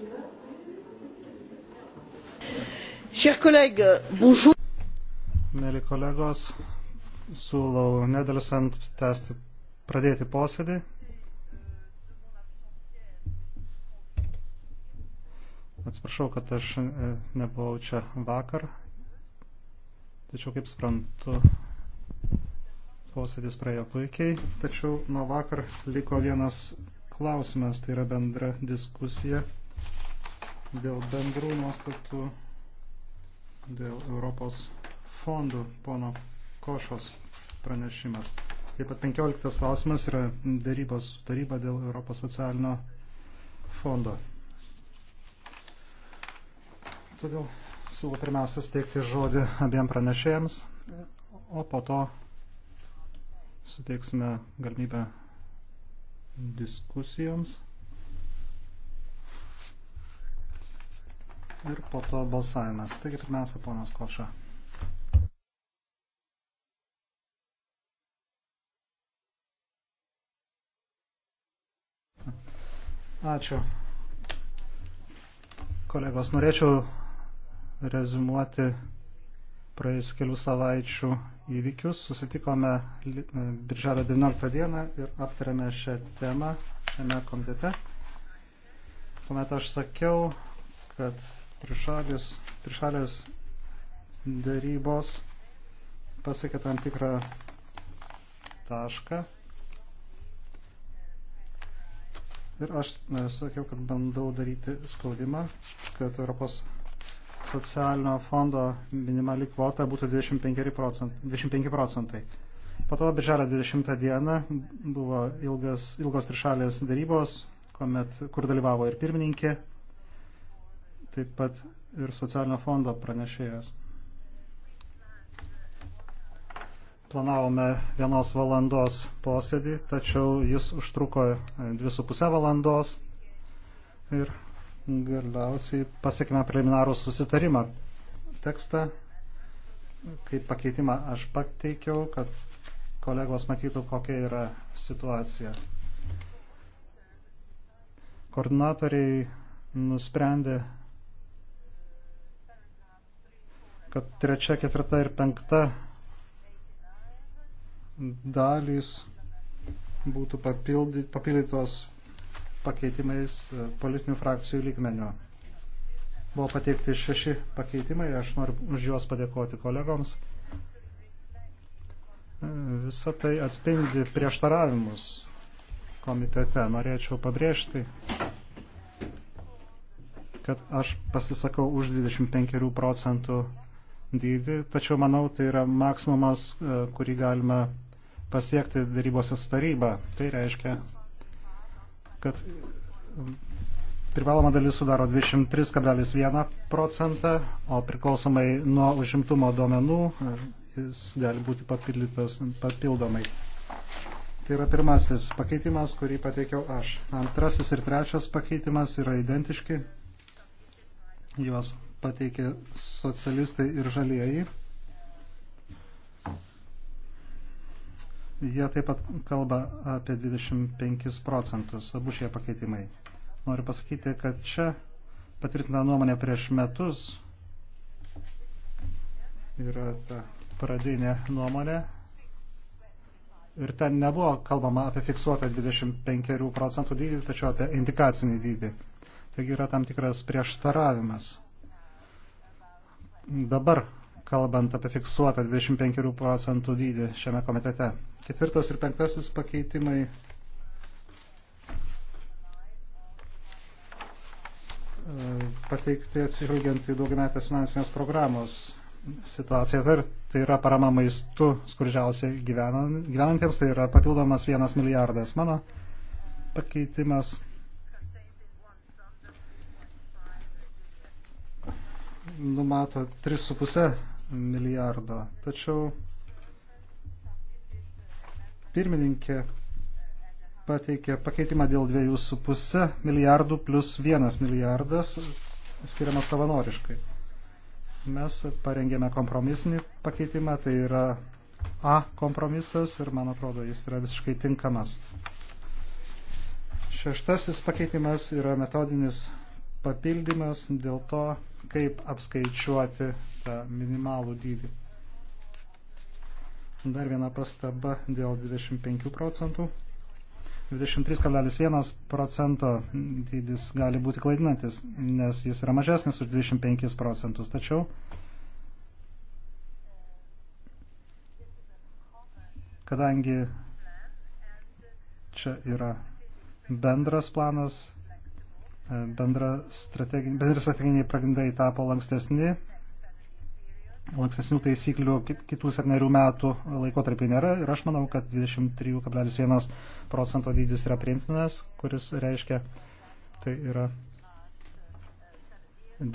Mėly kolegos, siūlau nedėlisant tęsti, pradėti posėdį. Atsiprašau, kad aš e, nebuvau čia vakar, tačiau kaip suprantu, posėdis praėjo puikiai, tačiau nuo vakar liko vienas klausimas, tai yra bendra diskusija dėl bendrų nuostatų dėl Europos fondų pono Košos pranešimas. Taip pat 15 klausimas yra darybos taryba dėl Europos socialinio fondo. Todėl siūlau pirmiausia steigti žodį abiem pranešėjams, o po to suteiksime galimybę diskusijoms. ir po to balsavimas. Taigi pirmiausia, ponas Koša. Ačiū. Kolegos, norėčiau rezumuoti praėjusių kelių savaičių įvykius. Susitikome birželio 19 dieną ir aptarėme šią temą šiame komitete. Tuomet aš sakiau, kad Trišalės, trišalės darybos pasiekė tam tikrą tašką. Ir aš na, sakiau, kad bandau daryti spaudimą, kad Europos socialinio fondo minimali kvota būtų 25 procentai. 25 procentai. Po to birželio 20 dieną buvo ilgas, ilgos trišalės darybos, kuomet, kur dalyvavo ir pirmininkė, taip pat ir socialinio fondo pranešėjas. Planavome vienos valandos posėdį, tačiau jis užtruko dvi su pusę valandos ir galiausiai pasiekime preliminarų susitarimą. Tekstą, kaip pakeitimą aš pateikiau, kad kolegos matytų, kokia yra situacija. Koordinatoriai nusprendė kad trečia, ketvirta ir penkta dalys būtų papildytos pakeitimais e, politinių frakcijų lygmenio. Buvo pateikti šeši pakeitimai, aš noriu už juos padėkoti kolegoms. E, visa tai atspindi prieštaravimus komitete. Norėčiau pabrėžti, kad aš pasisakau už 25 procentų dydį, tačiau manau, tai yra maksimumas, e, kurį galima pasiekti darybose su taryba. Tai reiškia, kad privaloma dalis sudaro 23,1 procentą, o priklausomai nuo užimtumo duomenų e, jis gali būti papildytas papildomai. Tai yra pirmasis pakeitimas, kurį pateikiau aš. Antrasis ir trečias pakeitimas yra identiški. Juos pateikė socialistai ir žalieji. Jie taip pat kalba apie 25 procentus, abu šie pakeitimai. Noriu pasakyti, kad čia patvirtina nuomonė prieš metus yra ta pradinė nuomonė. Ir ten nebuvo kalbama apie fiksuotą 25 procentų dydį, tačiau apie indikacinį dydį. Taigi yra tam tikras prieštaravimas dabar, kalbant apie fiksuotą 25 procentų dydį šiame komitete. Ketvirtas ir penktasis pakeitimai pateikti atsižvelgiant į daugiametės finansinės programos situaciją. Tai, tai yra parama maistu skurdžiausiai gyvenantiems, tai yra papildomas vienas milijardas. Mano pakeitimas numato 3,5 milijardo. Tačiau pirmininkė pateikė pakeitimą dėl 2,5 milijardų plus 1 milijardas skiriamas savanoriškai. Mes parengėme kompromisinį pakeitimą, tai yra A kompromisas ir man atrodo jis yra visiškai tinkamas. Šeštasis pakeitimas yra metodinis papildymas dėl to, kaip apskaičiuoti tą minimalų dydį. Dar viena pastaba dėl 25 procentų. 23,1 procento dydis gali būti klaidinantis, nes jis yra mažesnis už 25 procentus. Tačiau kadangi čia yra bendras planas E, bendra strategin, bendri strateginiai pagrindai tapo lankstesni, lankstesnių taisyklių kitų septynerių metų laikotarpį nėra ir aš manau, kad 23,1 procento dydis yra priimtinas, kuris reiškia, tai yra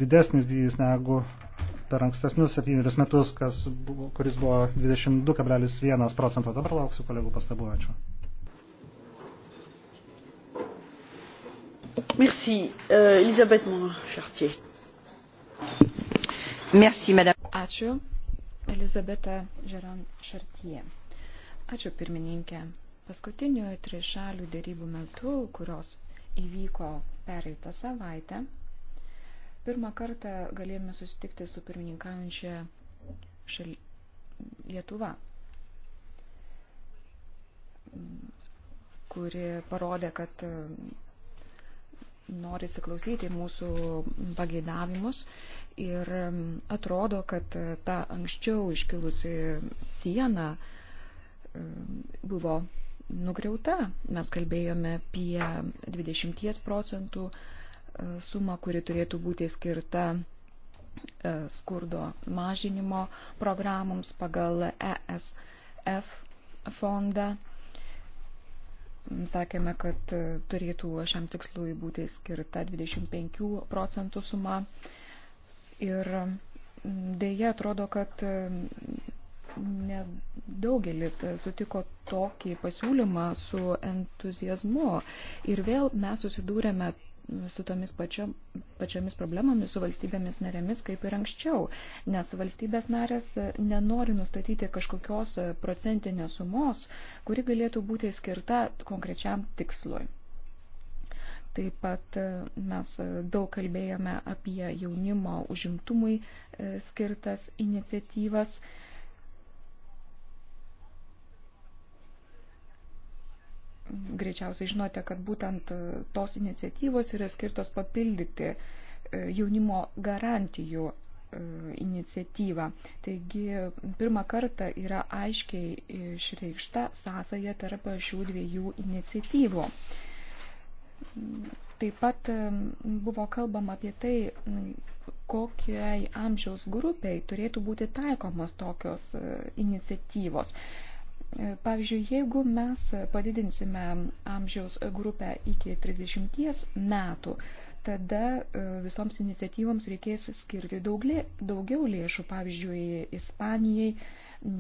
didesnis dydis negu per ankstesnius septynerius metus, kas, kuris buvo 22,1 procento. Dabar lauksiu kolegų pastabų. Ačiū. Merci, euh, Elisabeth Morin-Chartier. Merci, madame. Ačiū, Elizabeta Žeran-Chartier. Ačiū, pirmininkė. Paskutinių trišalių dėrybų metu, kurios įvyko pereitą savaitę, pirmą kartą galėjome susitikti su pirmininkaujančia šal... Lietuva, kuri parodė, kad nori įsiklausyti mūsų pageidavimus ir mm, atrodo, kad e, ta anksčiau iškilusi siena e, buvo nugriauta. Mes kalbėjome apie 20 procentų e, sumą, kuri turėtų būti skirta skurdo mažinimo programoms pagal ESF fondą sakėme, kad e, turėtų šiam tikslui būti skirta 25 procentų suma. Ir dėja atrodo, kad nedaugelis e, sutiko tokį pasiūlymą su entuzijazmu. Ir vėl mes susidūrėme su tomis pačio, pačiomis problemomis su valstybėmis narėmis kaip ir anksčiau, nes valstybės narės e, nenori nustatyti kažkokios e, procentinės sumos, kuri galėtų būti skirta konkrečiam tikslui. Taip pat e, mes daug kalbėjome apie jaunimo užimtumui skirtas iniciatyvas. greičiausiai žinote, kad būtent e, tos iniciatyvos yra skirtos papildyti e, jaunimo garantijų e, iniciatyvą. Taigi pirmą kartą yra aiškiai išreikšta sąsaja tarp šių dviejų iniciatyvų. Taip pat buvo kalbama apie tai, kokiai amžiaus grupiai turėtų būti taikomos tokios iniciatyvos. Pavyzdžiui, jeigu mes padidinsime amžiaus grupę iki 30 metų, tada e, visoms iniciatyvoms reikės skirti daugiau lėšų, pavyzdžiui, Ispanijai,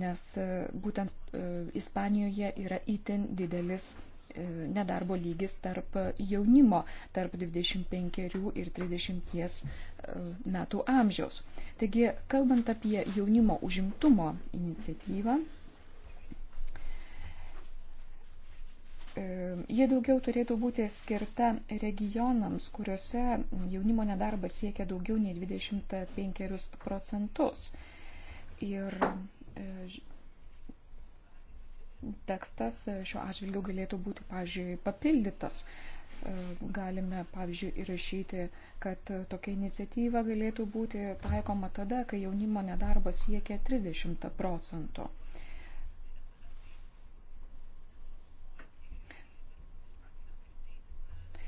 nes e, būtent e, Ispanijoje yra itin didelis nedarbo lygis tarp jaunimo, tarp 25 ir 30 metų amžiaus. Taigi, kalbant apie jaunimo užimtumo iniciatyvą, E, jie daugiau turėtų būti skirta regionams, kuriuose jaunimo nedarbas siekia daugiau nei 25 procentus. Ir e, tekstas šiuo atžvilgiu galėtų būti, pavyzdžiui, papildytas. E, galime, pavyzdžiui, įrašyti, kad tokia iniciatyva galėtų būti taikoma tada, kai jaunimo nedarbas siekia 30 procentų.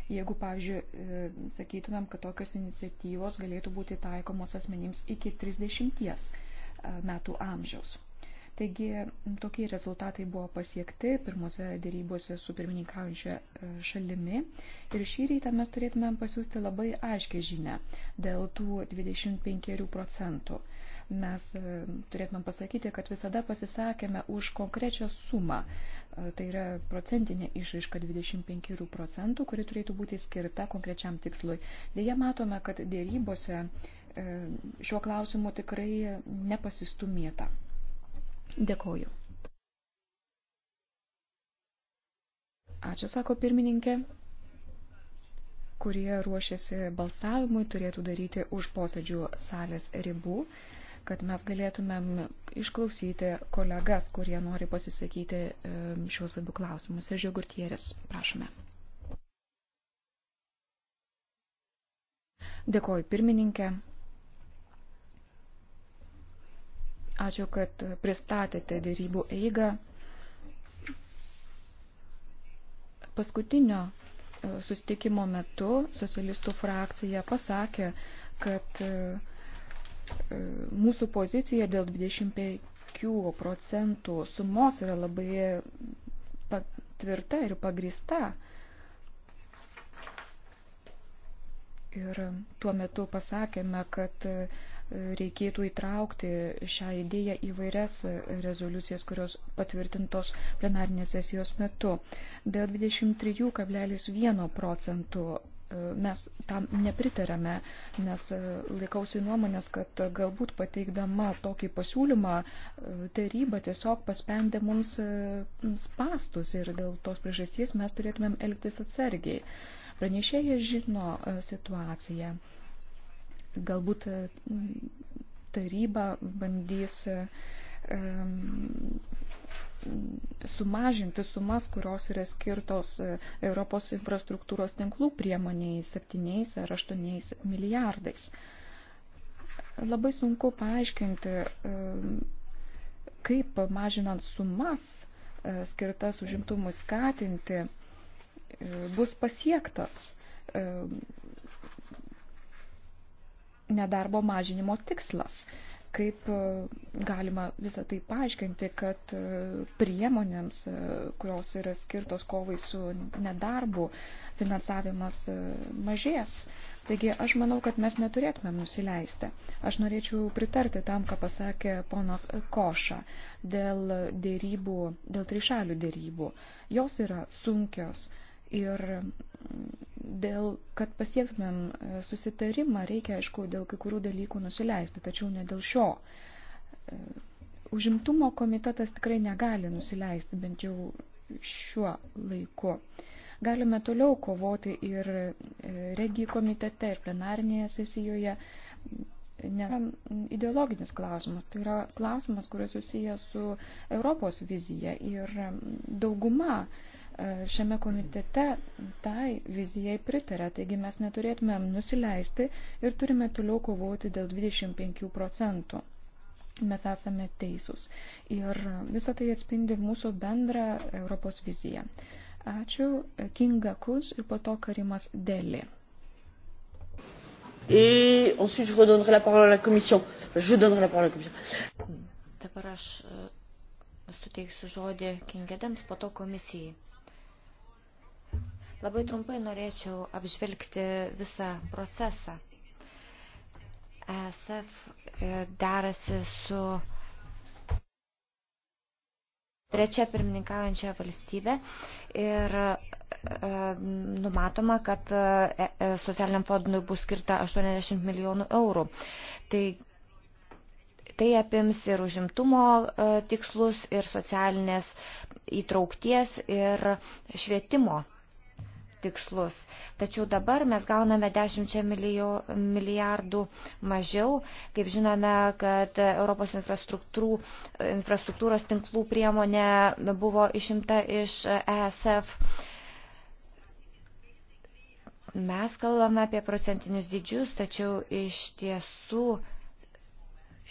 Jeigu, pavyzdžiui, e, sakytumėm, kad tokios iniciatyvos galėtų būti taikomos asmenims iki 30 e, metų amžiaus. Taigi tokie rezultatai buvo pasiekti pirmose dėrybose su pirmininkaujančia e, šalimi ir šį rytą mes turėtumėm pasiūsti labai aiškę žinę dėl tų 25 procentų. Mes turėtumėm pasakyti, kad visada pasisakėme už konkrečią sumą Tai yra procentinė išraiška 25 procentų, kuri turėtų būti skirta konkrečiam tikslui. Deja, matome, kad dėrybose e, šiuo klausimu tikrai nepasistumėta. Dėkoju. Ačiū, sako pirmininkė kurie ruošiasi balsavimui, turėtų daryti už posėdžių salės ribų kad mes galėtumėm išklausyti kolegas, kurie nori pasisakyti šios abių klausimus. Sežio Gurtieris, prašome. Dėkoju pirmininkė. Ačiū, kad pristatėte dėrybų eigą. Paskutinio e, sustikimo metu socialistų frakcija pasakė, kad uh, E, mūsų pozicija dėl 25 procentų sumos yra labai tvirta ir pagrista. Ir tuo metu pasakėme, kad reikėtų įtraukti šią idėją į vairias rezoliucijas, kurios patvirtintos plenarinės sesijos metu. Dėl 23,1 procentų Mes tam nepritarėme, nes e, laikausi nuomonės, kad galbūt pateikdama tokį pasiūlymą, e, taryba tiesiog paspendė mums e, spastus ir dėl tos priežasties mes turėtumėm elgtis atsargiai. Pranešėjas žino situaciją. Galbūt taryba bandys sumažinti sumas, kurios yra skirtos e, Europos infrastruktūros tinklų priemoniai 7 ar 8 milijardais. Labai sunku paaiškinti, e, kaip mažinant sumas e, skirtas užimtumui skatinti bus pasiektas nedarbo mažinimo tikslas kaip e, galima visą tai paaiškinti, kad e, priemonėms, e, kurios yra skirtos kovai su nedarbu, finansavimas mažės. Taigi aš manau, kad mes neturėtumėm nusileisti. Aš norėčiau pritarti tam, ką pasakė ponas Koša dėl dėrybų, dėl trišalių dėrybų. Jos yra sunkios Ir dėl, kad pasiektumėm e, susitarimą, reikia, aišku, dėl kai kurių dalykų nusileisti, tačiau ne dėl šio. E, užimtumo komitetas tikrai negali nusileisti, bent jau šiuo laiku. Galime toliau kovoti ir e, regijų komitete, ir plenarinėje sesijoje. Ne ideologinis klausimas, tai yra klausimas, kuris susijęs su Europos vizija ir dauguma uh, šiame komitete tai vizijai pritarė, taigi mes neturėtumėm nusileisti ir turime toliau kovoti dėl 25 procentų. Mes esame teisūs ir visą tai atspindi mūsų bendrą Europos viziją. Ačiū Kinga Kuz ir po to Karimas Deli. Et ensuite, je redonnerai la parole à la Commission. Je donnerai la parole à la Commission. Dabar aš e, suteiksiu žodį Kingedams, po to komisijai. Labai trumpai norėčiau apžvelgti visą procesą. ESF e, derasi su trečia pirmininkaujančia valstybė ir e, numatoma, kad e, socialiniam fondui bus skirta 80 milijonų eurų. Tai, tai apims ir užimtumo tikslus, ir socialinės įtraukties, ir švietimo tikslus. Tačiau dabar mes gauname 10 milijardų mažiau. Kaip žinome, kad Europos infrastruktūros tinklų priemonė buvo išimta iš ESF. Mes kalbame apie procentinius dydžius, tačiau iš tiesų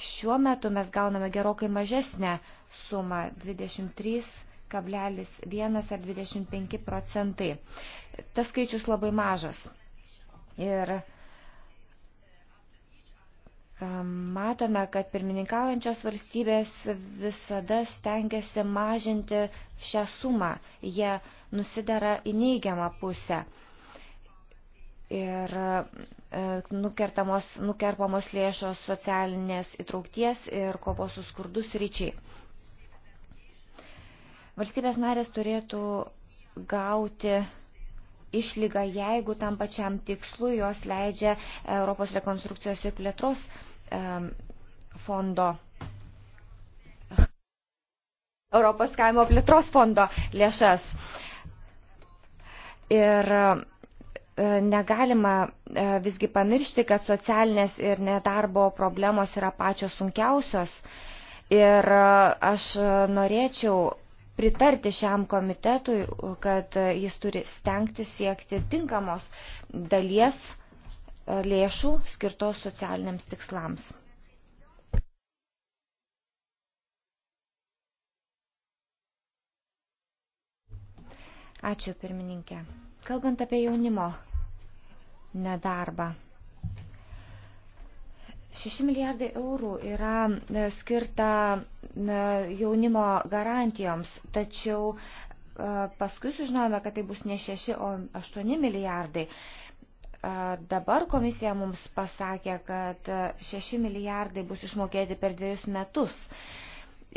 šiuo metu mes gauname gerokai mažesnę sumą 23 0,1 ar 25 procentai. Tas skaičius labai mažas. Ir Matome, kad pirmininkaujančios valstybės visada stengiasi mažinti šią sumą. Jie nusidara į neigiamą pusę. Ir nukerpamos lėšos socialinės įtraukties ir kovos su skurdus ryčiai. Valstybės narės turėtų gauti išlygą, jeigu tam pačiam tikslui jos leidžia Europos rekonstrukcijos ir plėtros fondo. Europos kaimo plėtros fondo lėšas. Ir e, negalima e, visgi pamiršti, kad socialinės ir nedarbo problemos yra pačios sunkiausios. Ir e, aš norėčiau pritarti šiam komitetui, kad jis turi stengti siekti tinkamos dalies e, lėšų skirtos socialiniams tikslams. Ačiū pirmininkė. Kalbant apie jaunimo nedarbą. 6 milijardai eurų yra e, skirta jaunimo garantijoms, tačiau e, paskui sužinojome, kad tai bus ne 6, o 8 milijardai. E, dabar komisija mums pasakė, kad 6 milijardai bus išmokėti per dviejus metus.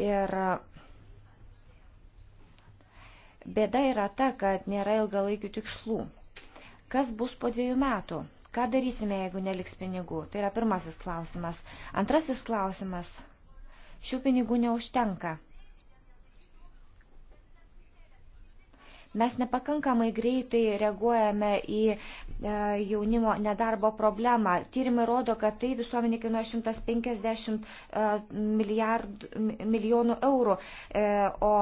Ir bėda yra ta, kad nėra ilgalaikių tikslų. Kas bus po dviejų metų? Ką darysime, jeigu neliks pinigų? Tai yra pirmasis klausimas. Antrasis klausimas. Šių pinigų neužtenka. Mes nepakankamai greitai reaguojame į e, jaunimo nedarbo problemą. Tyrimai rodo, kad tai visuomenė kainuoja 150 e, milijard, milijonų eurų, e, o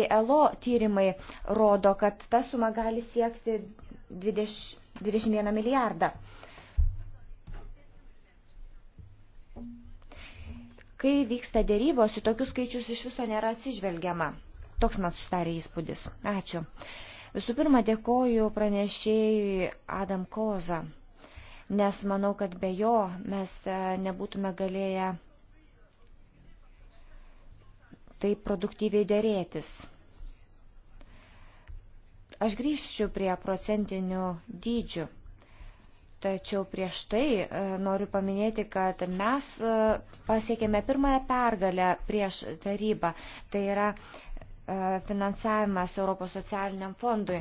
ILO tyrimai rodo, kad ta suma gali siekti 20, 21 milijardą. Kai vyksta dėrybos, į tokius skaičius iš viso nėra atsižvelgiama. Toks man susidarė įspūdis. Ačiū. Visų pirma, dėkoju pranešėjui Adam Koza, nes manau, kad be jo mes e, nebūtume galėję taip produktyviai dėrėtis. Aš grįžčiau prie procentinių dydžių. Tačiau prieš tai e, noriu paminėti, kad mes e, pasiekėme pirmąją pergalę prieš tarybą. Tai yra E, finansavimas Europos socialiniam fondui,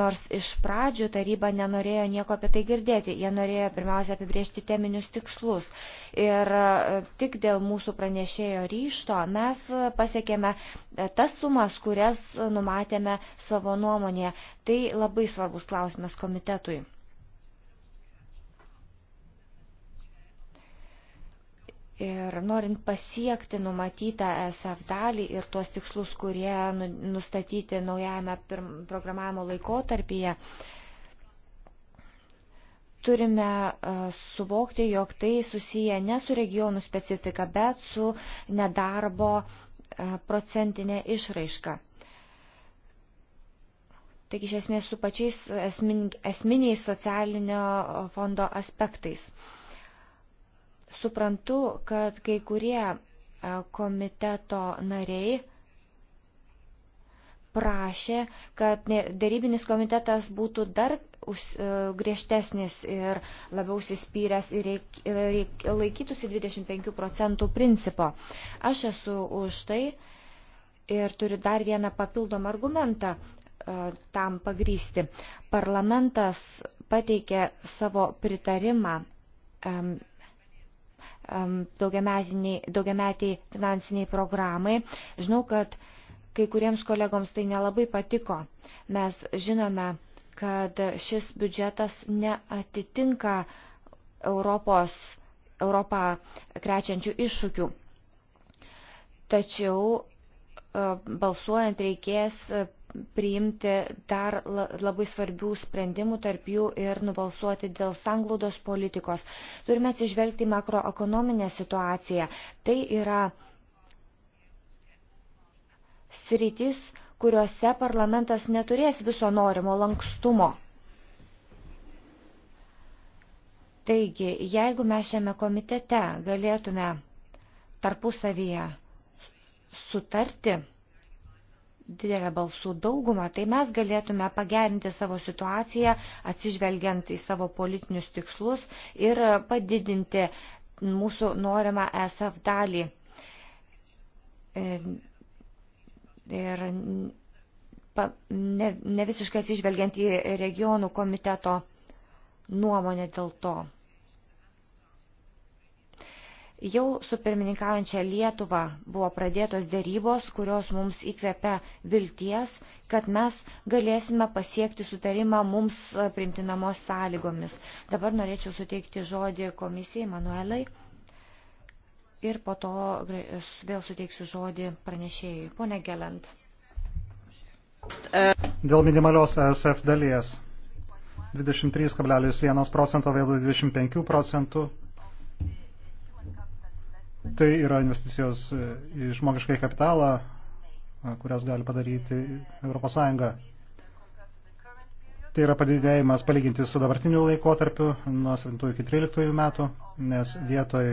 nors iš pradžių taryba nenorėjo nieko apie tai girdėti. Jie norėjo pirmiausia apibriežti teminius tikslus. Ir e, tik dėl mūsų pranešėjo ryšto mes pasiekėme e, tas sumas, kurias numatėme savo nuomonėje. Tai labai svarbus klausimas komitetui. Ir norint pasiekti numatytą SF dalį ir tuos tikslus, kurie nu, nustatyti naujame programavimo laikotarpyje, turime e, suvokti, jog tai susiję ne su regionų specifika, bet su nedarbo e, procentinė išraiška. Taigi iš esmės su pačiais esmin, esminiais socialinio fondo aspektais. Uh, Suprantu, kad kai kurie komiteto nariai prašė, kad darybinis komitetas būtų dar e, griežtesnis ir labiau įsispyręs ir laikytųsi 25 procentų principo. Aš esu už tai ir turiu dar vieną papildomą argumentą e, tam pagrysti. Parlamentas pateikė savo pritarimą daugiametiai finansiniai programai. Žinau, kad kai kuriems kolegoms tai nelabai patiko. Mes žinome, kad šis biudžetas neatitinka Europos, Europą krečiančių iššūkių. Tačiau e, balsuojant reikės priimti dar labai svarbių sprendimų, tarp jų ir nubalsuoti dėl sanglaudos politikos. Turime atsižvelgti makroekonominę situaciją. Tai yra sritis, kuriuose parlamentas neturės viso norimo lankstumo. Taigi, jeigu mes šiame komitete galėtume tarpusavyje sutarti, didelę balsų daugumą, tai mes galėtume pagerinti savo situaciją, atsižvelgiant į savo politinius tikslus ir padidinti mūsų norimą ESF dalį. E, ir ne, ne visiškai atsižvelgiant į regionų komiteto nuomonę dėl to. Jau su pirmininkaujančia Lietuva buvo pradėtos dėrybos, kurios mums įkvepia vilties, kad mes galėsime pasiekti sutarimą mums primtinamos sąlygomis. Dabar norėčiau suteikti žodį komisijai Manuelai ir po to vėl suteiksiu žodį pranešėjui. Pone Gelent. Dėl minimalios ESF dalies 23,1 procento vėlų 25 procentų Tai yra investicijos e, į žmogiškai kapitalą, e, kurias gali padaryti ES. Tai yra padidėjimas palyginti su dabartiniu laikotarpiu nuo 7 iki 13 metų, nes vietoj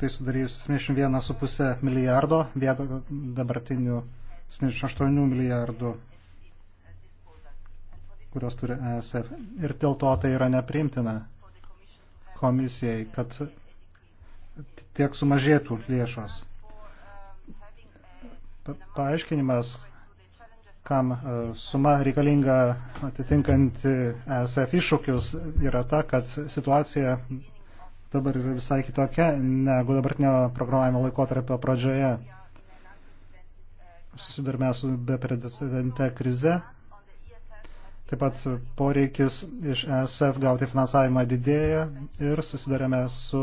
tai sudarys 71,5 milijardo vietoj dabartinių 78 milijardų, kurios turi ESF. Ir dėl to tai yra nepriimtina komisijai, kad tiek sumažėtų lėšos. Paaiškinimas, kam e, suma reikalinga atitinkant ESF iššūkius, yra ta, kad situacija dabar yra visai kitokia negu dabartinio programavimo laikotarpio pradžioje. Susidarme su beprecedente krize Taip pat poreikis iš ESF gauti finansavimą didėja ir susidarėme su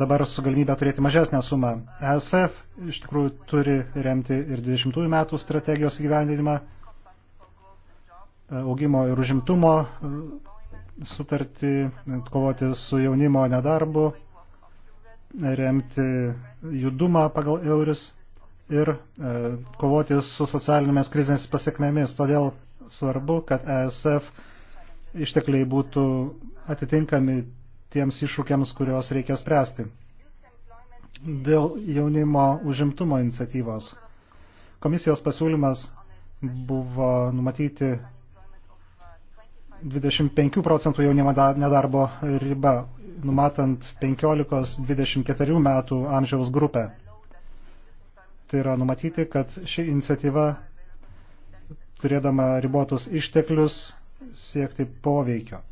dabar su galimybė turėti mažesnę sumą. ESF iš tikrųjų turi remti ir 20 metų strategijos įgyvendinimą, e, augimo ir užimtumo e, sutartį, kovoti su jaunimo nedarbu, remti judumą pagal eurus ir e, kovoti su socialinėmis krizėmis pasiekmėmis. Todėl svarbu, kad ESF ištekliai būtų atitinkami tiems iššūkiams, kuriuos reikia spręsti. Dėl jaunimo užimtumo iniciatyvos. Komisijos pasiūlymas buvo numatyti 25 procentų jaunimo nedarbo riba, numatant 15-24 metų amžiaus grupę. Tai yra numatyti, kad ši iniciatyva turėdama ribotus išteklius, siekti poveikio.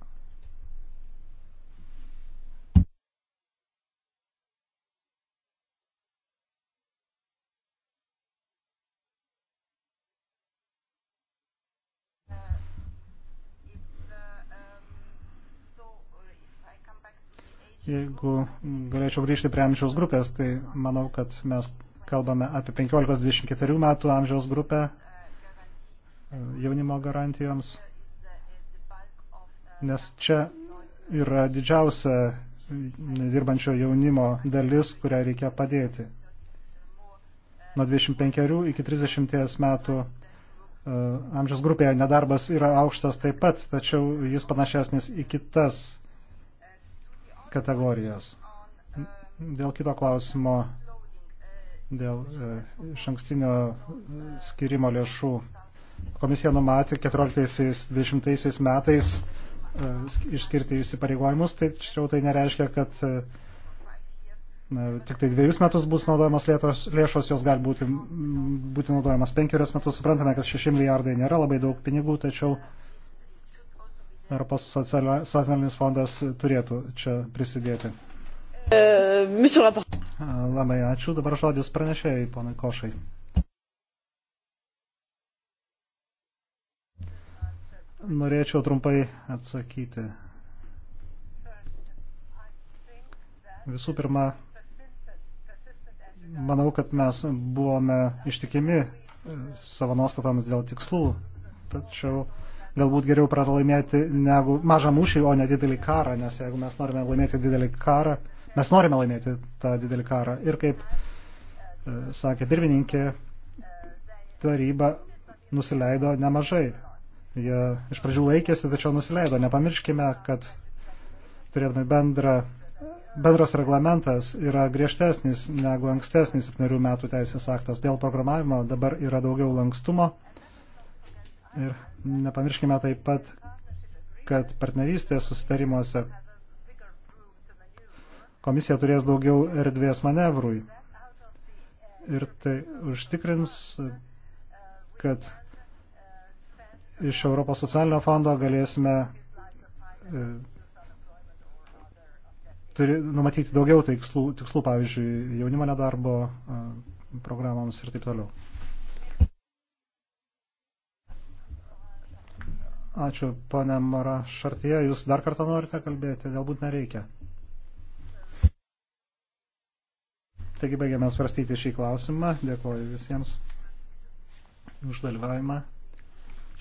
Jeigu galėčiau grįžti prie amžiaus grupės, tai manau, kad mes kalbame apie 15-24 metų amžiaus grupę jaunimo garantijoms, nes čia yra didžiausia dirbančio jaunimo dalis, kurią reikia padėti. Nuo 25 iki 30 metų e, amžiaus grupėje nedarbas yra aukštas taip pat, tačiau jis panašesnis į kitas kategorijas. Dėl kito klausimo, dėl e, iš ankstinio skirimo lėšų Komisija numatė 14-20 metais e, išskirti įsipareigojimus, tačiau tai nereiškia, kad e, tik tai dviejus metus bus naudojamos lėtos, lėšos, jos gali būti, būti naudojamas penkerius metus. Suprantame, kad 6 milijardai nėra labai daug pinigų, tačiau Europos socialinis fondas turėtų čia prisidėti. E, labai ačiū. Dabar žodis pranešėjai, ponai Košai. norėčiau trumpai atsakyti. Visų pirma, manau, kad mes buvome ištikimi savo nuostatoms dėl tikslų, tačiau galbūt geriau pralaimėti negu mažą mūšį, o ne didelį karą, nes jeigu mes norime laimėti didelį karą, mes norime laimėti tą didelį karą. Ir kaip e, sakė pirmininkė, taryba nusileido nemažai. Jie iš pradžių laikėsi, tačiau nusileido. Nepamirškime, kad turėdami bendrą, bendras reglamentas yra griežtesnis negu ankstesnis 7 metų teisės aktas. Dėl programavimo dabar yra daugiau lankstumo. Ir nepamirškime taip pat, kad partnerystės susitarimuose komisija turės daugiau erdvės manevrui. Ir tai užtikrins, kad iš Europos socialinio fondo galėsime e, turi, numatyti daugiau tikslų, tikslų, pavyzdžiui, jaunimo nedarbo e, programoms ir taip toliau. Ačiū, ponė Mara Šartie. Jūs dar kartą norite kalbėti? Galbūt nereikia. Taigi baigiame svarstyti šį klausimą. Dėkuoju visiems už dalyvavimą.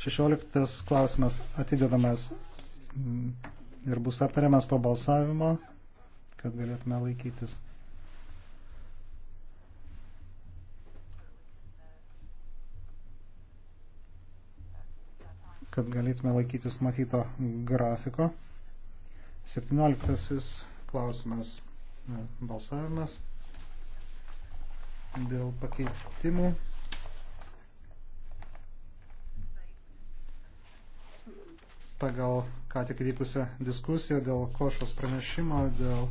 16 klausimas atidedamas ir bus aptariamas po balsavimo, kad galėtume laikytis. kad galėtume laikytis matyto grafiko. 17 klausimas e, balsavimas dėl pakeitimų. pagal ką tik įvykusią diskusiją dėl košos pranešimo, dėl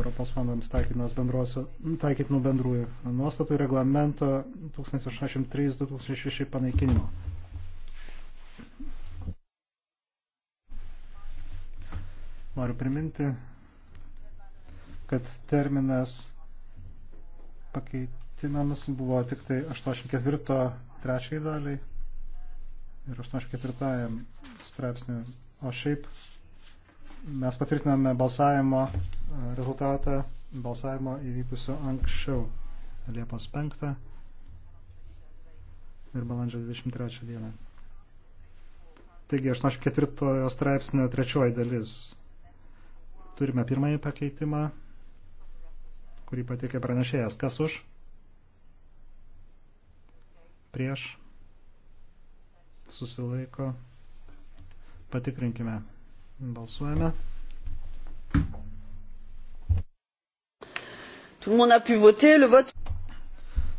Europos fondams taikytinų bendrųjų nuostatų ir reglamento 1083-2006 panaikinimo. Noriu priminti, kad terminas pakeitimams buvo tik tai 84 trečiai daliai ir 84 straipsnių. O šiaip mes patvirtiname balsavimo e, rezultatą balsavimo įvykusio anksčiau Liepos 5 ir balandžio 23 dieną. Taigi 84 straipsnio trečioji dalis. Turime pirmąjį pakeitimą, kurį pateikė pranešėjas. Kas už? Prieš? susilaiko. Patikrinkime. Balsuojame. Tout le monde a pu voter, le vote.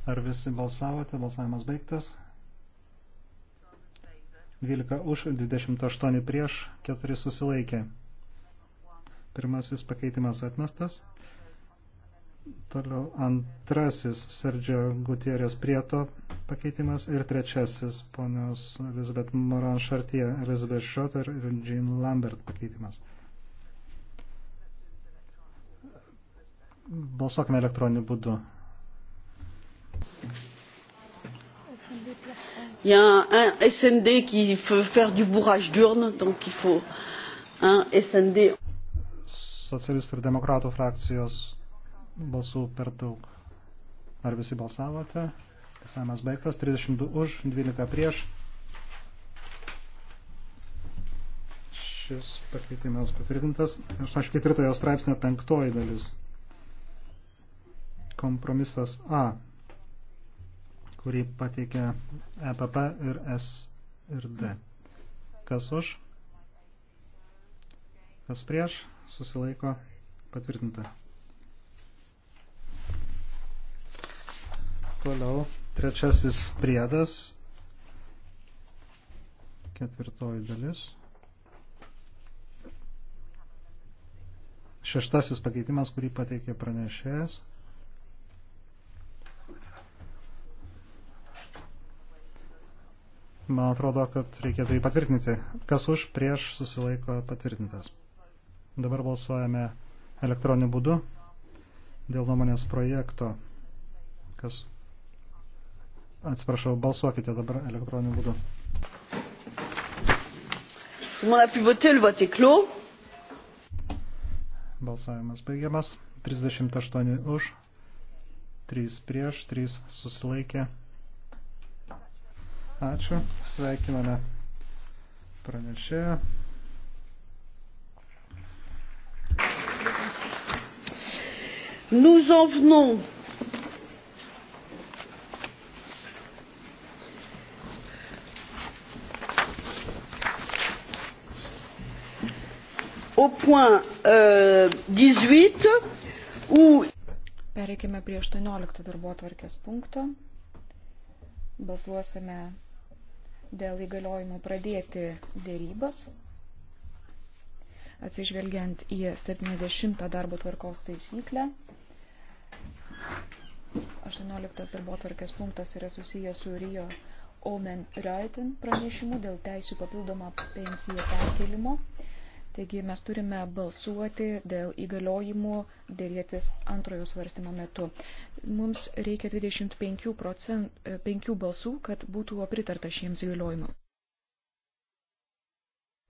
Ar visi balsavote? Balsavimas baigtas. 12 už, 28 prieš, 4 susilaikė. Pirmasis pakeitimas atmestas. Toliau antrasis Sergio Gutierės Prieto pakeitimas ir trečiasis ponios Elizabeth Moran Šartie, Elizabeth Schroeder ir Jean Lambert pakeitimas. Balsuokime elektroniniu būdu. Il y a un, un SND qui peut faire du bourrage d'urne, donc il faut un SND. Socialistų ir demokratų frakcijos balsų per daug. Ar visi balsavote? Balsavimas baigtas. 32 už, 12 prieš. Šis pakeitimas patvirtintas. 84 straipsnio 5 dalis. Kompromisas A, kurį pateikia EPP ir S ir D. Kas už? Kas prieš? Susilaiko patvirtinta. Toliau trečiasis priedas, ketvirtoji dalis. Šeštasis pakeitimas, kurį pateikė pranešėjas. Man atrodo, kad reikėtų tai jį patvirtinti. Kas už prieš susilaiko patvirtintas. Dabar balsuojame elektroniniu būdu dėl nuomonės projekto. Kas Atsiprašau, balsuokite dabar elektroniniu būdu. Balsavimas baigiamas. 38 už, 3 prieš, 3 susilaikė. Ačiū. Sveikiname pranešėją. Nous en venons au point euh, dix huit où Pereikime prie 18 darbotvarkės punkto. Balsuosime dėl įgaliojimų pradėti dėrybas. Atsižvelgiant į 70 darbo tvarkos taisyklę, 18 darbo tvarkės punktas yra susijęs su Rio Omen Reuten pranešimu dėl teisų papildomą pensiją perkelimo. Taigi mes turime balsuoti dėl įgaliojimų dėlėtis antrojo svarstymo metu. Mums reikia 25 procent, 5 balsų, kad būtų pritarta šiems įgaliojimų.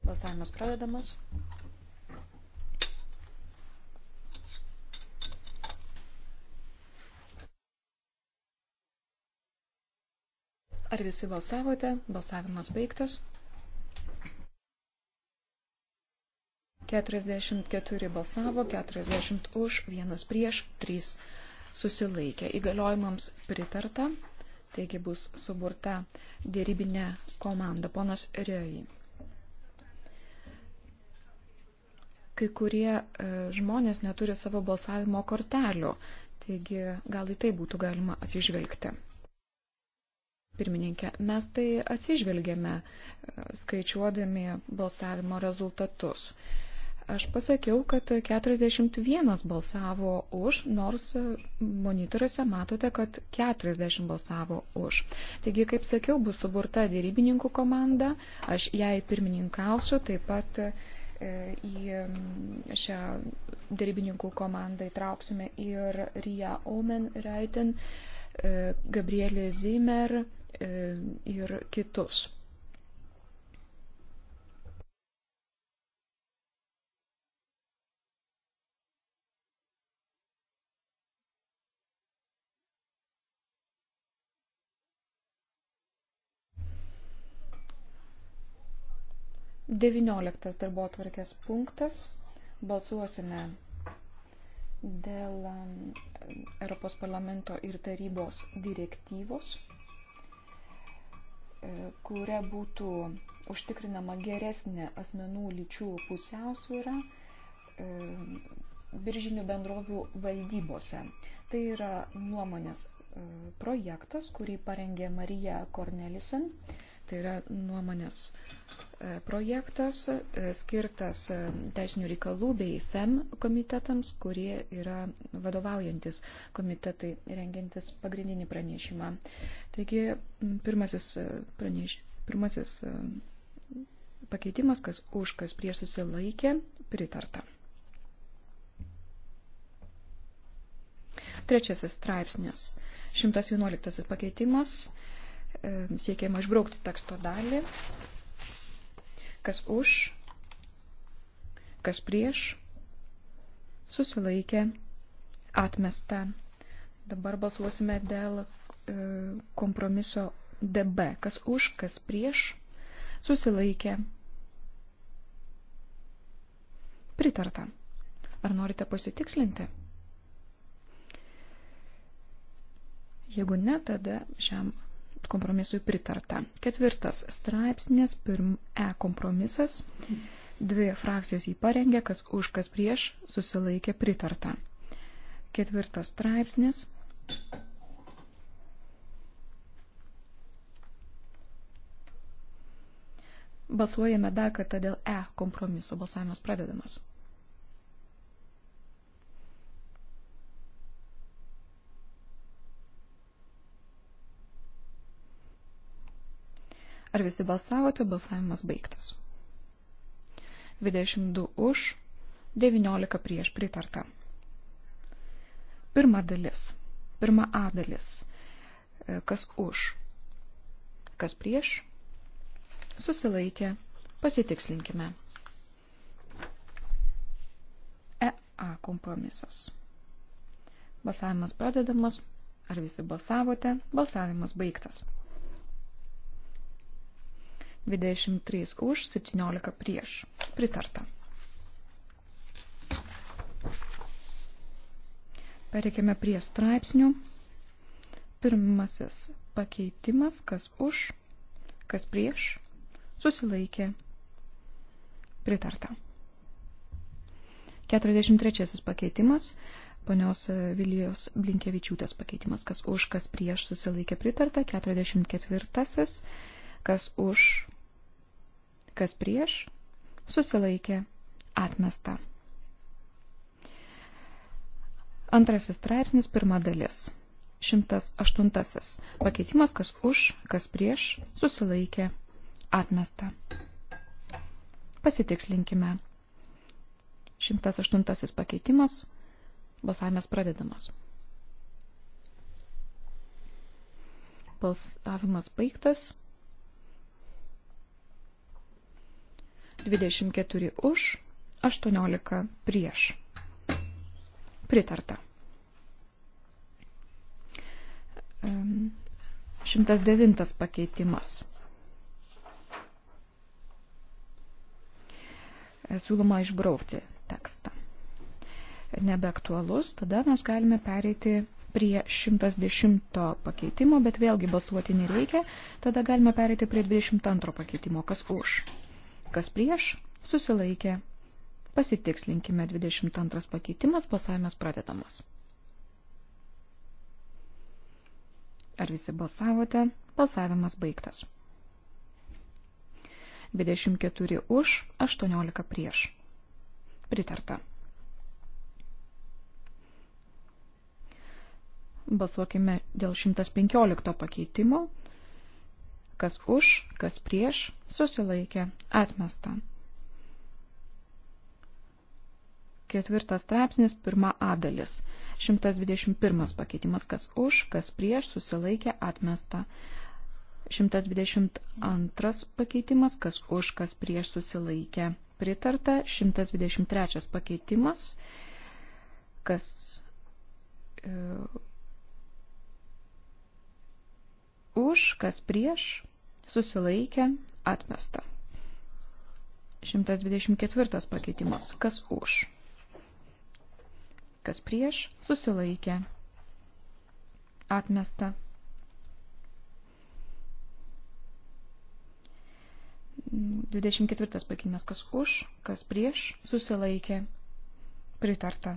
Balsavimas pradedamas. Ar visi balsavote? Balsavimas baigtas. 44 balsavo, 40 už, 1 prieš, 3 susilaikė. Įgaliojimams pritarta, taigi bus suburta dėrybinė komanda. Ponas Rėjai. Kai kurie e, žmonės neturi savo balsavimo kortelių, taigi gal į tai būtų galima atsižvelgti. Pirmininkė, mes tai atsižvelgėme e, skaičiuodami balsavimo rezultatus. Aš pasakiau, kad 41 balsavo už, nors monitoriuose matote, kad 40 balsavo už. Taigi, kaip sakiau, bus suburta dėrybininkų komanda, aš jai pirmininkausiu, taip pat e, į šią dėrybininkų komandą įtrauksime ir Ria Omen Reiten, e, Gabrielė Zimmer e, ir kitus. 19 darbo atvarkės punktas. Balsuosime dėl um, Europos parlamento ir tarybos direktyvos, e, kuria būtų užtikrinama geresnė asmenų lyčių pusiausvyrą e, biržinių bendrovių valdybose. Tai yra nuomonės e, projektas, kurį parengė Marija Kornelisen. Tai yra nuomonės e, projektas e, skirtas e, teisinių reikalų bei FEM komitetams, kurie yra vadovaujantis komitetai rengiantis pagrindinį pranešimą. Taigi pirmasis, praneš, pirmasis pakeitimas, kas už, kas prieš susilaikė, pritarta. Trečiasis straipsnis. 111 pakeitimas siekiama išbraukti teksto dalį, kas už, kas prieš, susilaikė, atmesta. Dabar balsuosime dėl e, kompromiso DB, kas už, kas prieš, susilaikė, pritarta. Ar norite pasitikslinti? Jeigu ne, tada šiam kompromisui pritarta. Ketvirtas straipsnis, pirm E kompromisas. Dvi frakcijos jį parengė, kas už, kas prieš, susilaikė pritarta. Ketvirtas straipsnis. Balsuojame dar kartą dėl E kompromiso. Balsavimas pradedamas. Ar visi balsavote? Balsavimas baigtas. 22 už, 19 prieš pritarta. Pirma dalis. Pirma A dalis. E, kas už? Kas prieš? Susilaikė. Pasitikslinkime. EA kompromisas. Balsavimas pradedamas. Ar visi balsavote? Balsavimas baigtas. 23 už, 17 prieš. Pritarta. Pereikime prie straipsnių. Pirmasis pakeitimas, kas už, kas prieš, susilaikė. Pritarta. 43 pakeitimas, ponios Vilijos Blinkevičiūtės pakeitimas, kas už, kas prieš, susilaikė pritarta. 44 kas už, kas prieš, susilaikė, atmesta. Antrasis straipsnis, pirma dalis. 108. Pakeitimas, kas už, kas prieš, susilaikė, atmesta. Pasitikslinkime. 108 pakeitimas. Balsavimas pradedamas. Balsavimas baigtas. 24 už, 18 prieš. Pritarta. 109 pakeitimas. E, siūloma išbraukti tekstą. Nebeaktualus, tada mes galime pereiti prie 110 pakeitimo, bet vėlgi balsuoti nereikia, tada galime pereiti prie 22 pakeitimo, kas už, Kas prieš? Susilaikė. Pasitikslinkime 22 pakeitimas, balsavimas pradedamas. Ar visi balsavote? Balsavimas baigtas. 24 už, 18 prieš. Pritarta. Balsuokime dėl 115 pakeitimo kas už, kas prieš, susilaikė, atmesta. Ketvirtas straipsnis, pirma A dalis. 121 pakeitimas, kas už, kas prieš, susilaikė, atmesta. 122 pakeitimas, kas už, kas prieš, susilaikė, pritarta. 123 pakeitimas, kas. E, už, kas prieš, susilaikė, atmesta. 124 pakeitimas. Kas už? Kas prieš? Susilaikė. Atmesta. Dvidešimt ketvirtas pakeitimas. Kas už? Kas prieš? Susilaikė. Pritarta.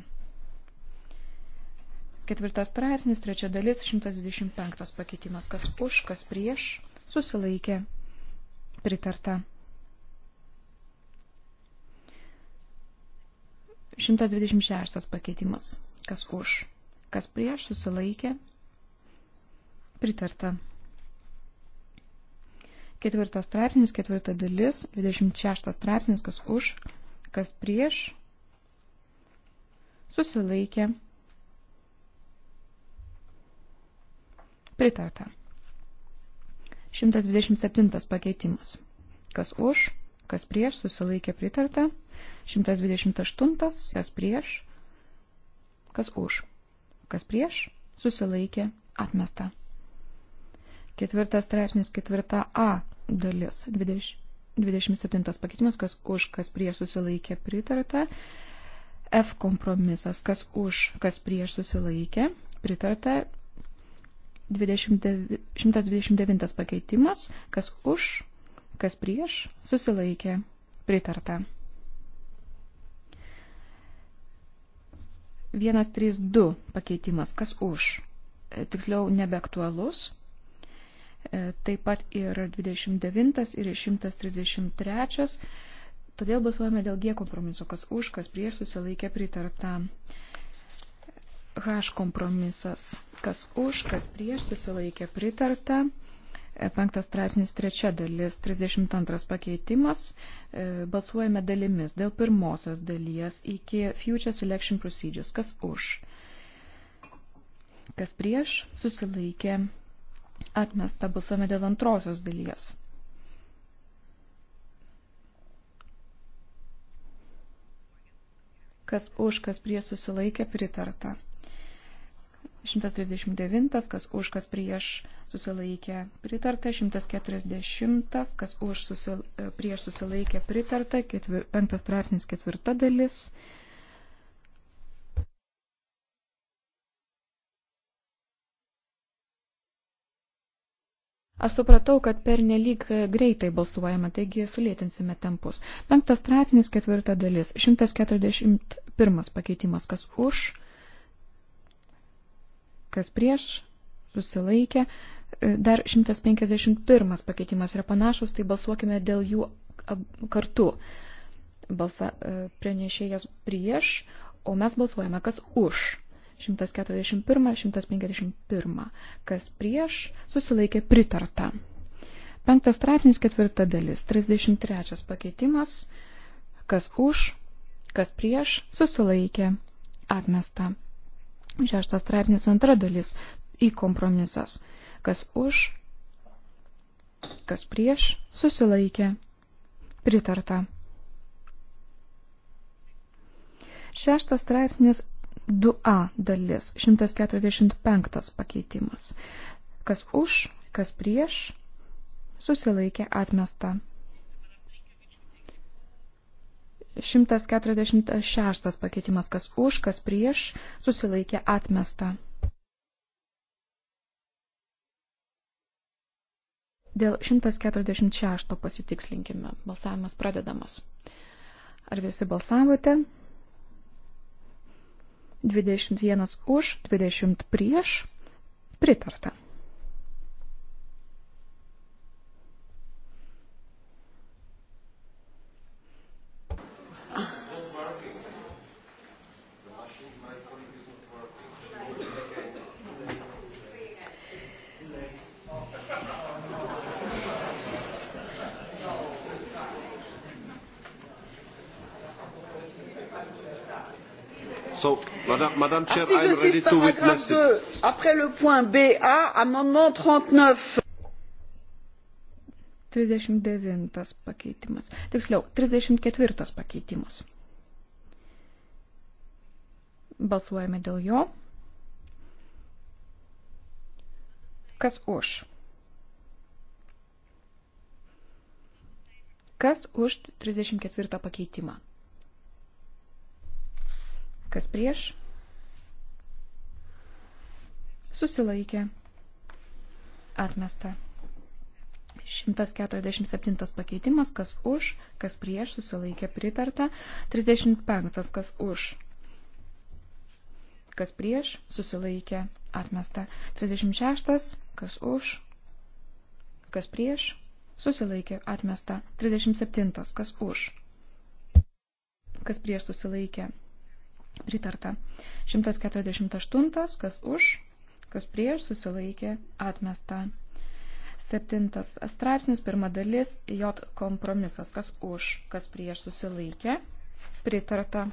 Ketvirtas straipsnis, trečia dalis, 125 pakeitimas. Kas už? Kas prieš? susilaikė, pritarta. 126 pakeitimas. Kas už, kas prieš, susilaikė, pritarta. Ketvirtas straipsnis, ketvirta dalis, 26 straipsnis, kas už, kas prieš, susilaikė, pritarta. 127 pakeitimas. Kas už, kas prieš, susilaikė pritarta. 128, kas prieš, kas už, kas prieš, susilaikė atmesta. Ketvirtas straipsnis, ketvirta A dalis. 20, 27 pakeitimas, kas už, kas prieš, susilaikė pritarta. F kompromisas, kas už, kas prieš, susilaikė pritarta. 29, 129 pakeitimas, kas už, kas prieš, susilaikė, pritarta. 132 pakeitimas, kas už, e, tiksliau nebeaktualus, e, taip pat ir 29 ir 133, todėl balsuojame dėl G kompromiso, kas už, kas prieš, susilaikė, pritarta. H kompromisas kas už, kas prieš susilaikė pritarta. E, penktas straipsnis trečia dalis, 32 pakeitimas. E, balsuojame dalimis dėl pirmosios dalies iki Future Selection Procedures. Kas už? Kas prieš susilaikė atmesta. Balsuojame dėl antrosios dalies. Kas už, kas prieš susilaikė pritarta. 139, kas už, kas prieš susilaikė pritarta, 140, kas už susil, e, prieš susilaikė pritarta, 5 straipsnis ketvirta dalis. Aš supratau, kad per nelik greitai balsuojama, taigi sulėtinsime tempus. Penktas straipsnis ketvirta dalis, 141 pakeitimas, kas už, kas prieš, susilaikė. E, dar 151 pakeitimas yra panašus, tai balsuokime dėl jų kartu. Balsa e, pranešėjas prieš, o mes balsuojame kas už. 141, 151, kas prieš, susilaikė pritarta. Penktas straipsnis ketvirta dalis, 33 pakeitimas, kas už, kas prieš, susilaikė, atmesta. Šeštas straipsnis antra dalis į kompromisas. Kas už, kas prieš, susilaikė. Pritarta. Šeštas straipsnis 2a dalis, 145 pakeitimas. Kas už, kas prieš, susilaikė atmesta. 146 pakeitimas, kas už, kas prieš, susilaikė atmesta. Dėl 146 pasitikslinkime. Balsavimas pradedamas. Ar visi balsavote? 21 už, 20 prieš. Pritarta. So, madame, madame Chair, I'm ready to witness it. Après le point BA, amendement 39. 39 pakeitimas. Tiksliau, 34 pakeitimas. Balsuojame dėl jo. Kas už? Kas už 34 pakeitimą? Kas prieš? Susilaikė. Atmesta. 147 pakeitimas, kas už, kas prieš, susilaikė pritarta. 35, kas už, kas prieš, susilaikė atmesta. 36, kas už, kas prieš, susilaikė atmesta. 37, kas už, kas prieš, susilaikė pritarta. 148, kas už, kas prieš, susilaikė, atmesta. Septintas straipsnis, pirma dalis, J kompromisas, kas už, kas prieš, susilaikė, pritarta.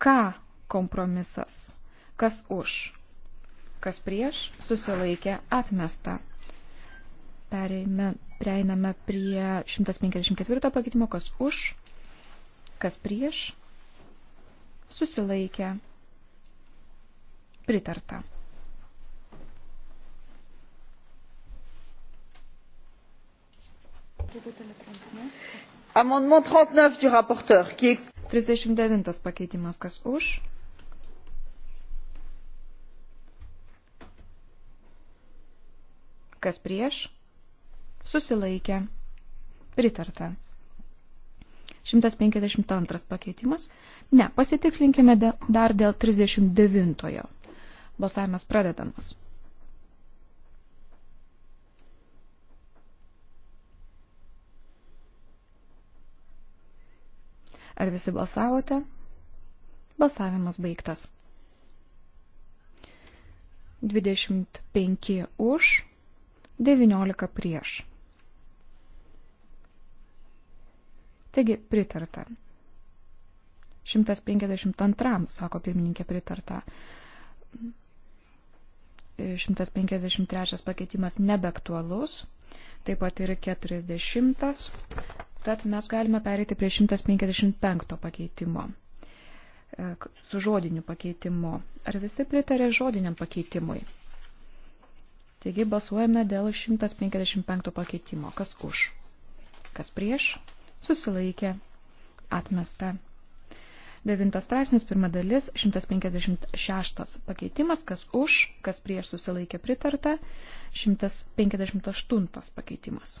K kompromisas, kas už, kas prieš, susilaikė, atmesta. Pereime, prieiname prie 154 pakeitimo, kas už, kas prieš, susilaikė, pritarta. Amendement 39 du rapporteur, qui est... 39 pakeitimas, kas už, kas prieš, susilaikė, pritarta. 152 pakeitimas. Ne, pasitikslinkime de, dar dėl 39. Balsavimas pradedamas. Ar visi balsavote? Balsavimas baigtas. 25 už, 19 prieš. Taigi pritarta. 152, sako pirmininkė pritarta. 153 pakeitimas nebeaktualus, taip pat ir 40, tad mes galime pereiti prie 155 pakeitimo e, su žodiniu pakeitimu. Ar visi pritarė žodiniam pakeitimui? Taigi balsuojame dėl 155 pakeitimo. Kas už? Kas prieš? susilaikė, atmesta. Devintas straipsnis, pirma dalis, 156 pakeitimas, kas už, kas prieš susilaikė pritarta, 158 pakeitimas.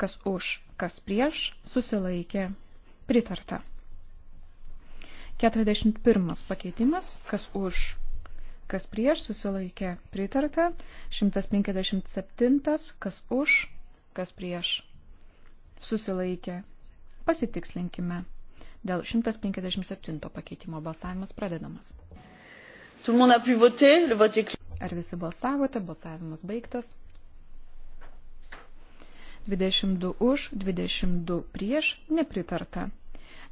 Kas už, kas prieš susilaikė pritarta. 41 pakeitimas, kas už, kas prieš susilaikė pritarta, 157, kas už, kas prieš susilaikė. Pasitikslinkime. Dėl 157 pakeitimo balsavimas pradedamas. Ar visi balsavote? Balsavimas baigtas. 22 už, 22 prieš, nepritarta.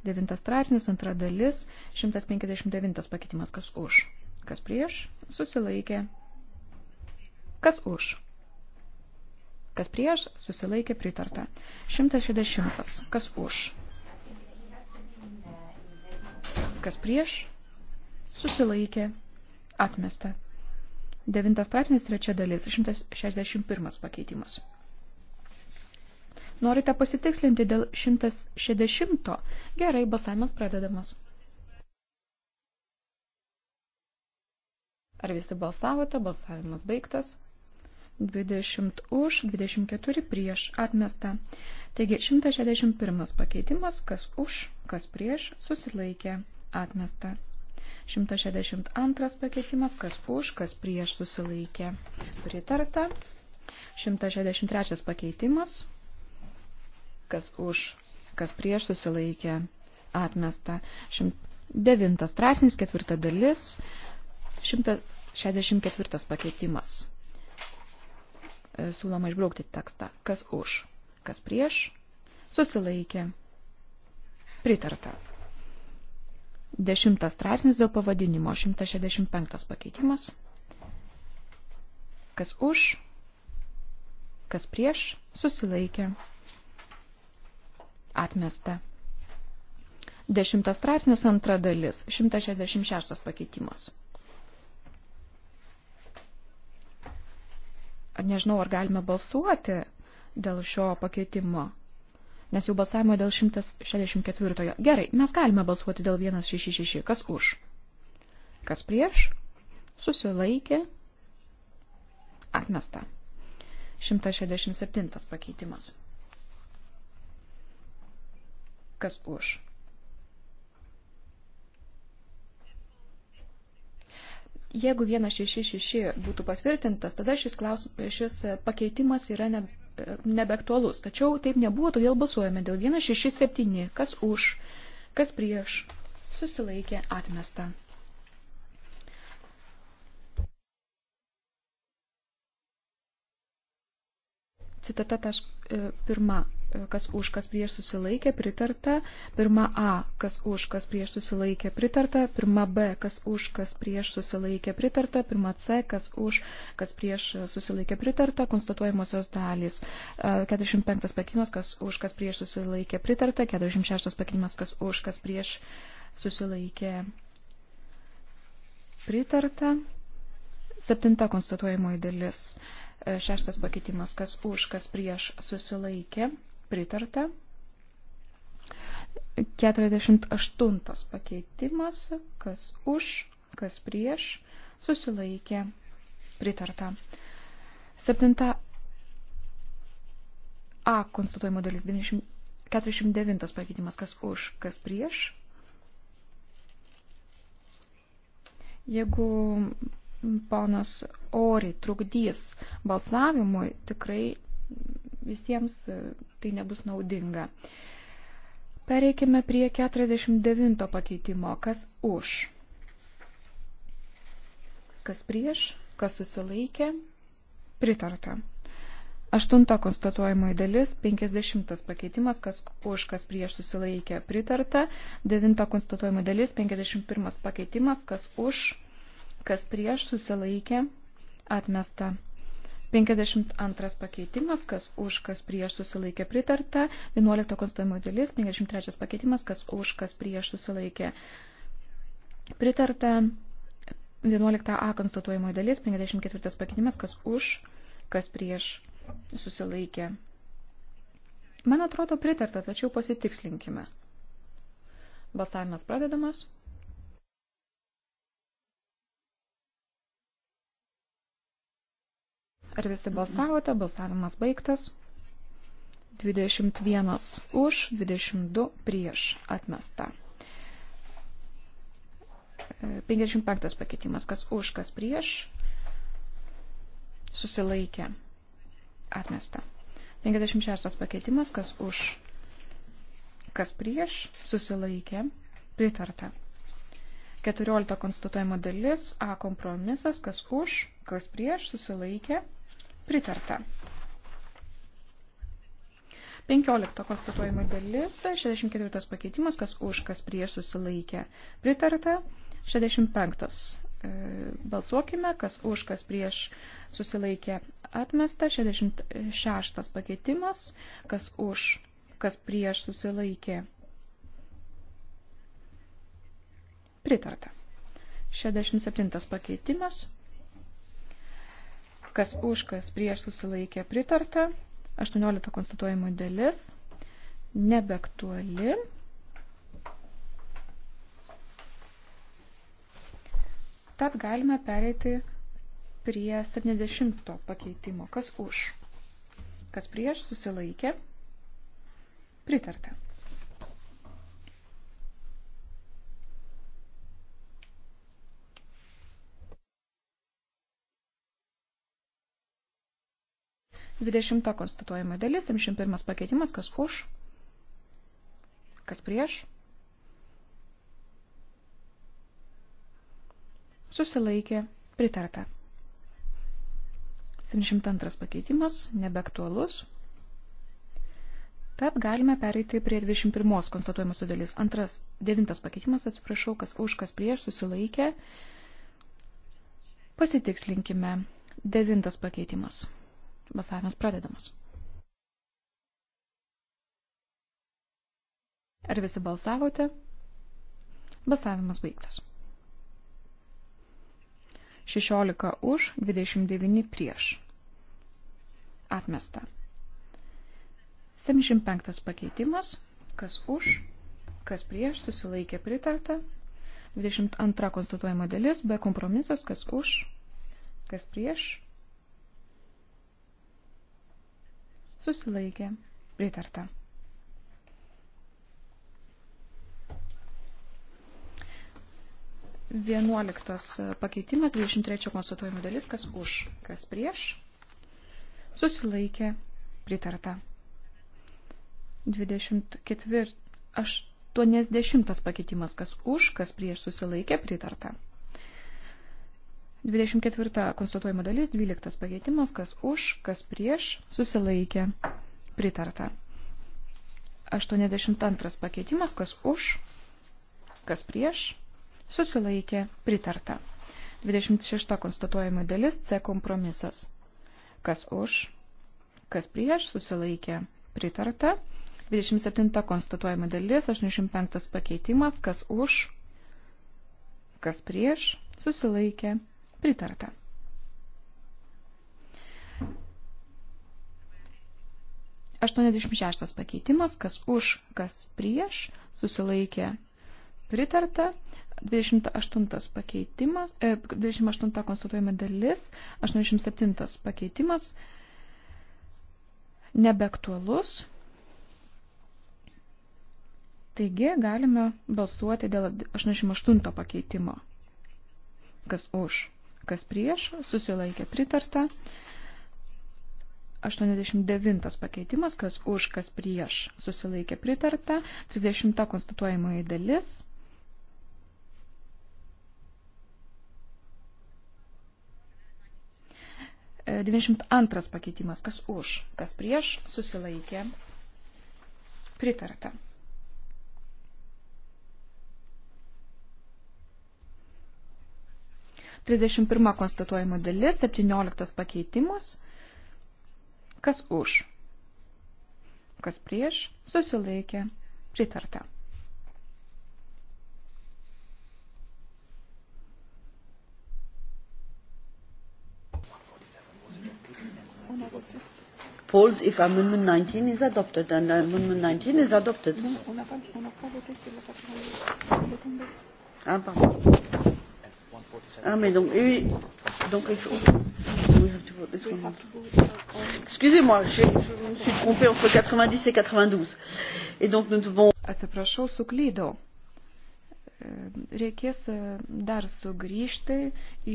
9 straipsnis, antra dalis, 159 pakeitimas, kas už. Kas prieš, susilaikė. Kas už? Kas prieš, susilaikė pritarta. 160. Kas už? Kas prieš, susilaikė atmesta. 9 straipsnis trečia dalis, 161 pakeitimas. Norite pasitikslinti dėl 160? Gerai, balsavimas pradedamas. Ar visi balsavote? Balsavimas baigtas. 20 už, 24 prieš atmesta. Taigi 161 pakeitimas, kas už, kas prieš, susilaikė atmesta. 162 pakeitimas, kas už, kas prieš, susilaikė pritarta. 163 pakeitimas, kas už, kas prieš, susilaikė atmesta. 9 straipsnis, ketvirta dalis, 164 pakeitimas E, siūloma išbraukti tekstą. Kas už, kas prieš, susilaikė, pritarta. Dešimtas straipsnis dėl pavadinimo, 165 pakeitimas. Kas už, kas prieš, susilaikė, atmesta. Dešimtas straipsnis antra dalis, 166 pakeitimas. nežinau, ar galime balsuoti dėl šio pakeitimo, nes jau balsavimo dėl 164. Gerai, mes galime balsuoti dėl 166. Kas už? Kas prieš? Susilaikė. Atmesta. 167 pakeitimas. Kas už? Jeigu 166 būtų patvirtintas, tada šis, klaus, šis e, pakeitimas yra ne, e, nebeaktualus. Tačiau taip nebuvo, todėl balsuojame dėl 167. Kas už, kas prieš, susilaikė atmesta. Citata taš, e, pirma kas už, kas prieš susilaikė, pritarta. Pirma A, kas už, kas prieš susilaikė, pritarta. Pirma B, kas už, kas prieš susilaikė, pritarta. Pirma C, kas už, kas prieš susilaikė, pritarta. Konstatuojamosios dalys. 45 pakeitimas, kas už, kas prieš susilaikė, pritarta. 46 pakeitimas, kas už, kas prieš susilaikė, pritarta. Septinta konstatuojamoji dalis. Šeštas pakeitimas, kas už, kas prieš susilaikė, pritarta pritarta. 48 pakeitimas, kas už, kas prieš, susilaikė, pritarta. 7 A konstatuojimo dalis 90, 49 pakeitimas, kas už, kas prieš, jeigu ponas Ori trukdys balsavimui, tikrai visiems e, tai nebus naudinga. Pereikime prie 49 pakeitimo. Kas už? Kas prieš? Kas susilaikė? Pritarta. Aštunta konstatuojamoji dalis, 50 pakeitimas, kas už, kas prieš susilaikė, pritarta. Devinta konstatuojamoji dalis, 51 pakeitimas, kas už, kas prieš susilaikė, atmesta. 52 pakeitimas, kas už, kas prieš susilaikė pritarta. 11 konstatuojimo dalis, 53 pakeitimas, kas už, kas prieš susilaikė pritarta. 11a konstatuojimo dalis, 54 pakeitimas, kas už, kas prieš susilaikė. Man atrodo pritarta, tačiau pasitikslinkime. Balsavimas pradedamas. Ar visi balsavote? Balsavimas baigtas. 21 už, 22 prieš atmesta. 55 pakeitimas, kas už, kas prieš, susilaikė, atmesta. 56 pakeitimas, kas už, kas prieš, susilaikė, pritarta. 14 konstatuojama dalis, A kompromisas, kas už, kas prieš, susilaikė, pritarta Pritarta. 15 konstatuojama dalis, 64 pakeitimas, kas už, kas prieš susilaikė. Pritarta. 65. E, balsuokime, kas už, kas prieš susilaikė. Atmesta. 66 pakeitimas, kas už, kas prieš susilaikė. Pritarta. 67 pakeitimas, kas už, kas prieš susilaikė pritarta. 18 konstatuojimo dalis nebeaktuali. Tad galime pereiti prie 70 pakeitimo. Kas už? Kas prieš susilaikė? Pritarta. 20 konstatuojama dalis, 71 pakeitimas, kas už, kas prieš. Susilaikė, pritarta. 702 pakeitimas, nebeaktualus. Tad galime pereiti prie 21 konstatuojamos dalis. Antras, devintas pakeitimas, atsiprašau, kas už, kas prieš, susilaikė. Pasitikslinkime. Devintas pakeitimas. Balsavimas pradedamas. Ar visi balsavote? Balsavimas baigtas. 16 už, 29 prieš. Atmesta. 75 pakeitimas. Kas už, kas prieš, susilaikė pritarta. 22 konstatuojama dalis, be kompromisas, kas už, kas prieš, susilaikė, pritarta. Vienuoliktas pakeitimas, 23 konstatuojimo dalis, kas už, kas prieš, susilaikė, pritarta. 24, 80 pakeitimas, kas už, kas prieš, susilaikė, pritarta. 24 konstatuojama dalis, 12 pakeitimas, kas už, kas prieš, susilaikė, pritarta. 82 pakeitimas, kas už, kas prieš, susilaikė, pritarta. 26 konstatuojama dalis, C kompromisas. Kas už, kas prieš, susilaikė, pritarta. 27 konstatuojama dalis, 85 pakeitimas, kas už, kas prieš, susilaikė, pritarta Pritarta. Aštuoniasdešimt šeštas pakeitimas, kas už, kas prieš, susilaikė pritarta. 28 pakeitimas, e, 28 konstatuojama dalis, 87 pakeitimas nebeaktualus. Taigi galime balsuoti dėl 88 pakeitimo. Kas už? kas prieš, susilaikė pritarta. 89 pakeitimas, kas už, kas prieš, susilaikė pritarta. 30 konstatuojamoji dalis. E, 92 pakeitimas, kas už, kas prieš, susilaikė pritarta. 31 konstatuojimo dalis, 17 pakeitimas. Kas už? Kas prieš? Susilaikė. Pritarta. falls if amendment 19 is adopted and amendment 19 is adopted. Ah, pardon. Ah, mais donc, oui, donc il faut. Excusez-moi, je me suis trompée entre 90 et 92. Et donc, nous devons. Atsiprašau, suklydau. Reikės e, dar sugrįžti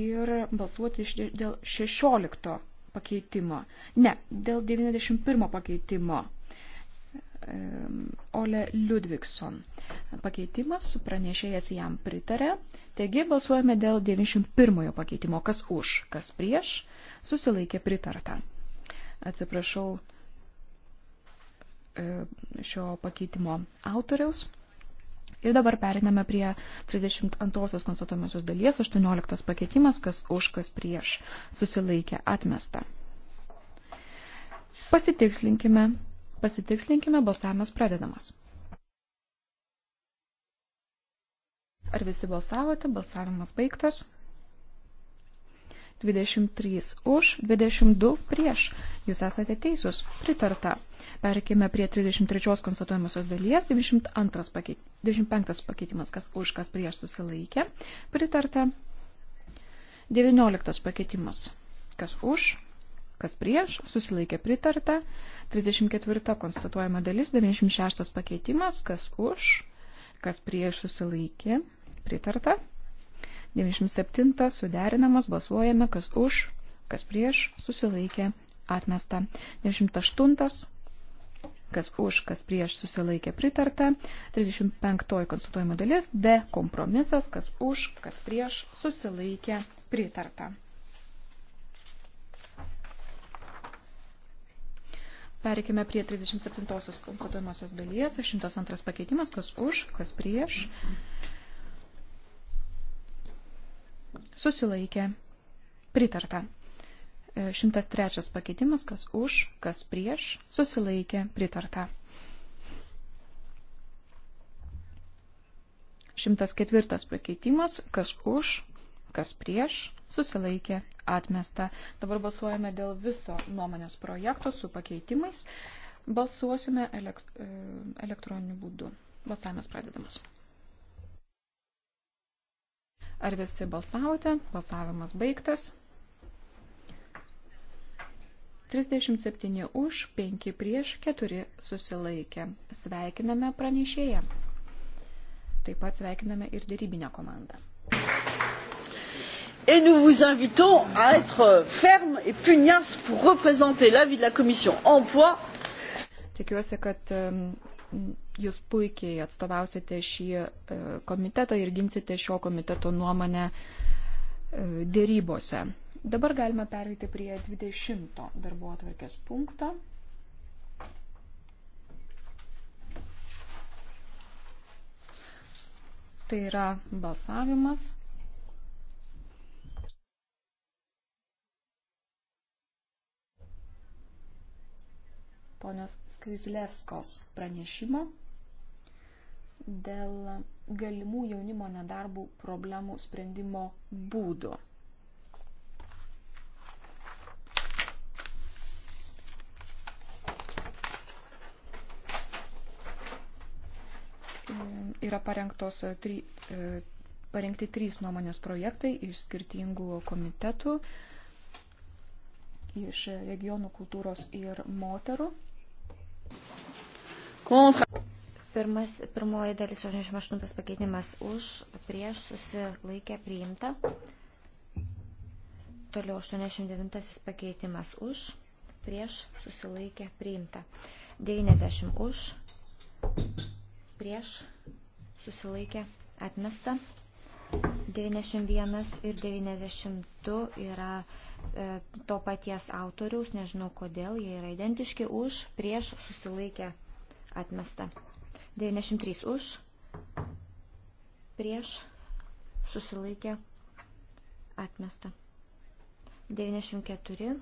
ir balsuoti dėl 16 pakeitimo. Ne, dėl 91 pakeitimo. Ole Ludvigson. Pakeitimas, pranešėjas jam pritarė. Taigi balsuojame dėl 91 pakeitimo. Kas už, kas prieš, susilaikė pritarta. Atsiprašau e, šio pakeitimo autoriaus. Ir dabar periname prie 32 konstatuojamosios dalies, 18 pakeitimas, kas už, kas prieš, susilaikė atmesta. Pasitikslinkime Pasitikslinkime, balsavimas pradedamas. Ar visi balsavote? Balsavimas baigtas. 23 už, 22 prieš. Jūs esate teisūs. Pritarta. Perkime prie 33 konstatuojamosios dalies. 92 pakeit, 25 pakeitimas, kas už, kas prieš susilaikė. Pritarta. 19 pakeitimas, kas už, kas prieš, susilaikė pritarta. 34 konstatuojama dalis, 96 pakeitimas, kas už, kas prieš, susilaikė pritarta. 97 suderinamas, balsuojame, kas už, kas prieš, susilaikė atmesta. 98 kas už, kas prieš susilaikė pritarta. 35 konstatuojama dalis, D kompromisas, kas už, kas prieš susilaikė pritarta. Perikime prie 37-osios konstatuojamosios dalies. 102 pakeitimas, kas už, kas prieš. Susilaikė. Pritarta. 103 e, pakeitimas, kas už, kas prieš. Susilaikė. Pritarta. 104 pakeitimas, kas už, kas prieš susilaikė atmesta. Dabar balsuojame dėl viso nuomonės projekto su pakeitimais. Balsuosime elekt e, elektroniniu būdu. Balsavimas pradedamas. Ar visi balsavote? Balsavimas baigtas. 37 už, 5 prieš, 4 susilaikė. Sveikiname pranešėją. Taip pat sveikiname ir dėrybinę komandą et nous vous invitons à être euh, ferme et pugnace pour représenter l'avis de la commission emploi Tikiuosi, kad jūs puikiai atstovausite šį e, komitetą ir ginsite šio komiteto nuomonę e, dėrybose. Dabar galime pereiti prie 20 darbo atvarkės punkto. Tai yra balsavimas ponios Skrizlevskos pranešimo dėl galimų jaunimo nedarbų problemų sprendimo būdų. Yra parengtos tri, e, parengti trys nuomonės projektai iš skirtingų komitetų, iš regionų kultūros ir moterų Kontra. Pirmas, pirmoji dalis 88 pakeitimas už, prieš susilaikę priimta. Toliau 89 pakeitimas už, prieš susilaikę priimta. 90 už, prieš susilaikę atmesta. 91 ir 92 yra e, to paties autoriaus, nežinau kodėl, jie yra identiški už, prieš susilaikę priimta atmesta. 93 už, prieš, susilaikė, atmesta. 94,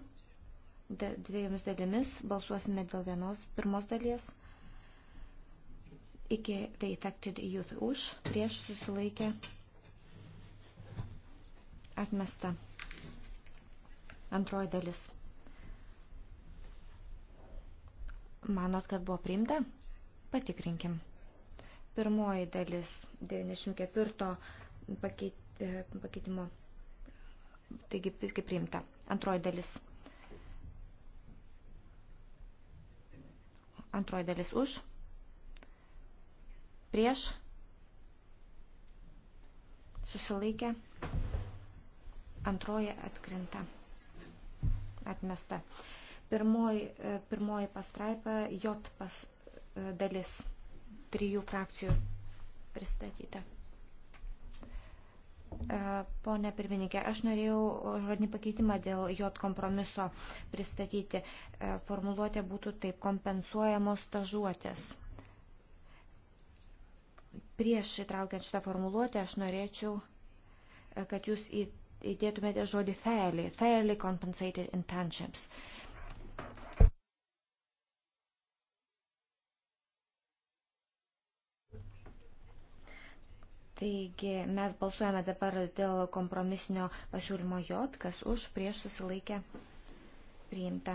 dviejomis dalimis, balsuosime dėl vienos pirmos dalies, iki The Affected Youth už, prieš, susilaikė, atmesta. Antroji dalis. Manot, kad buvo priimta? Patikrinkim. Pirmoji dalis 94 e, pakeitimo, taigi visgi priimta. Antroji dalis. Antroji dalis už. Prieš. Susilaikę. Antroji atkrinta. Atmesta pirmoji, e, pirmoji pastraipa, J pas, E, dalis trijų frakcijų pristatyta. E, pone pirmininkė, aš norėjau žodinį pakeitimą dėl jo kompromiso pristatyti. E, formuluotė būtų taip kompensuojamos stažuotės. Prieš įtraukiant šitą formuluotę aš norėčiau, kad jūs įdėtumėte žodį fairly, fairly compensated internships. Uh, Taigi mes balsuojame dabar dėl kompromisinio pasiūlymo J, kas už prieš susilaikė priimta.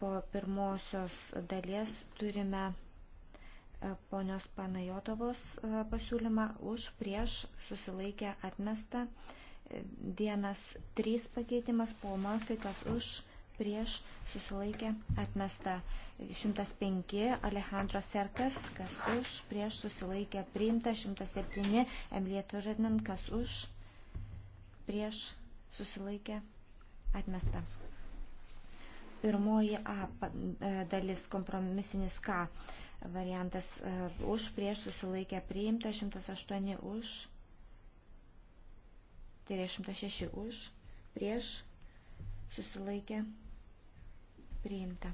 Po pirmosios dalies turime e, ponios Panajotovos e, pasiūlymą už prieš susilaikę atmestą. E, Dienas 3 pakeitimas, po Mafi, kas už prieš, susilaikė, atmesta. 105 Alejandro Serkas, kas už, prieš, susilaikė, priimta. 107 Emilija Turinin, kas už, prieš, susilaikė, atmesta. Pirmoji A e, dalis kompromisinis K variantas e, už, prieš, susilaikė, priimta. 108 už, tai yra 106 už, prieš, susilaikė, atmesta priimta.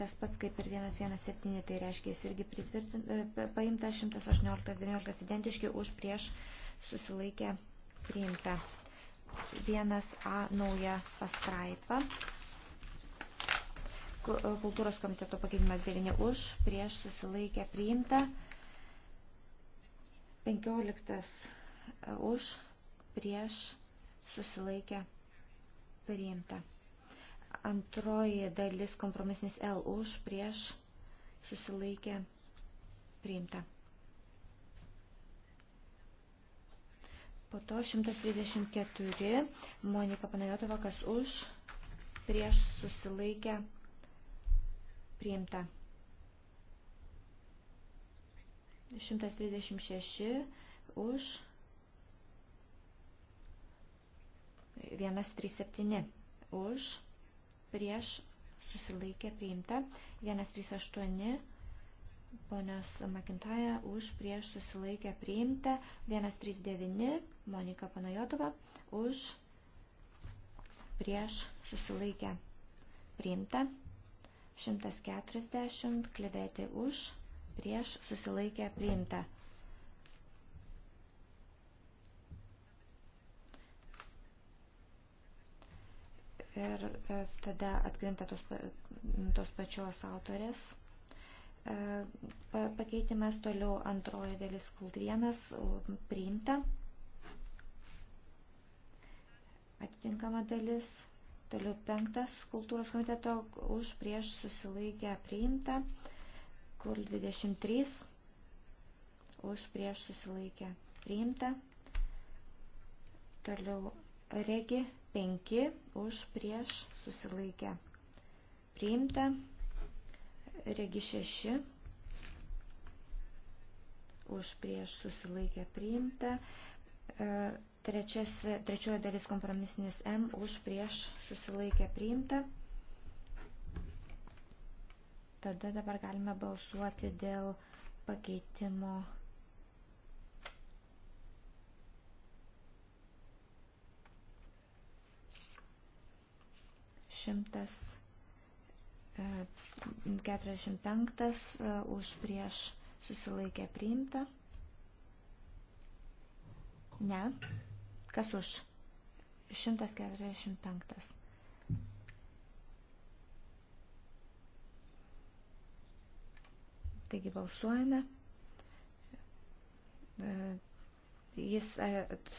Tas pats kaip ir 117, tai reiškia, jis irgi e, paimta 118-19 identiški už prieš susilaikę priimta. 1A nauja pastraipa. E, kultūros komiteto pakeitimas 9 už prieš susilaikę priimta. 15 e, už prieš susilaikę priimta. Antroji dalis kompromisinis L už, prieš, susilaikė, priimta. Po to 134, Monika Panajotova, kas už, prieš, susilaikė, priimta. 136 už 137 už prieš susilaikė priimta, 138 ponios Makintaja už prieš susilaikė priimta, 139 Monika Panajotova už prieš susilaikė priimta, 140 klivėti už prieš susilaikė priimta. ir e, tada atkrinta tos, tos pačios autorės e, pakeitimas toliau antroji dalis kult 1 priimta atitinkama dalis toliau penktas kultūros komiteto už prieš susilaikę priimta kur 23 už prieš susilaikę priimta toliau Regi 5 už prieš susilaikę. Priimta. Regi 6 už prieš susilaikę priimta. E, trečias, trečioji dalis kompromisinis M už prieš susilaikę priimta. Tada dabar galime balsuoti dėl pakeitimo 145 e, e, už prieš susilaikę priimta. Ne. Kas už? 145. Taigi balsuojame. E, jis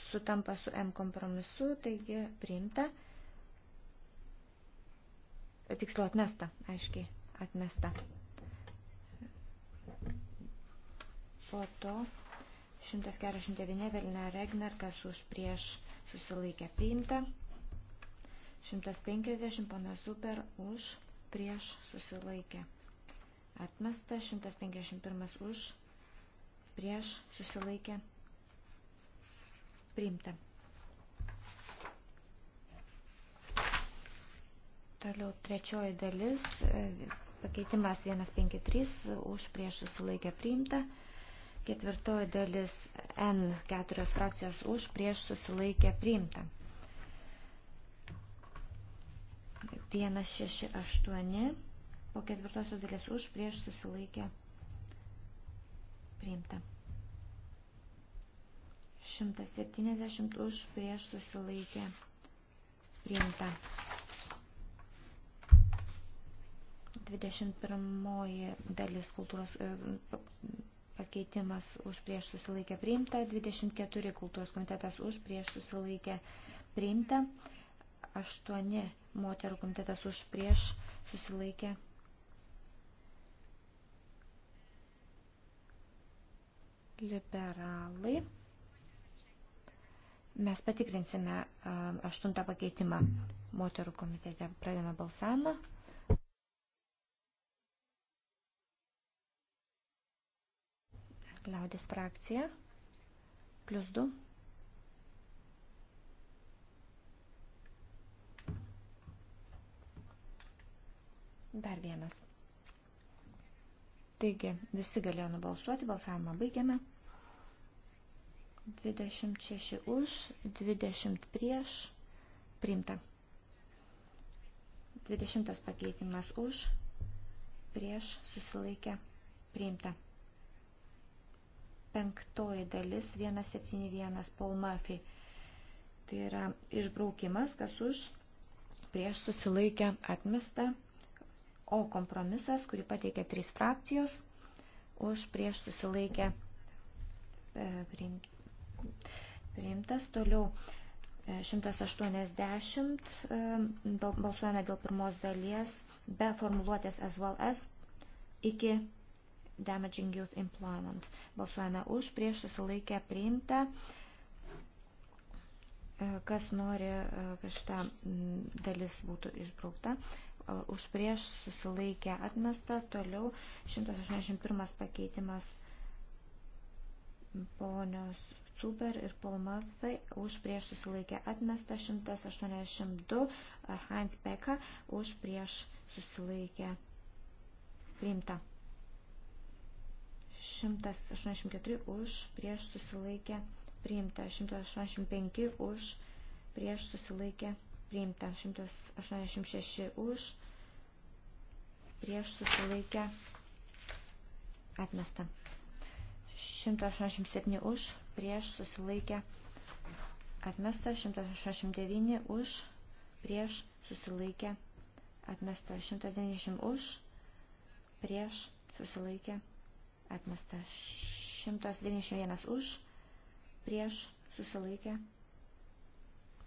sutampa su M kompromisu, taigi priimta. E, tiksliau atmesta, aiškiai atmesta. Po to 149 Velina Regner, kas už prieš susilaikė priimta. 150 pana Super už prieš susilaikė. Atmesta 151 už prieš susilaikė priimta. Toliau trečioji dalis, e, pakeitimas 153, už prieš susilaikę priimta. Ketvirtoji dalis N keturios frakcijos už prieš susilaikę priimta. 168 po ketvirtosios dalies už prieš susilaikę priimta. 170 už prieš susilaikę priimta. 21 dalis kultūros e, pakeitimas už prieš susilaikę priimta, 24 kultūros komitetas už prieš susilaikę priimta, 8 moterų komitetas už prieš susilaikę priimta. liberalai. Mes patikrinsime aštuntą pakeitimą moterų komitete. Pradėme balsavimą. liaudės frakcija, plus 2. Dar vienas. Taigi, visi galėjo nubalsuoti, balsavimą baigiame. 26 už, 20 prieš, priimta. 20 pakeitimas už, prieš, susilaikę, priimta penktoji dalis 171 Paul Murphy. Tai yra išbraukimas, kas už prieš susilaikę atmesta, o kompromisas, kurį pateikė trys frakcijos, už prieš susilaikę e, priimtas. Toliau 180 e, e, balsuojame dėl pirmos dalies be formuluotės as well as iki Damaging Youth Employment. Balsuojame už, prieš susilaikę priimta. E, kas nori, e, kad šita dalis būtų išbraukta. E, už prieš susilaikę atmesta. Toliau 181 pakeitimas ponios Cuber ir Polmasai už prieš susilaikę atmesta 182, Heinz Peka už prieš susilaikę priimta. 184 už prieš susilaikę priimta, 185 už prieš susilaikę priimta, 186 už prieš susilaikę atmesta, 187 už prieš susilaikę atmesta, 189 už prieš susilaikę atmesta, 190 už prieš susilaikę atmesta atmesta. 191 už, prieš, susilaikė,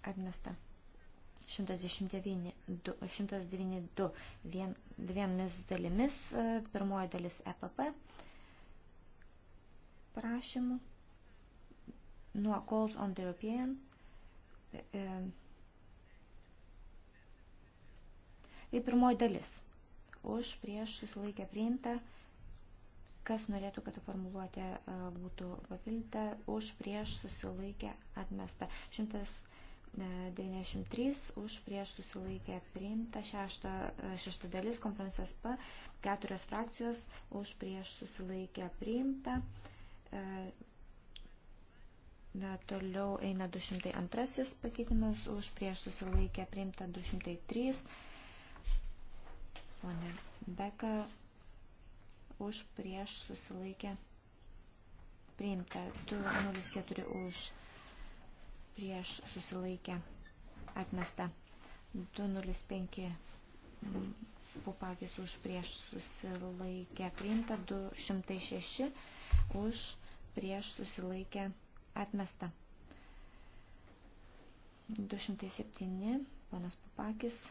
atmesta. 192, 192 vien, dviemis dalimis, e, pirmoji dalis EPP prašymų, nuo Calls on the European, e, e, tai pirmoji dalis, už, prieš, susilaikė, priimta, priimta, Kas norėtų, kad formuluotė e, būtų papildyta už prieš susilaikę atmestą. 193 už prieš susilaikę priimta. Šešta, e, šešta dalis kompromisas P. Keturios frakcijos už prieš susilaikę priimta. E, na, toliau eina 202 pakeitimas už prieš susilaikę priimta 203. Pone Beka už prieš susilaikę priimta. 204 už prieš susilaikę atmesta. 205 mm, pupakis už prieš susilaikę priimta. 206 už prieš susilaikę atmesta. 207 ponas pupakis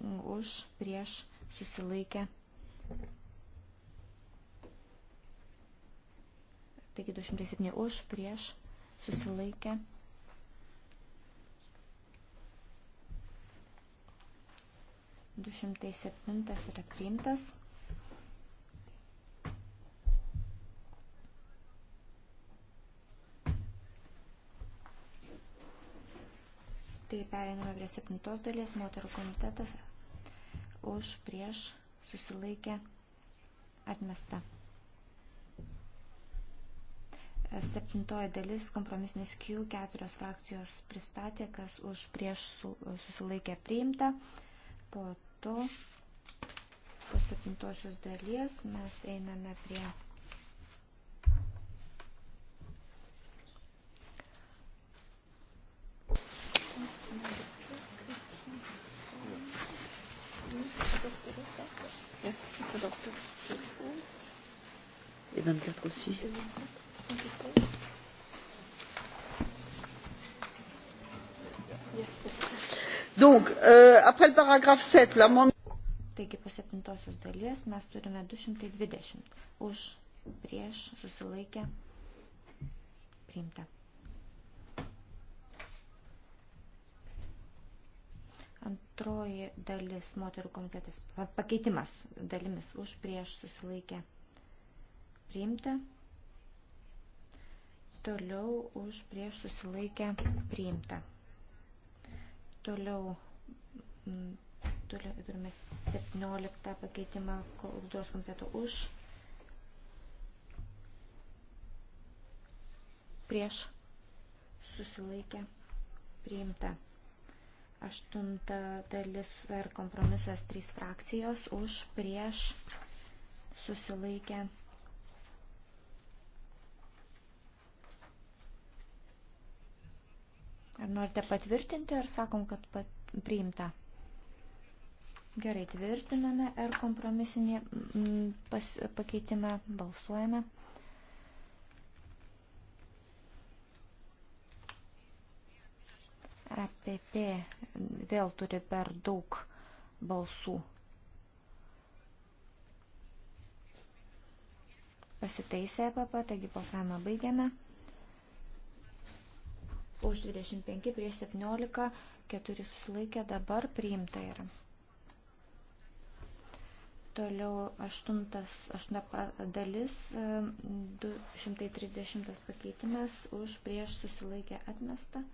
mm, už prieš susilaikę atmesta Taigi 207 už, prieš, susilaikė. Du šimtai septintas yra priimtas. Tai pereiname prie septintos dalies, moterų komitetas už prieš susilaikė, atmesta. Septintoji dalis, kompromisinis Q, keturios frakcijos pristatė, kas už prieš susilaikė priimta. Po to, po septintosios dalies, mes einame prie Thank you. rapporteur, c'est faux. Et 24 aussi. Et 24, Donc, euh, après le paragraphe 7, l'amendement. Taigi po septintosios dalies mes turime 220 už prieš susilaikę priimta. Antroji dalis moterų komitetas. Pakeitimas dalimis už prieš susilaikę priimta. Toliau už prieš susilaikę priimta. Toliau, toliau turime 17 pakeitimą kultūros komiteto už prieš susilaikę priimta. Aštunta dalis ir kompromisas trys frakcijos už prieš susilaikę. Ar norite patvirtinti, ar sakom, kad pat, priimta? Gerai, tvirtiname ir kompromisinį pas, pakeitimą balsuojame. EPP vėl turi per daug balsų. Pasitaisė EPP, taigi balsavimą baigiame. Už 25 prieš 17, 4 susilaikė, dabar priimta yra. Toliau 8, 8 dalis, 230 e, pakeitimas, už prieš susilaikė atmesta.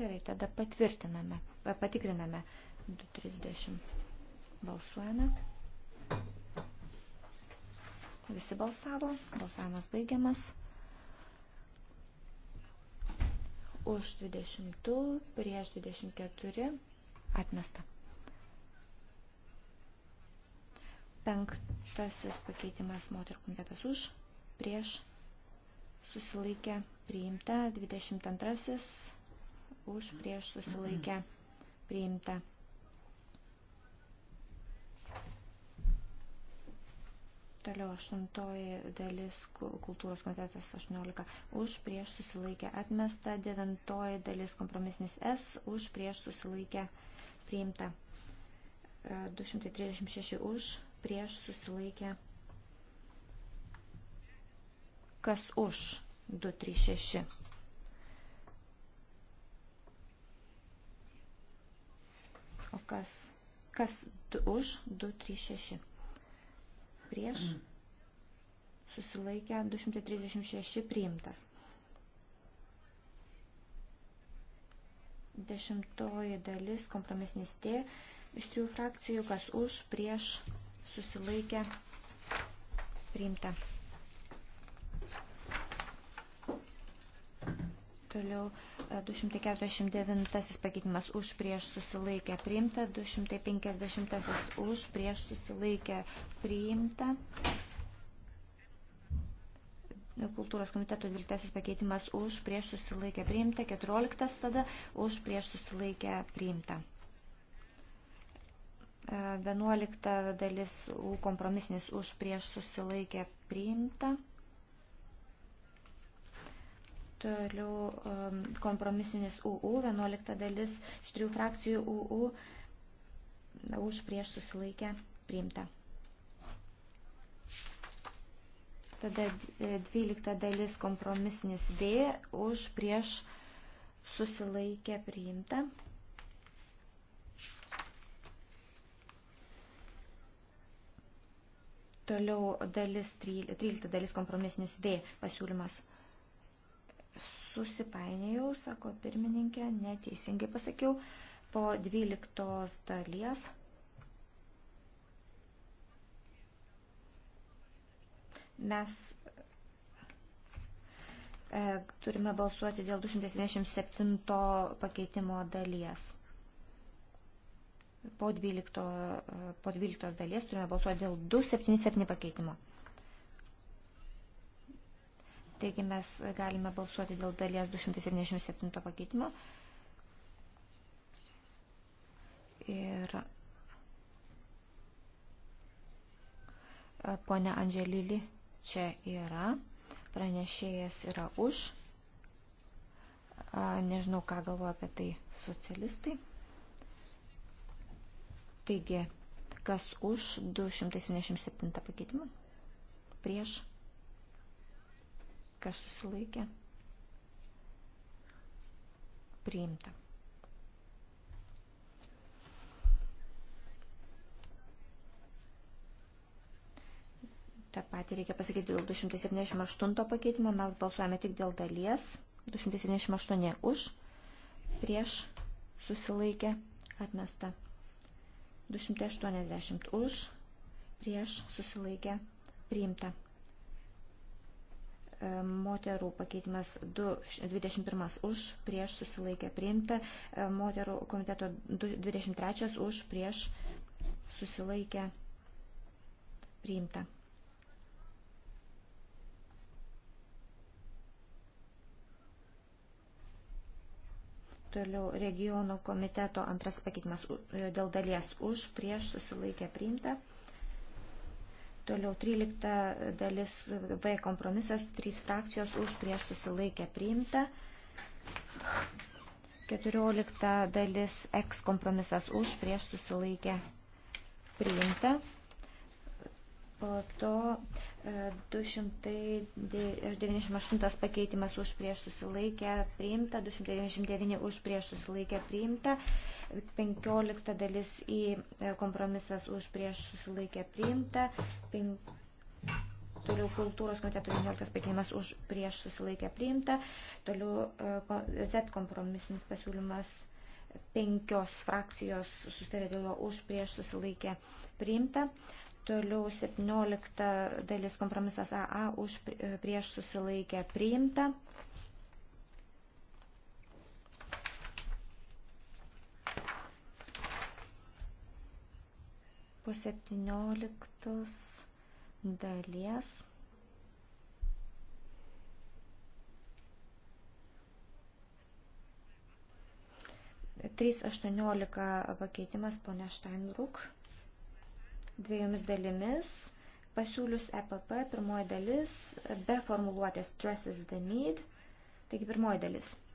Gerai, tada patvirtiname, patikriname 2.30. Balsuojame. Visi balsavo, balsavimas baigiamas. Už 20, prieš 24, atmesta. Penktasis pakeitimas moterų komitetas už, prieš, susilaikė, priimta, 22 už prieš susilaikę priimta. Toliau aštuntoji dalis kultūros komitetas 18 už prieš susilaikę atmesta, devintoji dalis kompromisinis S už prieš susilaikę priimta. 236 e, už prieš susilaikę. Kas už 236? O kas, kas du, už 2, 3, 6? Prieš mm. susilaikę 236 priimtas. Dešimtoji dalis kompromisnis T iš trijų frakcijų, kas už, prieš susilaikę priimta. Toliau 249 pakeitimas už prieš susilaikę priimta, 250 už prieš susilaikę priimta. Kultūros komiteto 12 pakeitimas už prieš susilaikę priimta, 14 tada už prieš susilaikę priimta. 11 dalis kompromisinis už prieš susilaikę priimta. Toliau um, kompromisinis UU, 11 dalis iš trijų frakcijų UU už prieš susilaikę priimta. Tada 12 e, dalis kompromisinis B už prieš susilaikę priimta. Toliau dalis 13, 13 dalis kompromisinis D pasiūlymas susipainėjau, sako pirmininkė, neteisingai pasakiau, po 12 dalies. Mes e, turime balsuoti dėl 277 pakeitimo dalies. Po 12, e, po 12 dalies turime balsuoti dėl 277 pakeitimo. Taigi mes galime balsuoti dėl dalies 277 pakeitimo. Ir e, ponia Andželili čia yra. Pranešėjas yra už. Nežinau, ką galvoja apie tai socialistai. Taigi, kas už 277 pakeitimą? Prieš kas susilaikė, priimta. Ta patį reikia pasakyti dėl 278 pakeitimo, mes balsuojame tik dėl dalies. 278 už, prieš susilaikė, atmesta. 280 už, prieš susilaikė, priimta moterų pakeitimas 2, 21 už, prieš susilaikė priimta, e, moterų komiteto 23 už, prieš susilaikė priimta. Toliau regionų komiteto antras pakeitimas e, dėl dalies už, prieš susilaikė priimta. Toliau 13 dalis V kompromisas, 3 frakcijos už prieš susilaikę priimta. 14 dalis X kompromisas už prieš susilaikę priimta. Po to 298 e, pakeitimas už prieš susilaikę priimta, 299 už prieš susilaikę priimta. 15 dalis į e, kompromisas už prieš susilaikę priimta. 5, toliau kultūros komiteto 19 pakeitimas už prieš susilaikę priimta. Toliau e, Z kompromisinis pasiūlymas penkios frakcijos sustarė dėl už prieš susilaikę priimta. Toliau 17 dalis kompromisas AA už e, prieš susilaikę priimta. po 17 dalies. Trys aštuoniolika pakeitimas ponia Steinbruk dviejomis dalimis pasiūlius EPP pirmoji dalis be formuluotės stresses the need, taigi pirmoji dalis –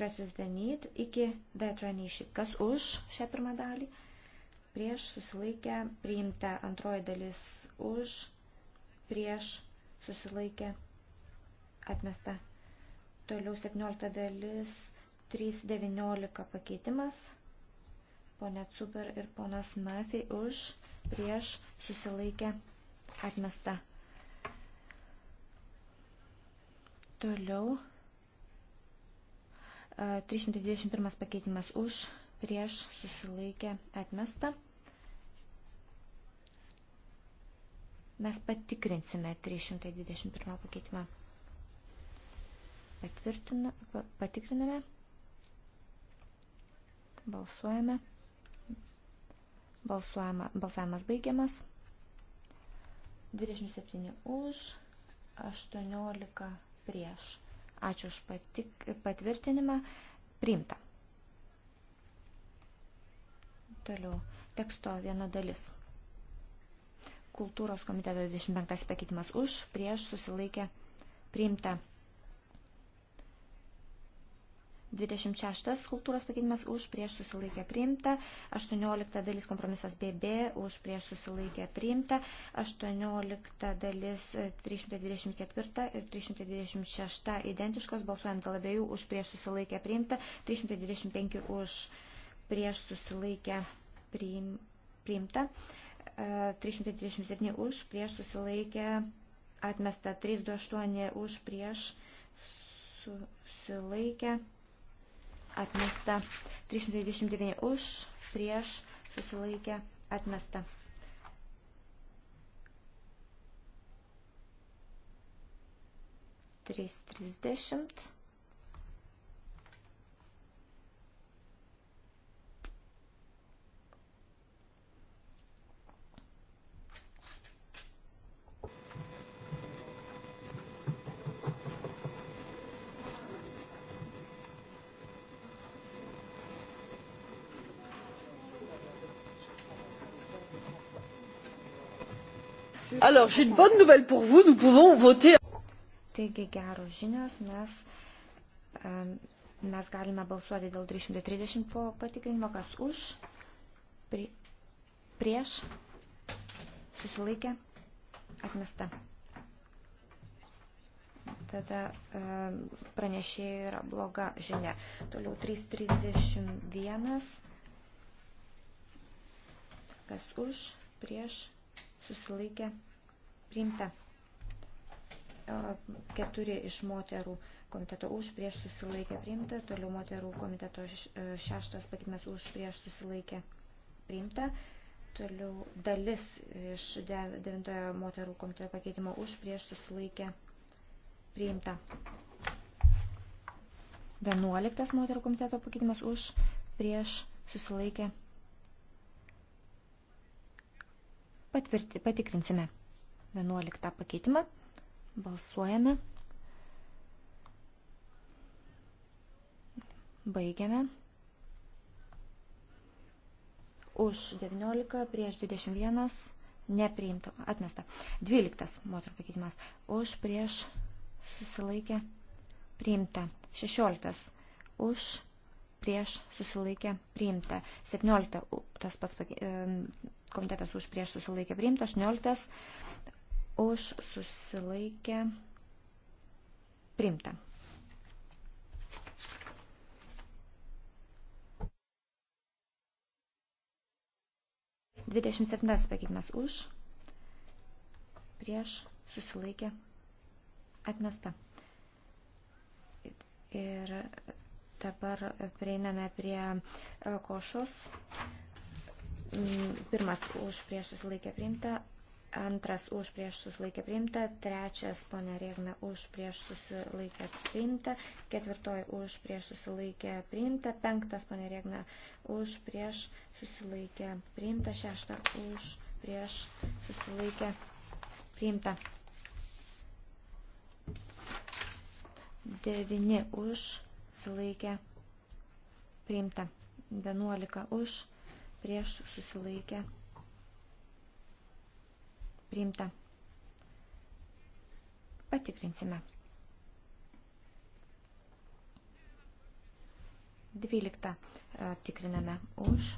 Trečias danit iki detraneišį. Kas už šią pirmą dalį? Prieš susilaikę priimta antroji dalis už, prieš susilaikę atmesta. Toliau 17 dalis 3.19 pakeitimas. Pone Cuber ir ponas Murphy už, prieš susilaikę atmesta. Toliau 321 pakeitimas už, prieš, susilaikė, atmesta. Mes patikrinsime 321 pakeitimą. Patikriname. Balsuojame. Balsuojama, balsavimas baigiamas. 27 už, 18 prieš. Ačiū už patik, patvirtinimą. Priimta. Toliau. Teksto viena dalis. Kultūros komiteto 25 pakeitimas už, prieš susilaikė priimta. 26 kultūros pakeitimas už prieš susilaikę priimta, 18 dalis kompromisas BB už prieš susilaikę priimta, 18 dalis 324 ir 326 identiškos, balsuojant dėl abiejų už prieš susilaikę priimta, 325 už prieš susilaikę priim, priimta, 327 e, už prieš susilaikę atmesta, 328 už prieš susilaikę priimta atmesta. 329 už, prieš, susilaikė, atmesta. Trys trisdešimt. Alors, j'ai une bonne nouvelle pour vous, nous pouvons voter. Taigi, geros žinios, mes, mes galime balsuoti dėl 330 po patikrinimo, kas už, pri, prieš, susilaikė, atmesta. Tada pranešėjai yra bloga žinia. Toliau 331, kas už, prieš, susilaikė priimta. E, keturi iš moterų komiteto už prieš susilaikė priimta, toliau moterų komiteto e, šeštas pakimas už prieš susilaikė priimta, toliau dalis iš devintojo moterų komiteto pakeitimo už prieš susilaikė priimta. Vienuoliktas moterų komiteto pakeitimas už prieš susilaikė priimta Patvirti, patikrinsime 11 pakeitimą. Balsuojame. Baigiame. Už 19 prieš 21 nepriimta, atmesta. 12 moterų pakeitimas. Už prieš susilaikė priimta. 16 už prieš susilaikė priimta. 17 tas pats komitetas už prieš susilaikė priimta, 18 už susilaikė priimta. Dvidešimt septintas pakeitimas už, prieš, susilaikė, atmesta. Ir dabar prieiname prie e, košos Pirmas už prieš susilaikę priimta, antras už prieš susilaikę priimta, trečias ponė Rėgna už prieš susilaikę priimta, ketvirtoji už prieš susilaikę priimta, penktas ponė Rėgna už prieš susilaikę priimta, šešta už prieš susilaikę priimta. Devini už susilaikę priimta, vienuolika už prieš prieš susilaikę priimta. Patikrinsime. 12 e, tikriname už.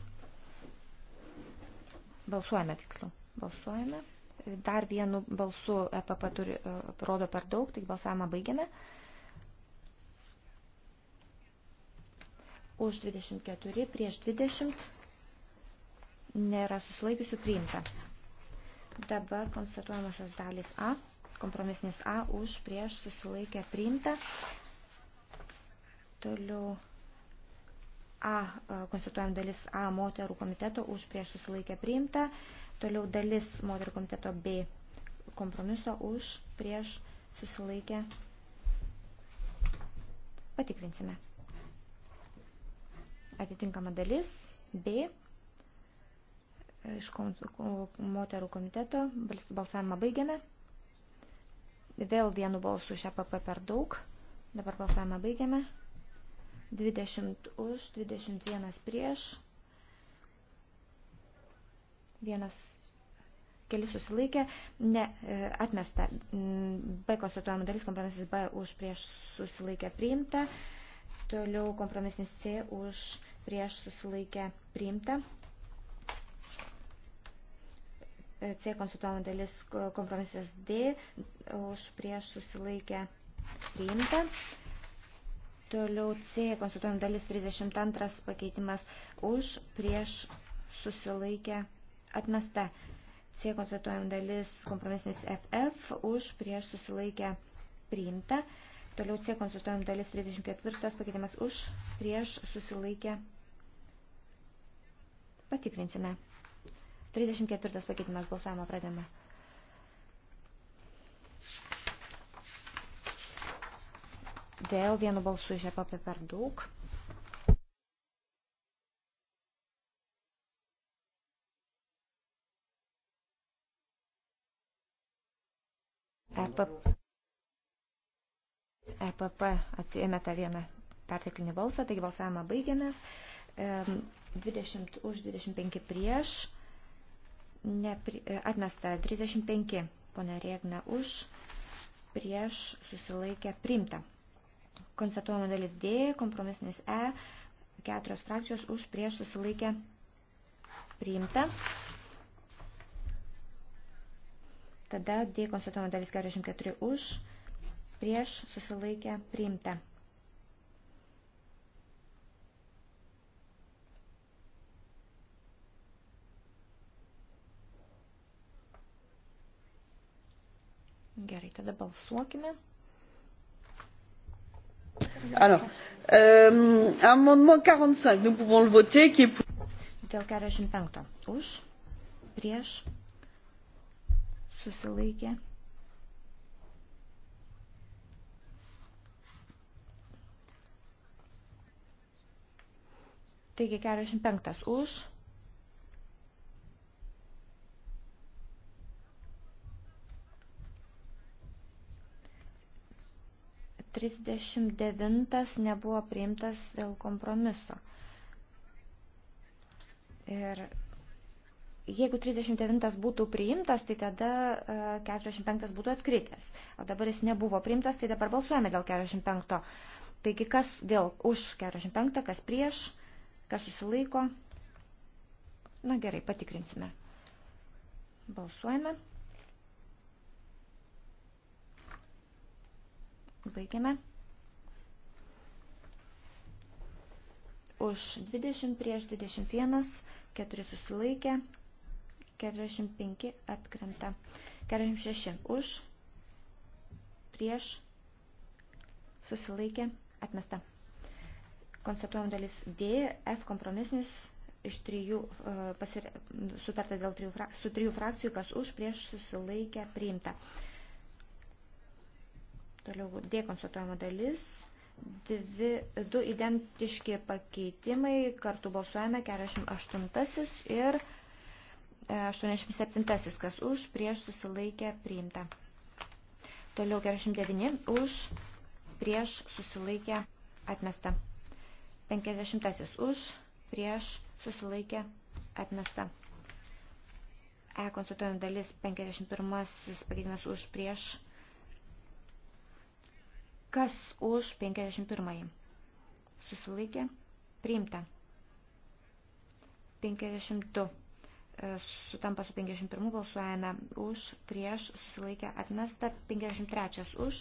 Balsuojame tiksliau. Balsuojame. Dar vienu balsu EPP turi, e, rodo per daug, tai balsavimą baigiame. Už 24, prieš 20 nėra susilaikiusių priimta. Dabar konstatuojamosios dalys A, kompromisinis A už prieš susilaikę priimta. Toliau A, e, konstatuojam dalis A moterų komiteto už prieš susilaikę priimta. Toliau dalis moterų komiteto B kompromiso už prieš susilaikę patikrinsime. Atitinkama dalis B iš moterų komiteto. Balsavimą baigiame. Vėl vienu balsu šią e PP per daug. Dabar balsavimą baigiame. 20 už, 21 prieš. Vienas keli susilaikė, ne, e, atmesta. Mm, B konstatuojama dalis, kompromisas B už prieš susilaikę priimta. Toliau kompromisinis C už prieš susilaikę priimta. C konsultuojama dalis kompromisas D, už prieš susilaikę priimta. Toliau C konsultuojama dalis 32 pakeitimas už prieš susilaikę atmesta. C konsultuojama dalis kompromisinis FF už prieš susilaikę priimta. Toliau C konsultuojama dalis 34 pakeitimas už prieš susilaikę. Patikrinsime. 34 pakeitimas balsavimo pradėme. Dėl vienu balsu iš EPP per daug. EPP, EPP atsiėmė tą vieną perteklinį balsą, taigi balsavimą baigėme. 20 už 25 prieš nepri, e, atmesta 35, ponė Rėgna už, prieš susilaikę priimta. Konstatuojama dalis D, kompromisinis E, keturios frakcijos už, prieš susilaikę priimta. Tada D konstatuojama dalis 44 už, prieš susilaikę priimta. Gerai, tada balsuokime. Alors, euh, amendement 45, nous pouvons le voter qui est pour. Dėl 45. Už, prieš, susilaikė. Taigi 45. Už, 39 nebuvo priimtas dėl kompromiso. Ir jeigu 39 būtų priimtas, tai tada 45 e, būtų atkritęs. O dabar jis nebuvo priimtas, tai dabar balsuojame dėl 45. Taigi kas dėl už 45, kas prieš, kas susilaiko. Na gerai, patikrinsime. Balsuojame. Baigiame. Už 20 prieš 21, 4 susilaikė, 45 atkrenta. 46 už, prieš, susilaikė, atmesta. Konstatuojam dalis D, F kompromisnis iš trijų, e, pasire, sutarta dėl trijų, su trijų frakcijų, kas už, prieš, susilaikė, priimta. Toliau D konstatuojama dalis. Dvi, du identiški pakeitimai, kartu balsuojame 48 ir 87, e, kas už, prieš susilaikę priimta. Toliau 49, už, prieš susilaikę atmesta. 50, už, prieš susilaikę atmesta. E konsultuojam dalis 51 pakeitimas už prieš Kas už 51? Susilaikė. Priimta. 52. E, sutampa su 51 balsuojame už, prieš, susilaikė, atmesta. 53 už,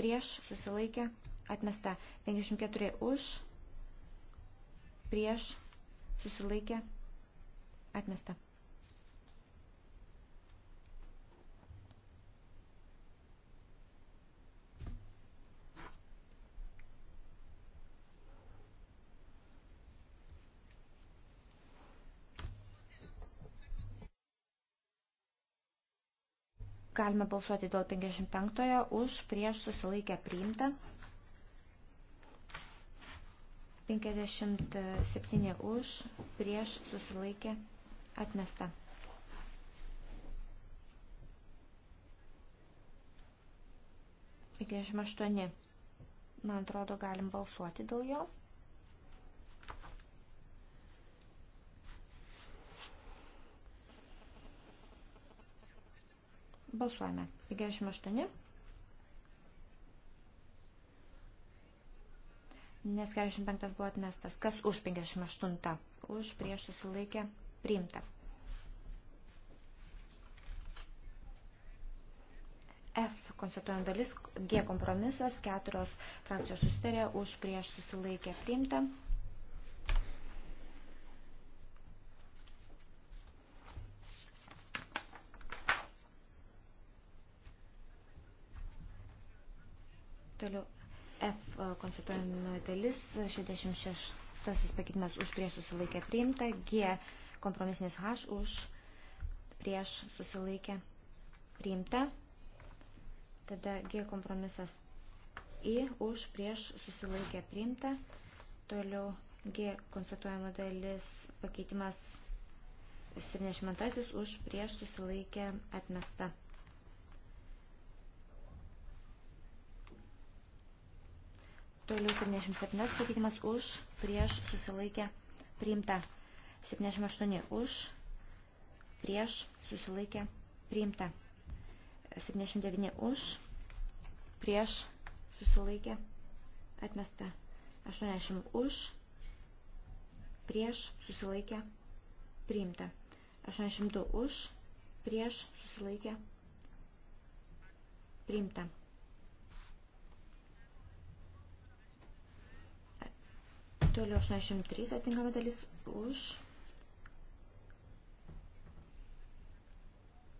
prieš, susilaikė, atmesta. 54 už, prieš, susilaikė, atmesta. Galime balsuoti dėl 55-ojo už, prieš susilaikę priimta. 57 už, prieš susilaikė atmesta. Penkiasdešimt aštuoni. Man atrodo, galim balsuoti dėl jo. Balsuojame. 58. Nes 45 buvo atmestas. Kas už 58? Už prieš susilaikę priimta. F konstatuojant dalis, G kompromisas, keturios frakcijos susitarė, už prieš susilaikę priimta. konsultuojama dalis, 66 pakeitimas už prieš susilaikę priimta, G kompromisinis H už prieš susilaikę priimta, tada G kompromisas I už prieš susilaikę priimta, toliau G konstatuojama dalis pakeitimas 72 už prieš susilaikę atmesta. Toliau 77 pakeitimas už, prieš, susilaikė, priimta. 78 už, prieš, susilaikė, priimta. 79 už, prieš, susilaikė, atmesta. 80 už, prieš, susilaikė, priimta. 82 už, prieš, susilaikė, priimta. Toliau 83 atinkama dalis už.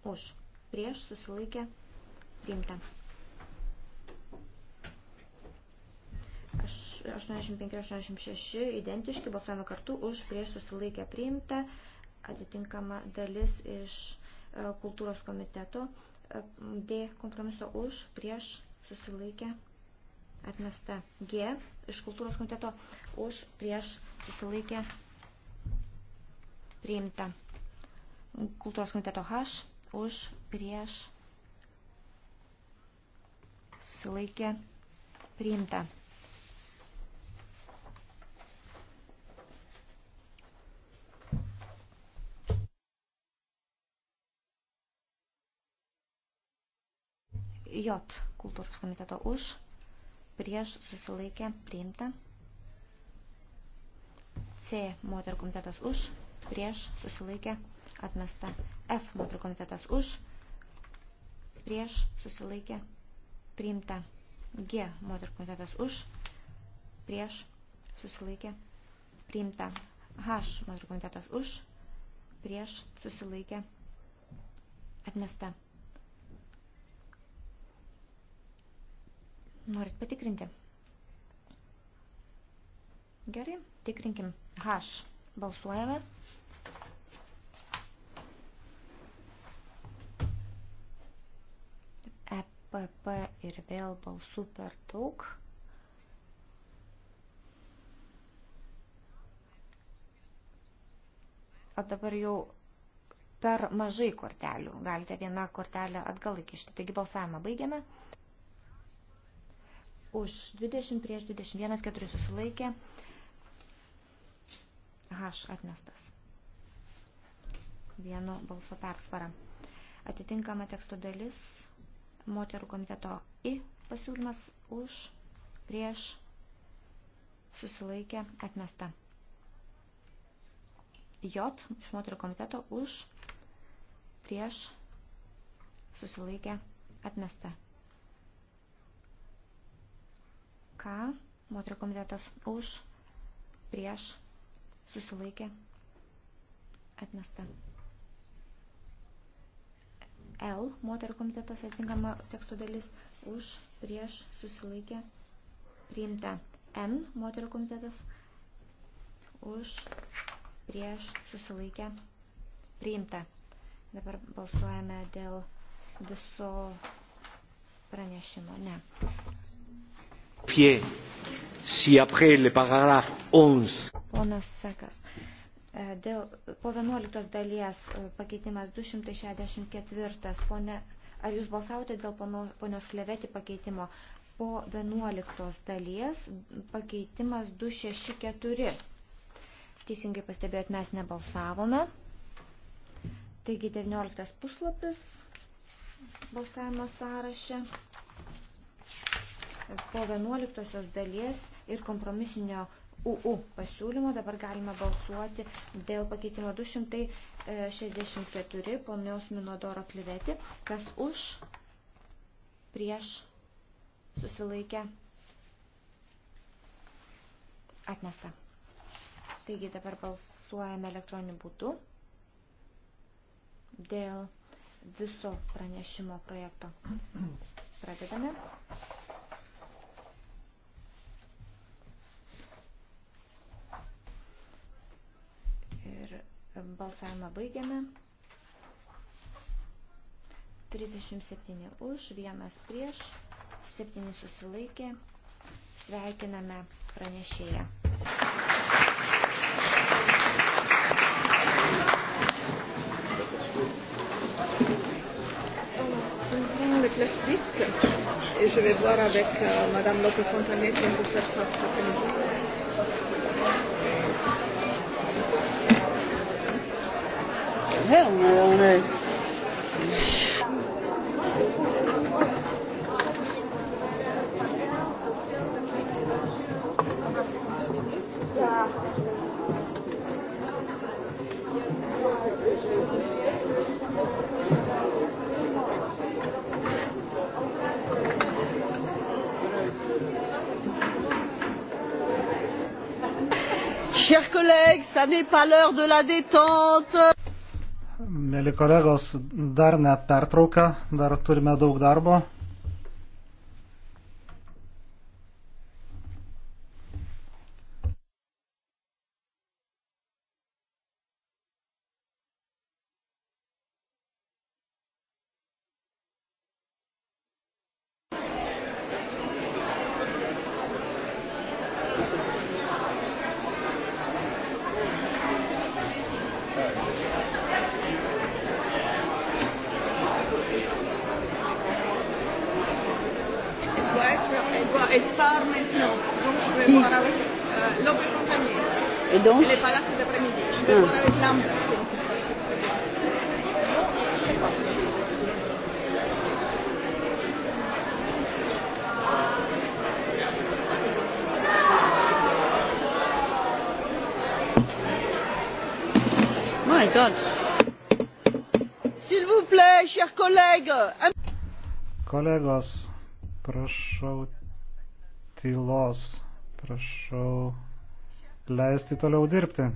Už. Prieš susilaikę priimta. 85-86 identiški, balsuojame kartu už prieš susilaikę priimtą atitinkama dalis iš e, kultūros komiteto e, D kompromiso už prieš susilaikę priimtą atmesta. G iš kultūros komiteto už prieš susilaikė priimta. Kultūros komiteto H už prieš susilaikė priimta. J kultūros komiteto už prieš susilaikė priimta. C. Moterų komitetas už, prieš susilaikė atmesta. F. Moterų komitetas už, prieš susilaikė priimta. G. Moterų komitetas už, prieš susilaikė priimta. H. Moterų komitetas už, prieš susilaikė atmesta. Norit patikrinti? Gerai, tikrinkim. H. Balsuojame. EPP ir vėl balsų per daug. O dabar jau per mažai kortelių. Galite vieną kortelę atgal įkišti. Taigi balsavimą baigiame už 20 prieš 21, 4 susilaikė. H atmestas. Vieno balso persvara. Atitinkama teksto dalis moterų komiteto I pasiūlymas už prieš susilaikė atmesta. J iš moterų komiteto už prieš susilaikė atmesta. K, moterų komitetas už, prieš, susilaikė, atmesta. L, moterų komitetas atitinkama teksto dalis už, prieš, susilaikė, priimta. N, moterų komitetas už, prieš, susilaikė, priimta. Dabar balsuojame dėl viso pranešimo. Ne vérifier si après le paragraphe 11. Ponas Sekas. E, dėl po 11 dalies e, pakeitimas 264. Pone, ar jūs balsavote dėl pono, ponios kleveti pakeitimo? Po 11 dalies pakeitimas 264. Teisingai pastebėjot, mes nebalsavome. Taigi 19 puslapis balsavimo sąraše po 11 dalies ir kompromisinio UU pasiūlymo. Dabar galime balsuoti dėl pakeitimo 264 e, ponios Minodoro klivetį. Kas už, prieš, susilaikę, atmesta. Taigi dabar balsuojame elektroniniu būdu dėl viso pranešimo projekto. Pradedame. Ir balsavimą baigiame. 37 už, 1 prieš, 7 susilaikė. Sveikiname pranešėją. le plastique et je vais voir avec euh, Madame Lopez Fontanier si on peut faire ça cet après-midi. vrai, on a, on a... chers collègues ce n'est pas l'heure de la détente. Mėly kolegos, dar ne pertrauka, dar turime daug darbo. Kolegos, prašau tylos, prašau leisti toliau dirbti.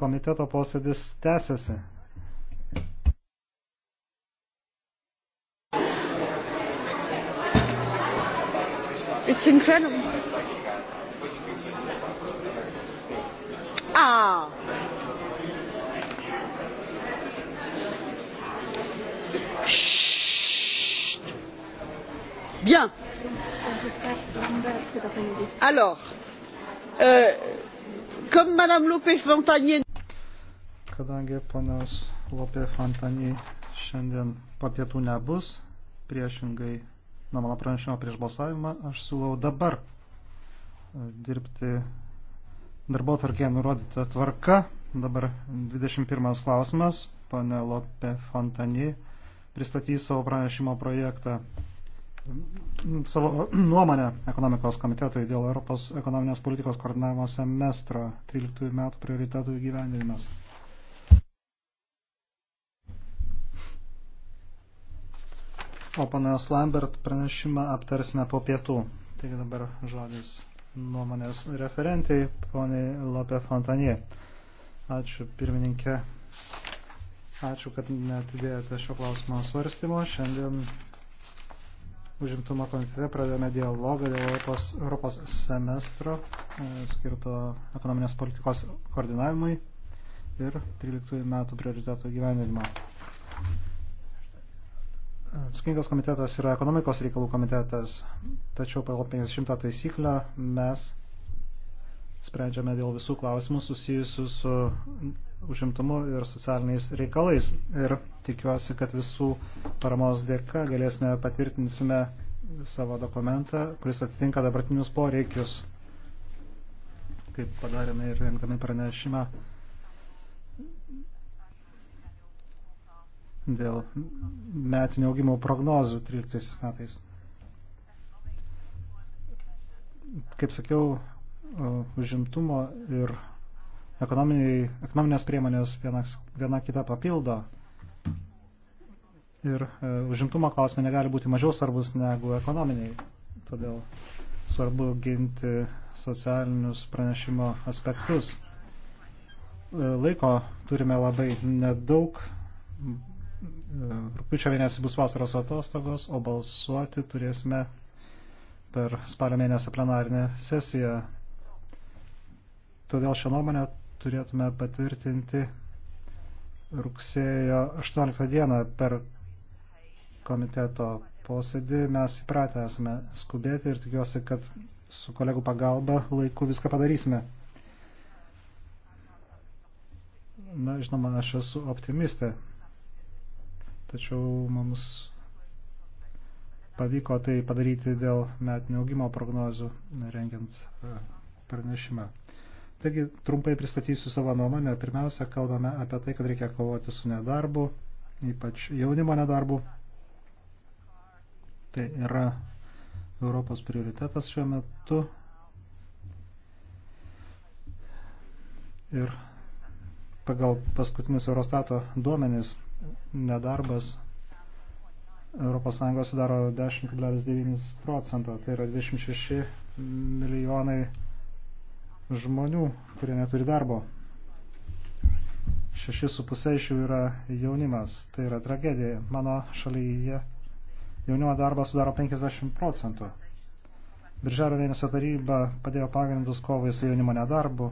Komiteto posėdis tęsiasi. It's incredible. Ah. Chut. Bien. Alors, euh, comme Madame Lopé Fontanier. Kadangi ponios Lopė Fontaniai šiandien papietų nebus, priešingai nuo mano pranešimo prieš balsavimą, aš siūlau dabar e, dirbti darbo tvarkėje nurodyta tvarka. Dabar 21 klausimas, pane Lopė Fontaniai pristatys savo pranešimo projektą savo nuomonę ekonomikos komitetui dėl Europos ekonominės politikos koordinavimo semestro 13 metų prioritetų įgyvendinimas. O panas Lambert pranešimą aptarsime po pietų. Taigi dabar žodis nuomonės referentai, poniai Lope Fontanie. Ačiū pirmininkė. Ačiū, kad netidėjote šio klausimo svarstymo. Šiandien užimtumo komitete pradėjome dialogą dėl Europos, Europos semestro e, skirto ekonominės politikos koordinavimui ir 13 metų prioritetų gyvenimą. Skingas komitetas yra ekonomikos reikalų komitetas, tačiau pagal 500 taisyklę mes sprendžiame dėl visų klausimų susijusių su užimtumu ir socialiniais reikalais. Ir tikiuosi, kad visų paramos dėka galėsime patvirtinsime savo dokumentą, kuris atitinka dabartinius poreikius, kaip padarėme ir rengdami pranešimą dėl metinio augimo prognozių 13 metais. Kaip sakiau, užimtumo ir ekonominės priemonės viena, viena kita papildo. Ir e, užimtumo klausimai negali būti mažiau svarbus negu ekonominiai. Todėl svarbu ginti socialinius pranešimo aspektus. E, laiko turime labai nedaug. E, Rūpiučio mėnesį bus vasaros atostogos, o balsuoti turėsime per spalio mėnesio plenarinę sesiją. Todėl šią nuomonę turėtume patvirtinti rugsėjo 18 dieną per komiteto posėdį. Mes įpratę esame skubėti ir tikiuosi, kad su kolegų pagalba laiku viską padarysime. Na, žinoma, aš esu optimistė, tačiau mums pavyko tai padaryti dėl metinio augimo prognozių rengiant e, pranešimą. Taigi trumpai pristatysiu savo nuomonę. Pirmiausia, kalbame apie tai, kad reikia kovoti su nedarbu, ypač jaunimo nedarbu. Tai yra Europos prioritetas šiuo metu. Ir pagal paskutinius Eurostato duomenys nedarbas Europos Sąjungos sudaro 10,9 procento, tai yra 26 milijonai žmonių, kurie neturi darbo. 6,5 iš jų yra jaunimas. Tai yra tragedija. Mano šalyje jaunimo darbas sudaro 50 procentų. Birželio mėnesio taryba padėjo pagrindus kovai su jaunimo nedarbu,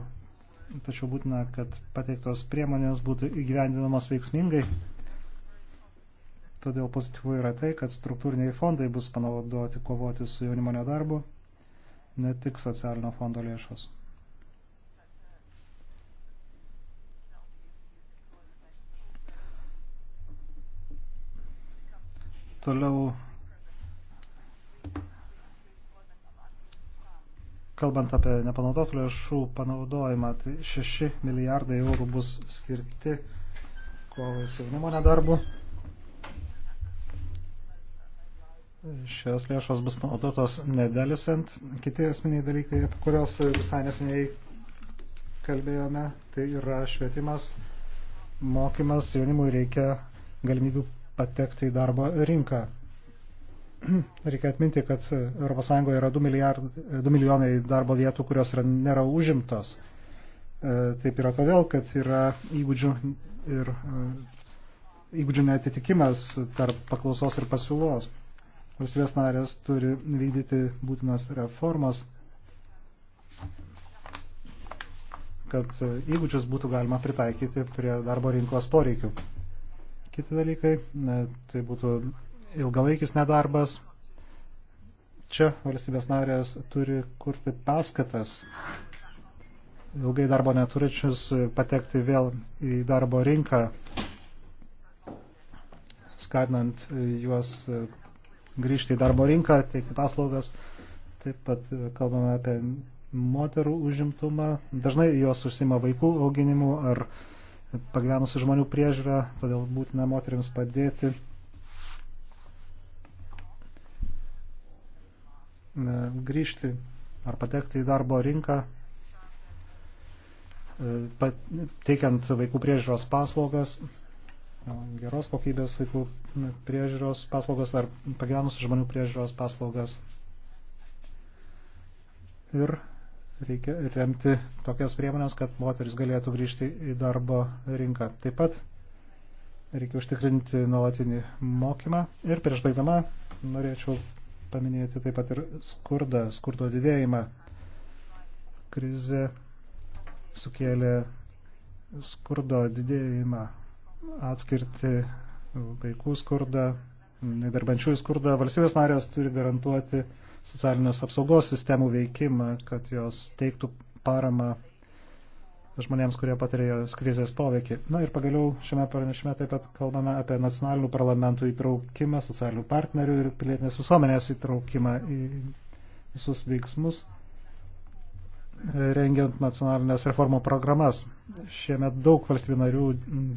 tačiau būtina, kad pateiktos priemonės būtų įgyvendinamos veiksmingai. Todėl pozityvu yra tai, kad struktūriniai fondai bus panaudoti kovoti su jaunimo nedarbu, ne tik socialinio fondo lėšos. Toliau, kalbant apie nepanaudotų lėšų panaudojimą, tai 6 milijardai eurų bus skirti kovai su jaunimo nedarbu. Šios lėšos bus panaudotos nedelisant. Kiti esminiai dalykai, apie kurios visai nesiniai kalbėjome, tai yra švietimas, mokymas, jaunimui reikia galimybių patekti į darbo rinką. Reikia atminti, kad ES yra 2, milijard, 2 milijonai darbo vietų, kurios yra, nėra užimtos. E, taip yra todėl, kad yra įgūdžių, ir, e, įgūdžių netitikimas tarp paklausos ir pasiūlos. Valstybės narės turi vykdyti būtinas reformas, kad e, įgūdžius būtų galima pritaikyti prie darbo rinkos poreikių. Kiti dalykai, tai būtų ilgalaikis nedarbas. Čia valstybės narės turi kurti paskatas ilgai darbo neturičius patekti vėl į darbo rinką, skatinant juos grįžti į darbo rinką, teikti paslaugas. Taip pat kalbame apie moterų užimtumą. Dažnai jos užsima vaikų auginimu ar uh, pagyvenusių žmonių priežiūra, todėl būtina moteriams padėti. grįžti ar patekti į darbo rinką, e, teikiant vaikų priežiūros paslaugas, geros kokybės vaikų priežiūros paslaugas ar pagyvenusių žmonių priežiūros paslaugas. Ir reikia remti tokias priemonės, kad moteris galėtų grįžti į darbo rinką. Taip pat reikia užtikrinti nuolatinį mokymą. Ir prieš baigdama norėčiau paminėti taip pat ir skurdą, skurdo didėjimą. Krize sukėlė skurdo didėjimą, atskirti vaikų skurdą, nedarbančiųjų skurdą. Valstybės narės turi garantuoti socialinės apsaugos sistemų veikimą, kad jos teiktų paramą žmonėms, kurie patirėjo krizės poveikį. Na ir pagaliau šiame pranešime taip pat kalbame apie nacionalinių parlamentų įtraukimą, socialinių partnerių ir pilietinės visuomenės įtraukimą į visus veiksmus, rengiant nacionalinės reformų programas. Šiemet daug valstybių narių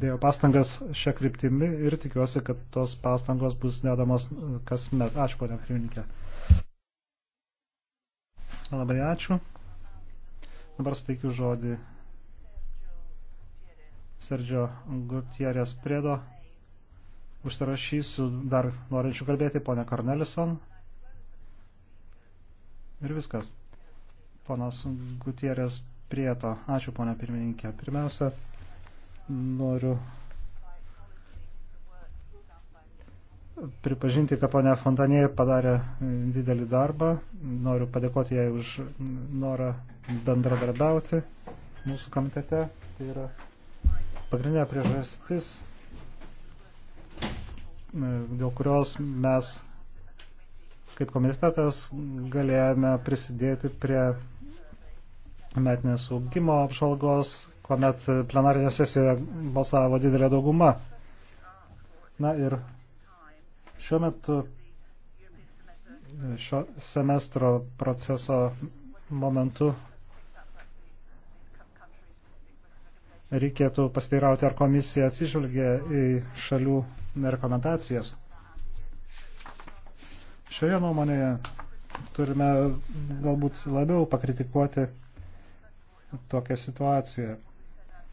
dėjo pastangas šią kryptimį ir tikiuosi, kad tos pastangos bus dedamos kasmet. Ačiū, ponia pirmininkė. Labai ačiū. Dabar steikiu žodį Sergio Gutierrez Priedo. Užsirašysiu dar norinčių kalbėti ponę Cornelison. Ir viskas. Ponas Gutierrez Prieto. Ačiū ponė pirmininkė. Pirmiausia, noriu pripažinti, kad ponia Fontanė padarė e, didelį darbą. Noriu padėkoti jai už norą bendradarbiauti mūsų komitete. Tai yra pagrindinė priežastis, e, dėl kurios mes kaip komitetas galėjome prisidėti prie metinės augimo apžalgos, kuomet plenarinė sesijoje balsavo didelė dauguma. Na ir Šiuo metu šio semestro proceso momentu reikėtų pasteirauti, ar komisija atsižvelgia į šalių rekomendacijas. Šioje nuomonėje turime galbūt labiau pakritikuoti tokią situaciją.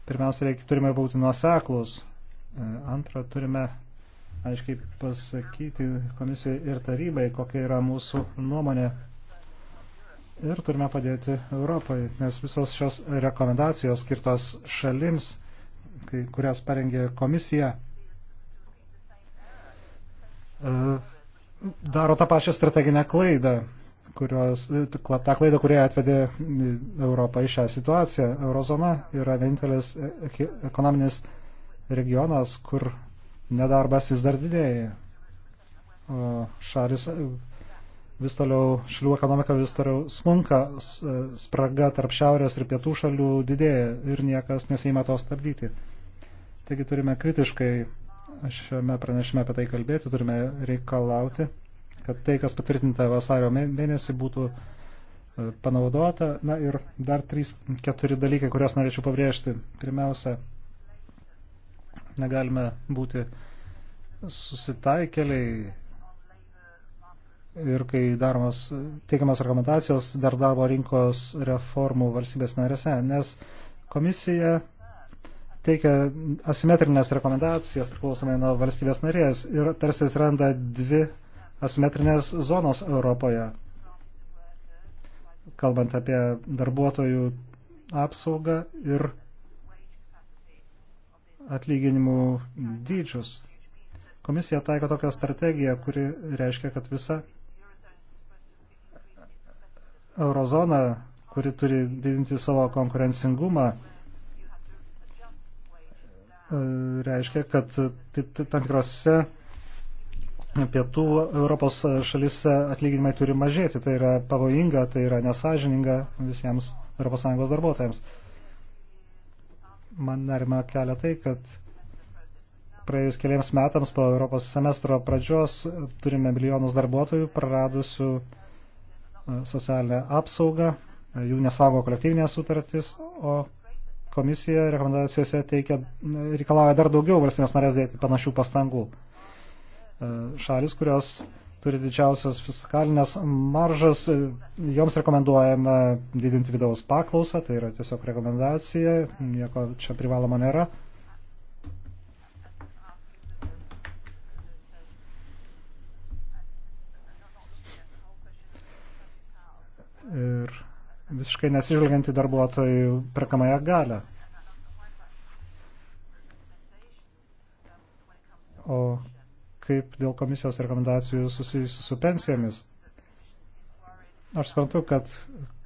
Pirmiausia, reikia, turime būti nuoseklus. Antra, turime aiškiai pasakyti komisijai ir tarybai, kokia yra mūsų nuomonė. Ir turime padėti Europai, nes visos šios rekomendacijos skirtos šalims, kai, kurias parengė komisija, e, daro tą pačią strateginę klaidą, kurios, tą klaidą, kurie atvedė Europą į šią situaciją. Eurozona yra vienintelis e, ekonominis regionas, kur nedarbas vis dar didėja. O šalis e, vis toliau, šalių ekonomika vis toliau smunka, e, spraga tarp šiaurės ir pietų šalių didėja ir niekas nesima to stabdyti. Taigi turime kritiškai šiame pranešime apie tai kalbėti, turime reikalauti, kad tai, kas patvirtinta vasario mėnesį, būtų e, panaudota. Na ir dar trys, keturi dalykai, kuriuos norėčiau pabrėžti. Pirmiausia, Negalime būti susitaikeliai ir kai daromos teikiamos rekomendacijos dar darbo rinkos reformų valstybės narėse, nes komisija teikia asimetrinės rekomendacijas priklausomai nuo valstybės narės ir tarsi atsiranda dvi asimetrinės zonos Europoje, kalbant apie darbuotojų apsaugą ir atlyginimų dydžius. Komisija taiko tokią strategiją, kuri reiškia, kad visa eurozona, kuri turi didinti savo konkurencingumą, reiškia, kad tam tikrose pietų Europos šalise atlyginimai turi mažėti. Tai yra pavojinga, tai yra nesažininga visiems ES darbuotojams man nerima kelia tai, kad praėjus keliams metams po Europos semestro pradžios turime milijonus darbuotojų praradusių e, socialinę apsaugą, e, jų nesaugo kolektyvinės sutartys, o komisija rekomendacijose teikia, e, reikalauja dar daugiau valstybės narės dėti panašių pastangų. Šalis, kurios turi didžiausias fiskalinės maržas, joms rekomenduojama didinti vidaus paklausą, tai yra tiesiog rekomendacija, nieko čia privaloma nėra. Ir visiškai nesižvelgianti darbuotojų perkamąją galę. O kaip dėl komisijos rekomendacijų susijusių su pensijomis. Aš suprantu, kad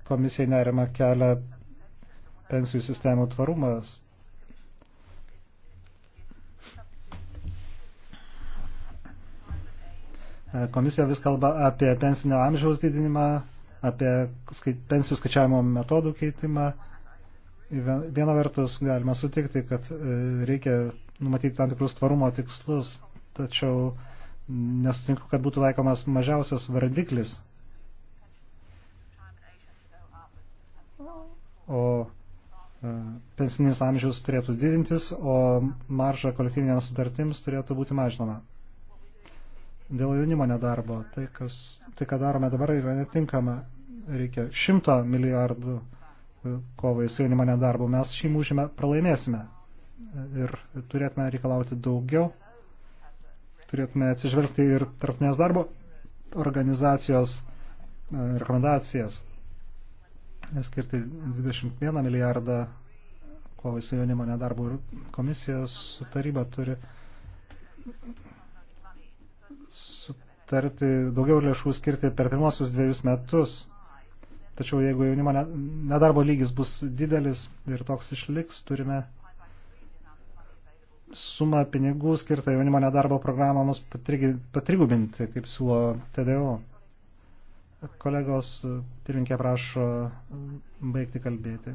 komisijai nerima kelia pensijų sistemų tvarumas. Komisija vis kalba apie pensinio amžiaus didinimą, apie pensijų skaičiavimo metodų keitimą. Viena vertus galima sutikti, kad e, reikia numatyti tam tikrus tvarumo tikslus tačiau nesutinku, kad būtų laikomas mažiausias vardiklis. O e, pensinis amžius turėtų didintis, o marža kolektyvinėms sutartims turėtų būti mažinama. Dėl jaunimo nedarbo, tai, kas, tai ką darome dabar, yra netinkama. Reikia šimto milijardų e, kovai su jaunimo nedarbu. Mes šį mūžį pralaimėsime ir turėtume reikalauti daugiau turėtume atsižvelgti ir tarptinės darbo organizacijos e, rekomendacijas e, skirti 21 milijardą kovai su jaunimo nedarbu ir komisija su taryba turi sutarti daugiau lėšų skirti per pirmosius dviejus metus. Tačiau jeigu jaunimo nedarbo lygis bus didelis ir toks išliks, turime sumą pinigų skirtą jaunimo nedarbo programams patrigubinti, kaip siūlo TDO. Kolegos pirminkė prašo baigti kalbėti.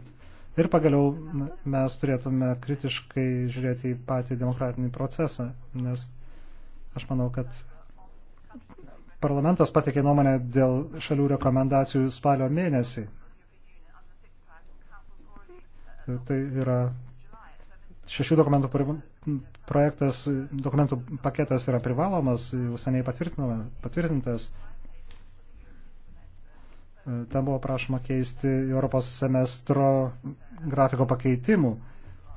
Ir pagaliau mes turėtume kritiškai žiūrėti į patį demokratinį procesą, nes aš manau, kad parlamentas patikė nuomonę dėl šalių rekomendacijų spalio mėnesį. Tai yra šešių dokumentų projektas, dokumentų paketas yra privalomas, jau seniai patvirtintas. Ten buvo prašoma keisti Europos semestro grafiko pakeitimų.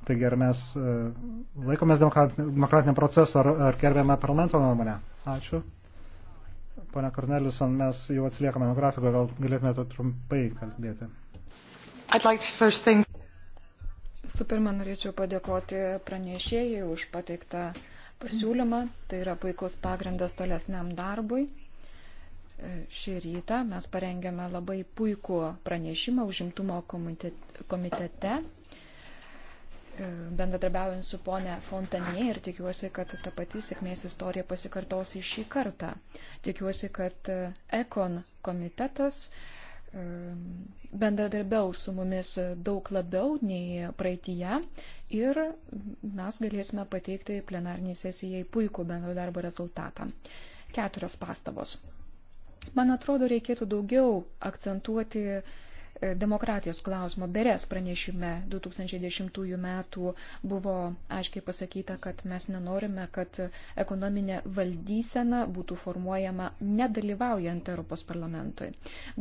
Taigi ar mes e, laikomės demokratinio proceso, ar, ar kervėme parlamento nuomonę? Ačiū. Pone Kornelison, mes jau atsiliekame nuo grafiko, gal galėtumėte trumpai kalbėti. I'd like to first thing... Su pirma, norėčiau padėkoti pranešėjai už pateiktą pasiūlymą. Tai yra puikus pagrindas tolesniam darbui. E, šį rytą mes parengėme labai puikų pranešimą užimtumo komitete e, bendradarbiaujant su ponė Fontanie ir tikiuosi, kad ta pati sėkmės istorija pasikartos ir šį kartą. Tikiuosi, kad e, Ekon komitetas uh, bendradarbiaus su mumis daug labiau nei praeitie ir mes galėsime pateikti plenarniai sesijai puikų bendro darbo rezultatą. Keturios pastabos. Man atrodo, reikėtų daugiau akcentuoti uh, demokratijos klausimo. Berės pranešime 2010 metų buvo aiškiai pasakyta, kad mes nenorime, kad ekonominė valdysena būtų formuojama nedalyvaujant Europos parlamentui.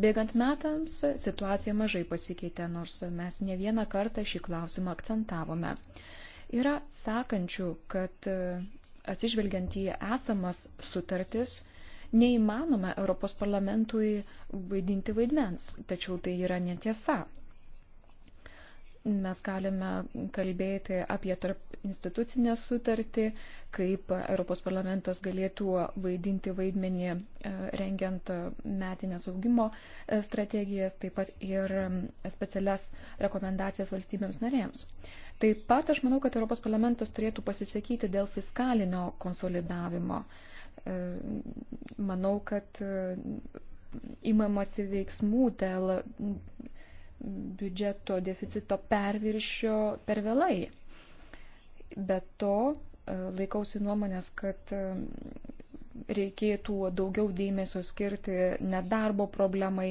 Bėgant metams situacija mažai pasikeitė, nors mes ne vieną kartą šį klausimą akcentavome. Yra sakančių, kad e, atsižvelgiant į esamas sutartis, neįmanoma Europos parlamentui vaidinti vaidmens, tačiau tai yra netiesa. Mes galime kalbėti apie tarp institucinę sutartį, kaip Europos parlamentas galėtų vaidinti vaidmenį e, rengiant metinės augimo e, strategijas, taip pat ir e, specialias rekomendacijas valstybėms narėms. Taip pat aš manau, kad Europos parlamentas turėtų pasisakyti dėl fiskalinio konsolidavimo manau, kad imamasi veiksmų dėl biudžeto deficito perviršio per vėlai. Be to, e, laikausi nuomonės, kad reikėtų daugiau dėmesio skirti nedarbo problemai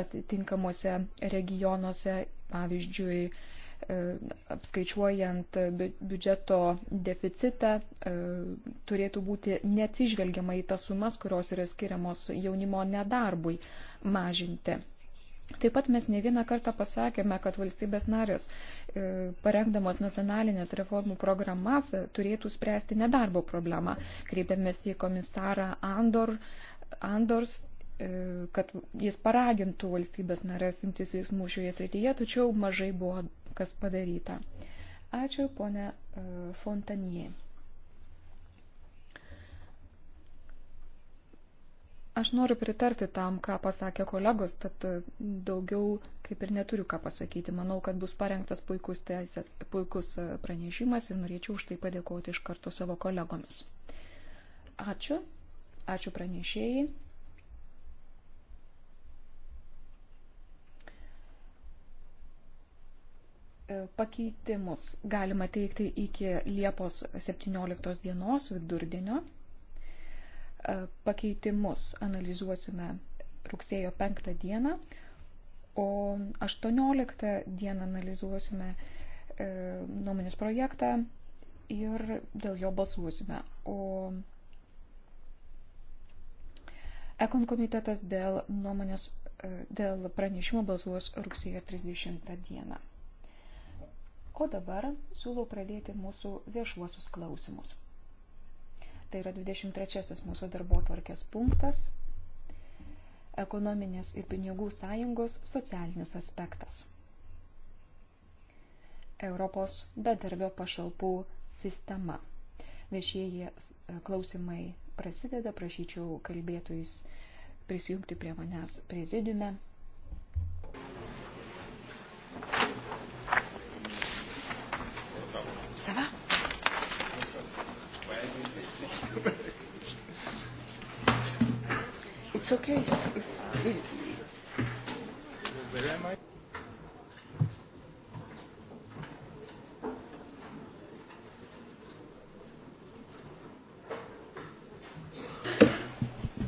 atitinkamuose regionuose, pavyzdžiui, E, apskaičiuojant biudžeto deficitą, e, turėtų būti neatsižvelgiama į tas sumas, kurios yra skiriamos jaunimo nedarbui mažinti. Taip pat mes ne vieną kartą pasakėme, kad valstybės narės, e, parengdamos nacionalinės reformų programas, turėtų spręsti nedarbo problemą. Kreipėmės į komisarą Andor, Andors kad jis paragintų valstybės narės imtis veiksmų šioje srityje, tačiau mažai buvo kas padaryta. Ačiū, ponė e, Fontanie. Aš noriu pritarti tam, ką pasakė kolegos, tad e, daugiau kaip ir neturiu ką pasakyti. Manau, kad bus parengtas puikus, teisės, puikus e, pranešimas ir norėčiau už tai padėkoti iš karto savo kolegomis. Ačiū. Ačiū pranešėjai. E, pakeitimus galima teikti iki Liepos 17 dienos vidurdienio. E, pakeitimus analizuosime rugsėjo 5 dieną, o 18 dieną analizuosime e, nuomonės projektą ir dėl jo balsuosime. O Ekon komitetas dėl nuomonės, dėl pranešimo balsuos rugsėjo 30 dieną. O dabar siūlau pradėti mūsų viešuosius klausimus. Tai yra 23 mūsų darbo tvarkės punktas – ekonominės ir pinigų sąjungos socialinis aspektas. Europos bedarbio pašalpų sistema. Viešieji klausimai prasideda, prašyčiau kalbėtojus prisijungti prie manęs prezidiume – It's okay. It's, it, it, Where am I?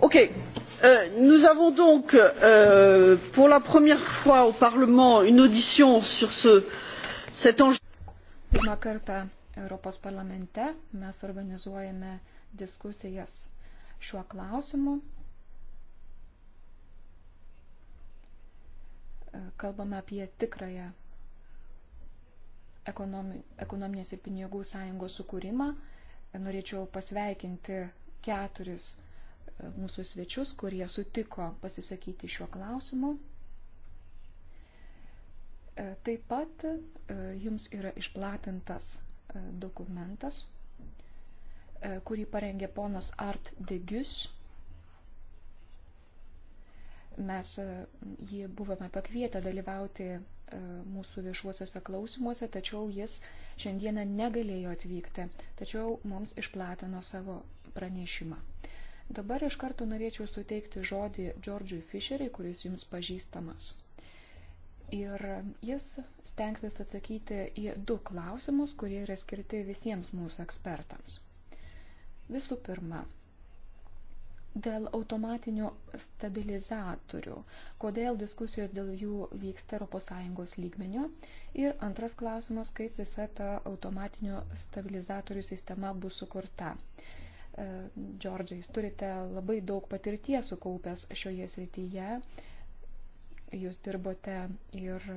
Okay. Euh, nous avons donc euh, pour la première fois au parlement une audition sur ce, cet enjeu. pirmą kartą europos parlamente mes organizuojame diskusijas šiuo klausimu kalbame apie tikrąją ekonominės ir pinigų sąjungos sukūrimą. Norėčiau pasveikinti keturis e, mūsų svečius, kurie sutiko pasisakyti šiuo klausimu. E, taip pat e, jums yra išplatintas dokumentas, kurį parengė ponas Art Degius Mes e, jį buvome pakvietę dalyvauti e, mūsų viešuosiuose klausimuose, tačiau jis šiandieną negalėjo atvykti, tačiau mums išplatino savo pranešimą. Dabar iš karto norėčiau suteikti žodį Džordžiui Fisheriai, kuris jums pažįstamas. Ir jis stengsis atsakyti į du klausimus, kurie yra skirti visiems mūsų ekspertams. Visų pirma, Dėl automatinių stabilizatorių, kodėl diskusijos dėl jų vyksta ES lygmenio. Ir antras klausimas, kaip visa ta automatinių stabilizatorių sistema bus sukurta. E, Džordžiai, jūs turite labai daug patirties sukaupęs šioje srityje. Jūs dirbote ir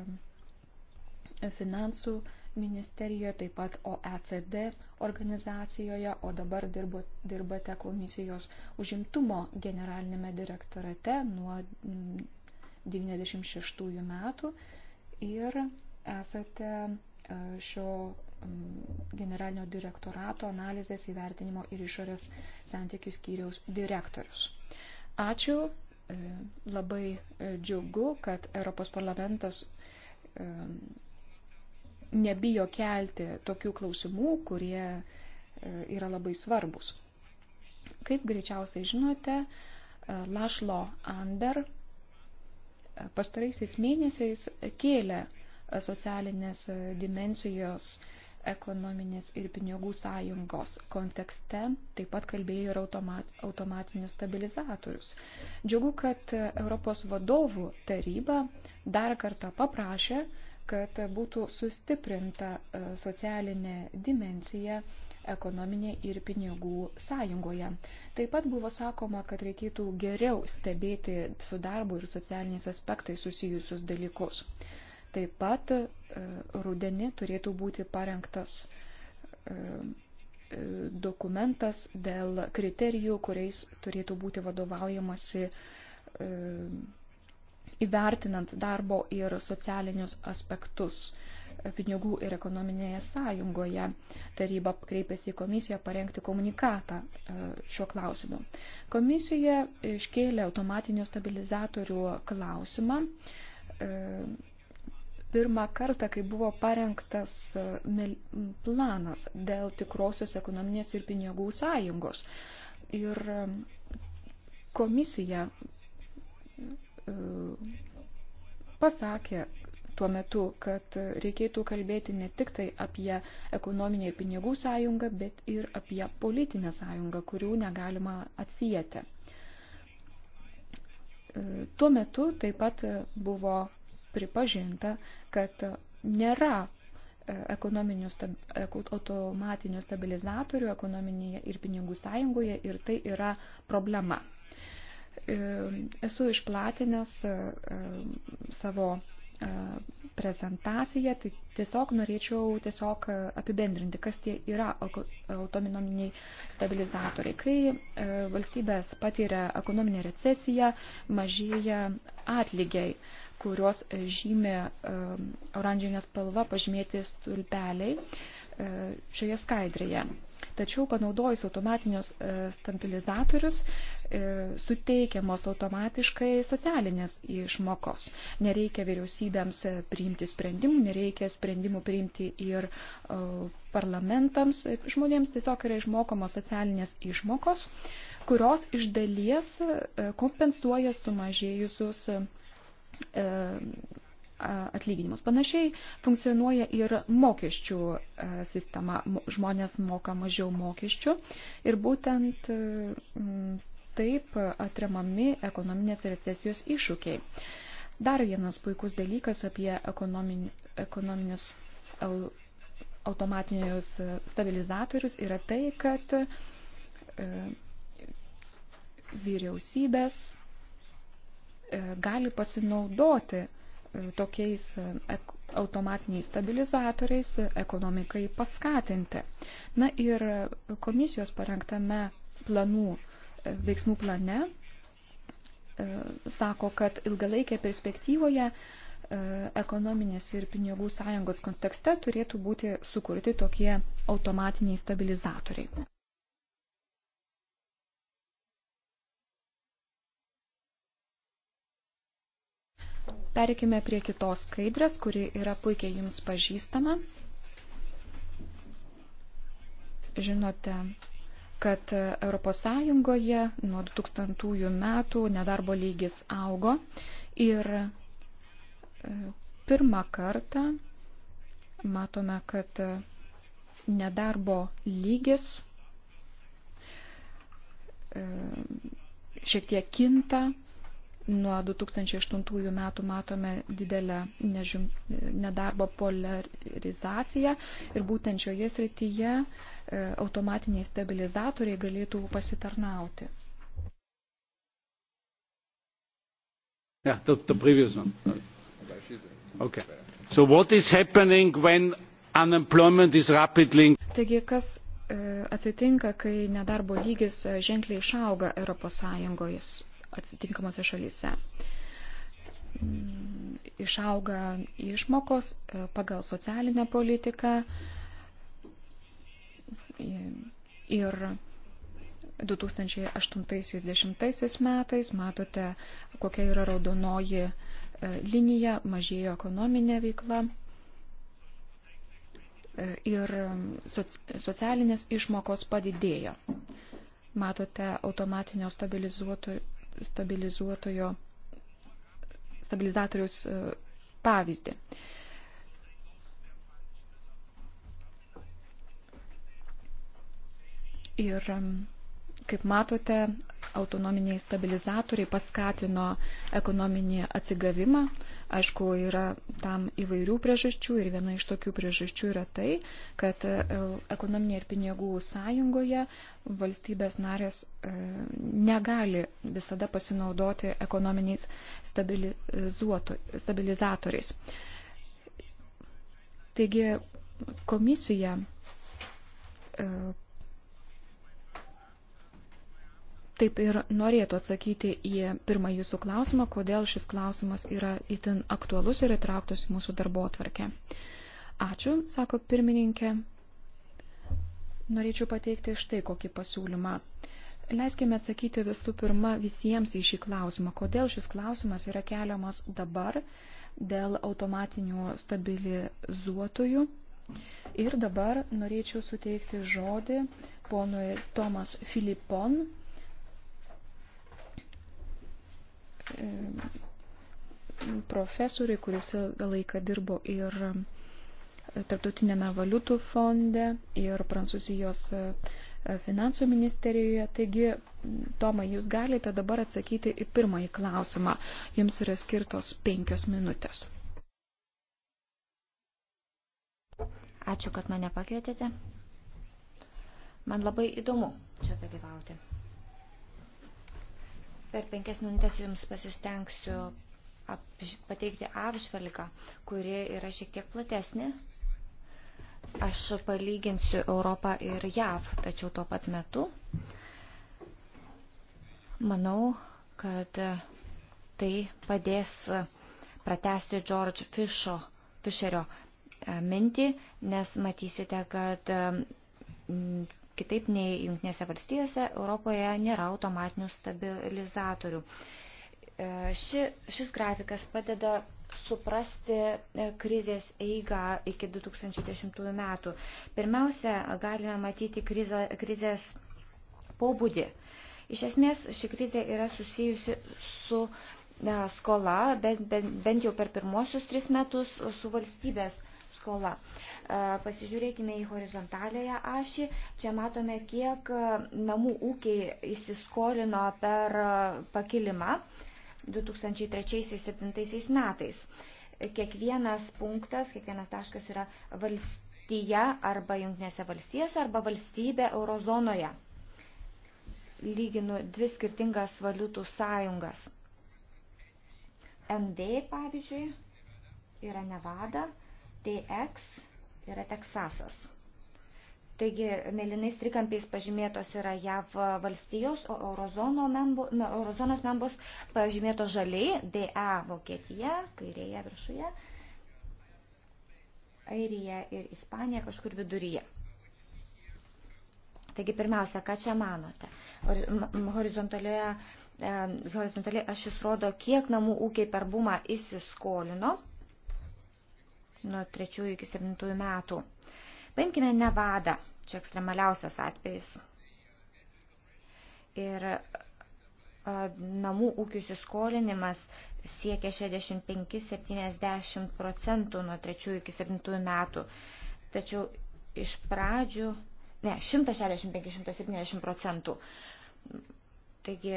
finansų ministerijoje, taip pat OECD organizacijoje, o dabar dirbu, dirbate komisijos užimtumo generalinėme direktorate nuo 96 mm, metų ir esate e, šio mm, generalinio direktorato analizės įvertinimo ir išorės santykių skyriaus direktorius. Ačiū, e, labai e, džiugu, kad Europos parlamentas nebijo kelti tokių klausimų, kurie e, yra labai svarbus. Kaip greičiausiai žinote, e, Lašlo Ander e, pastaraisiais mėnesiais kėlė socialinės dimensijos ekonominės ir pinigų sąjungos kontekste, taip pat kalbėjo ir automat, automatinius stabilizatorius. Džiugu, kad Europos vadovų taryba dar kartą paprašė, kad būtų sustiprinta e, socialinė dimencija ekonominė ir pinigų sąjungoje. Taip pat buvo sakoma, kad reikėtų geriau stebėti su darbu ir socialiniais aspektais susijusius dalykus. Taip pat e, rudenį turėtų būti parengtas e, dokumentas dėl kriterijų, kuriais turėtų būti vadovaujamasi įvertinant darbo ir socialinius aspektus pinigų ir ekonominėje sąjungoje. Taryba kreipėsi į komisiją parengti komunikatą e, šiuo klausimu. Komisija iškėlė automatinių stabilizatorių klausimą. E, pirmą kartą, kai buvo parengtas e, planas dėl tikrosios ekonominės ir pinigų sąjungos. Ir komisija E, pasakė tuo metu, kad reikėtų kalbėti ne tik tai apie ekonominę ir pinigų sąjungą, bet ir apie politinę sąjungą, kurių negalima atsijėti. E, tuo metu taip pat buvo pripažinta, kad nėra e, ekonominių stab, automatinių stabilizatorių ekonominėje ir pinigų sąjungoje ir tai yra problema. E, esu išplatinęs e, e, savo prezentaciją, tai tiesiog norėčiau tiesiog apibendrinti, kas tie yra autonominiai stabilizatoriai. Kai valstybės patiria ekonominę recesiją, mažėja atlygiai, kuriuos žymė oranžinė spalva pažymėti stulpeliai šioje skaidrėje. Tačiau panaudojus automatinius e, stabilizatorius e, suteikiamos automatiškai socialinės išmokos. Nereikia vyriausybėms e, priimti sprendimų, nereikia sprendimų priimti ir parlamentams. Žmonėms tiesiog yra išmokomos socialinės išmokos, kurios iš dalies kompensuoja sumažėjusius atlyginimus. Panašiai funkcionuoja ir mokesčių sistema. Žmonės moka mažiau mokesčių ir būtent taip atremami ekonominės recesijos iššūkiai. Dar vienas puikus dalykas apie ekonominius automatinius stabilizatorius yra tai, kad vyriausybės gali pasinaudoti uh, tokiais e, automatiniais stabilizatoriais e, ekonomikai paskatinti. Na ir e, komisijos parengtame planų veiksmų plane sako, kad ilgalaikė perspektyvoje ekonominės ir pinigų sąjungos kontekste turėtų būti sukurti tokie automatiniai stabilizatoriai. Perikime prie kitos skaidrės, kuri yra puikiai jums pažįstama. Žinote, kad ES nuo 2000 metų nedarbo lygis augo ir e, pirmą kartą matome, kad nedarbo lygis e, šiek tiek kinta nuo 2008 metų matome didelę nežim, nedarbo polarizaciją ir būtent šioje srityje e, automatiniai stabilizatoriai galėtų pasitarnauti. Yeah, the, the previous one. Okay. So what is happening when unemployment is rapidly... Taigi, kas e, atsitinka, kai nedarbo lygis e, ženkliai išauga Europos Sąjungoje? atitinkamose šalyse. Mm, išauga išmokos e, pagal socialinę politiką e, ir 2080 metais matote, kokia yra raudonoji e, linija, mažėjo ekonominė veikla ir socialinės išmokos padidėjo. Matote automatinio stabilizuotojų stabilizuotojo, stabilizatoriaus e, pavyzdį. Ir kaip matote, autonominiai stabilizatoriai paskatino ekonominį atsigavimą, Aišku, yra tam įvairių priežasčių ir viena iš tokių priežasčių yra tai, kad e, ekonominė ir pinigų sąjungoje valstybės narės e, negali visada pasinaudoti ekonominiais stabilizatoriais. Taigi komisija e, taip ir norėtų atsakyti į pirmą jūsų klausimą, kodėl šis klausimas yra itin aktualus ir įtrauktas į mūsų darbo atvarkę. Ačiū, sako pirmininkė. Norėčiau pateikti štai kokį pasiūlymą. Leiskime atsakyti visų pirma visiems į šį klausimą, kodėl šis klausimas yra keliamas dabar dėl automatinių stabilizuotojų. Ir dabar norėčiau suteikti žodį ponui Tomas Filipon, profesoriui, kuris ilgą laiką dirbo ir Tarptautinėme valiutų fonde ir Prancūzijos e, finansų ministerijoje. Taigi, Tomai, jūs galite dabar atsakyti į pirmąjį klausimą. Jums yra skirtos penkios minutės. Ačiū, kad mane pakvietėte. Man labai įdomu čia dalyvauti. Per penkias minutės jums pasistengsiu apž pateikti apžvalgą, kuri yra šiek tiek platesnė. Aš palyginsiu Europą ir JAV, tačiau tuo pat metu manau, kad tai padės pratesti George Fisho, Fisherio e, mintį, nes matysite, kad kitaip nei Junktinėse valstijose, Europoje nėra automatinių stabilizatorių. E, ši, šis grafikas padeda suprasti e, krizės eigą iki 2010 metų. Pirmiausia, galime matyti krizo, krizės pobūdį. Iš esmės, ši krizė yra susijusi su na, e, skola, bent, bent, bent jau per pirmosius tris metus su valstybės skola. Uh, Pasižiūrėkime į horizontalėje ašį. Čia matome, kiek namų ūkiai įsiskolino per pakilimą 2003-2007 metais. Kiekvienas punktas, kiekvienas taškas yra valstyje arba jungtinėse valstijose arba valstybė eurozonoje. Lyginu dvi skirtingas valiutų sąjungas. MD pavyzdžiui yra Nevada, TX tai yra Teksasas. Taigi, mėlynais trikampiais pažymėtos yra JAV valstijos, o eurozono membu, na, eurozonos membus pažymėtos žaliai, DE Vokietija, kairėje viršuje, Airija ir Ispanija kažkur viduryje. Taigi, pirmiausia, ką čia manote? Horizontalioje, horizontalioje aš jūs rodo, kiek namų ūkiai per bumą įsiskolino nuo 3 iki 7 metų. Paimkime Nevadą, čia ekstremaliausias atvejis. Ir a, namų ūkių įsiskolinimas siekia 65-70 procentų nuo 3 iki 7 metų. Tačiau iš pradžių, ne, 165-170 procentų. Taigi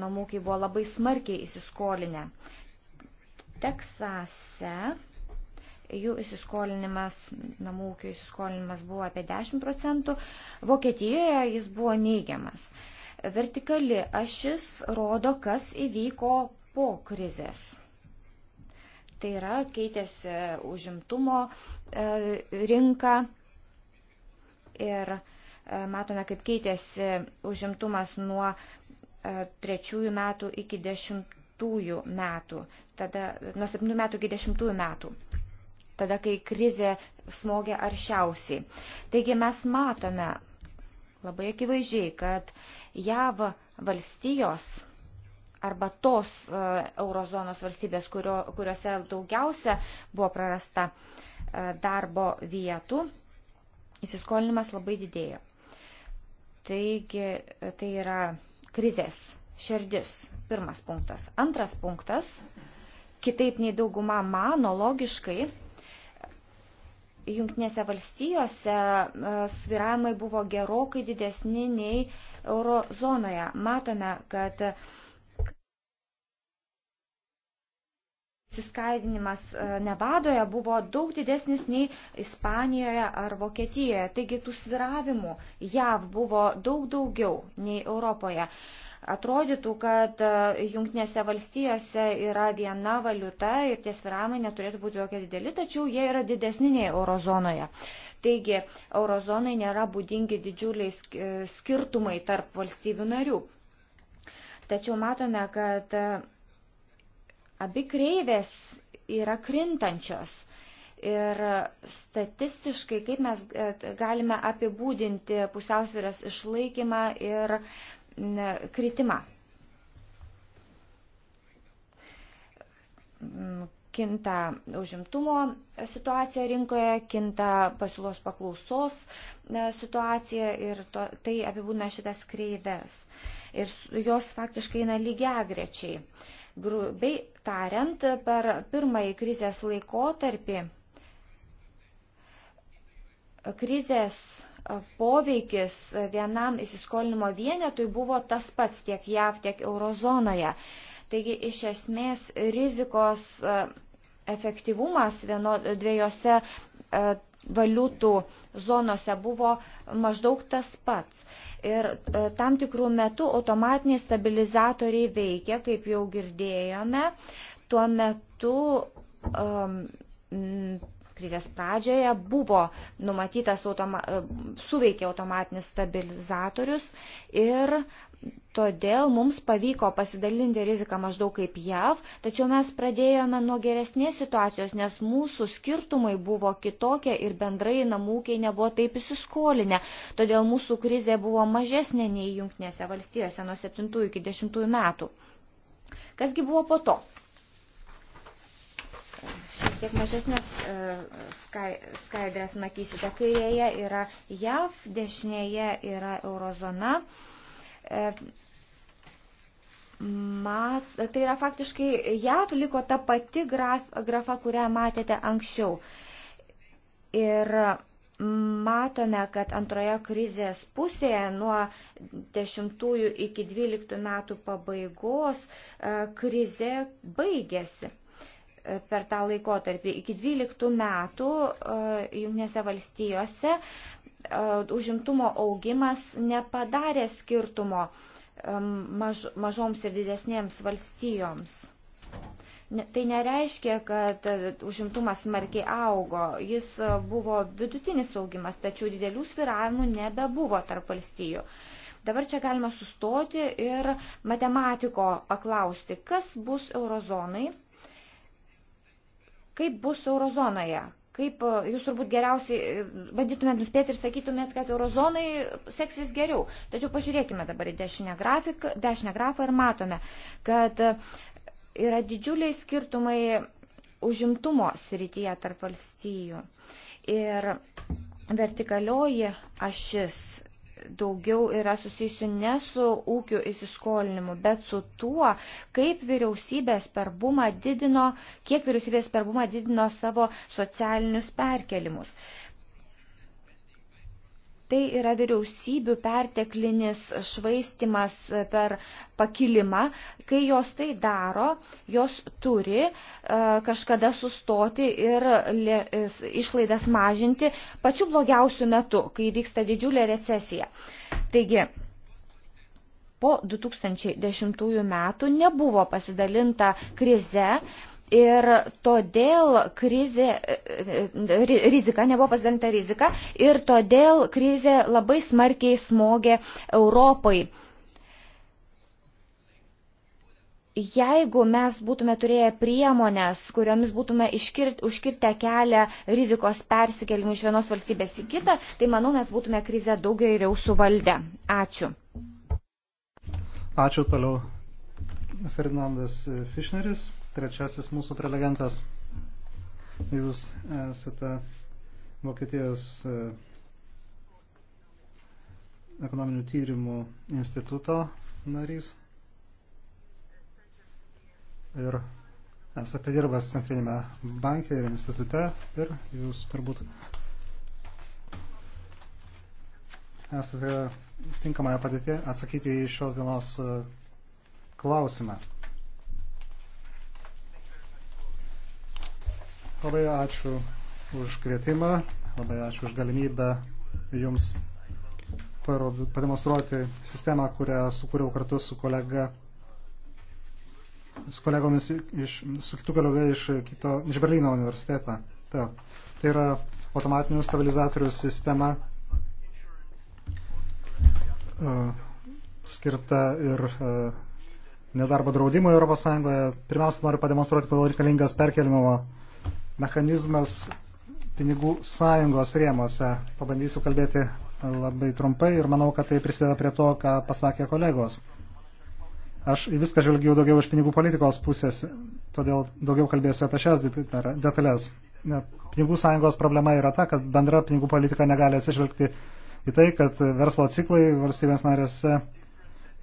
namūkiai buvo labai smarkiai įsiskolinę. Teksase jų įsiskolinimas, namų ūkio įsiskolinimas buvo apie 10 procentų, Vokietijoje jis buvo neigiamas. Vertikali ašis rodo, kas įvyko po krizės. Tai yra keitėsi užimtumo e, rinka ir e, matome, kaip keitėsi užimtumas nuo e, trečiųjų metų iki dešimtųjų metų, tada nuo septynių metų iki dešimtųjų metų tada, kai krizė smogia aršiausiai. Taigi mes matome labai akivaizdžiai, kad JAV valstijos arba tos e, eurozonos valstybės, kurio, kuriuose daugiausia buvo prarasta e, darbo vietų, įsiskolinimas labai didėjo. Taigi e, tai yra krizės širdis, pirmas punktas. Antras punktas, kitaip nei dauguma mano logiškai, Junktinėse valstijose e, sviravimai buvo gerokai didesni nei eurozonoje. Matome, kad Siskaidinimas e, Nevadoje buvo daug didesnis nei Ispanijoje ar Vokietijoje. Taigi tų sviravimų JAV buvo daug daugiau nei Europoje. Uh, Atrodytų, kad e, jungtinėse valstijose yra viena valiuta ir tie sviravimai neturėtų būti tokie dideli, tačiau jie yra didesni nei eurozonoje. Taigi, eurozonai nėra būdingi didžiuliai e, skirtumai tarp valstybių narių. Tačiau matome, kad e, abi kreivės yra krintančios. Ir statistiškai, kaip mes galime apibūdinti pusiausvėros išlaikymą ir kritimą. Mm, kinta užimtumo situacija rinkoje, kinta pasiūlos paklausos e, situacija ir to, tai apibūna šitas kreidės. Ir jos faktiškai eina lygiagrečiai. Grubiai tariant, per pirmąjį krizės laikotarpį krizės poveikis vienam įsiskolinimo vienetui buvo tas pats tiek JAV, tiek eurozonoje. Taigi iš esmės rizikos e, efektyvumas vieno, dviejose e, valiutų zonose buvo maždaug tas pats. Ir e, tam tikrų metų automatiniai stabilizatoriai veikia, kaip jau girdėjome. Tuo metu um, krizės pradžioje buvo numatytas automa, e, suveikė automatinis stabilizatorius ir todėl mums pavyko pasidalinti riziką maždaug kaip JAV, tačiau mes pradėjome nuo geresnės situacijos, nes mūsų skirtumai buvo kitokie ir bendrai namūkiai nebuvo taip įsiskolinę, todėl mūsų krizė buvo mažesnė nei Junktinėse valstijose nuo 7 iki 10 metų. Kasgi buvo po to? kiek mažesnės e, skaidrės matysite. Kairėje yra JAV, dešinėje yra eurozona. E, mat, tai yra faktiškai JAV liko ta pati graf, grafa, kurią matėte anksčiau. Ir matome, kad antroje krizės pusėje nuo 10 iki 12 metų pabaigos e, krize baigėsi per tą laikotarpį. Iki 12 metų e, Junknėse valstijose e, užimtumo augimas nepadarė skirtumo e, maž, mažoms ir didesnėms valstijoms. Tai nereiškia, kad užimtumas smarkiai augo. Jis buvo vidutinis augimas, tačiau didelių sviravimų nebebuvo tarp valstijų. Dabar čia galima sustoti ir matematiko paklausti, kas bus eurozonai Kaip bus eurozonoje? Kaip e, jūs turbūt geriausiai e, bandytumėt nuspėti ir sakytumėt, kad eurozonai seksis geriau. Tačiau pažiūrėkime dabar į dešinę, grafiką, dešinę grafą ir matome, kad e, yra didžiuliai skirtumai užimtumo srityje tarp valstybių. Ir vertikalioji ašis daugiau yra susijusi ne su ūkių įsiskolinimu, bet su tuo, kaip vyriausybės per bumą didino, kiek vyriausybės per bumą didino savo socialinius perkelimus. Uh, Tai yra vyriausybių perteklinis švaistimas per pakilimą. Kai jos tai daro, jos turi e, kažkada sustoti ir išlaidas mažinti pačiu blogiausiu metu, kai vyksta didžiulė recesija. Taigi, po 2010 metų nebuvo pasidalinta krize Ir todėl krizė, e, e, e, rizika, nebuvo pasidalinta rizika, ir todėl krizė labai smarkiai smogė Europai. Jeigu mes būtume turėję priemonės, kuriomis būtume iškirt, užkirtę kelią rizikos persikelimui iš vienos valstybės į kitą, tai manau mes būtume krizę daug geriau suvaldę. Ačiū. Ačiū toliau. Fernandas Fišneris trečiasis mūsų prelegentas. Jūs esate Vokietijos e, ekonominių tyrimų instituto narys ir esate dirbęs Centrinėme banke ir institute ir jūs turbūt esate tinkamoje padėti atsakyti į šios dienos e, klausimą. Labai ačiū už kvietimą, labai ačiū už galimybę jums pademonstruoti sistemą, kurią sukūriau kartu su kolega su kolegomis iš, su kitų kolega iš, kito, iš Berlyno universiteto. Ta, tai yra automatinių stabilizatorių sistema uh, skirta ir uh, nedarbo draudimo Europos Sąjungoje. Pirmiausia, noriu pademonstruoti, kodėl reikalingas perkelimo uh, mechanizmas pinigų sąjungos rėmose. Pabandysiu kalbėti labai trumpai ir manau, kad tai prisideda prie to, ką pasakė kolegos. Aš į viską žvelgiau daugiau iš pinigų politikos pusės, todėl daugiau kalbėsiu apie šias detalės. Pinigų sąjungos problema yra ta, kad bendra pinigų politika negali atsižvelgti į tai, kad verslo ciklai valstybės narėse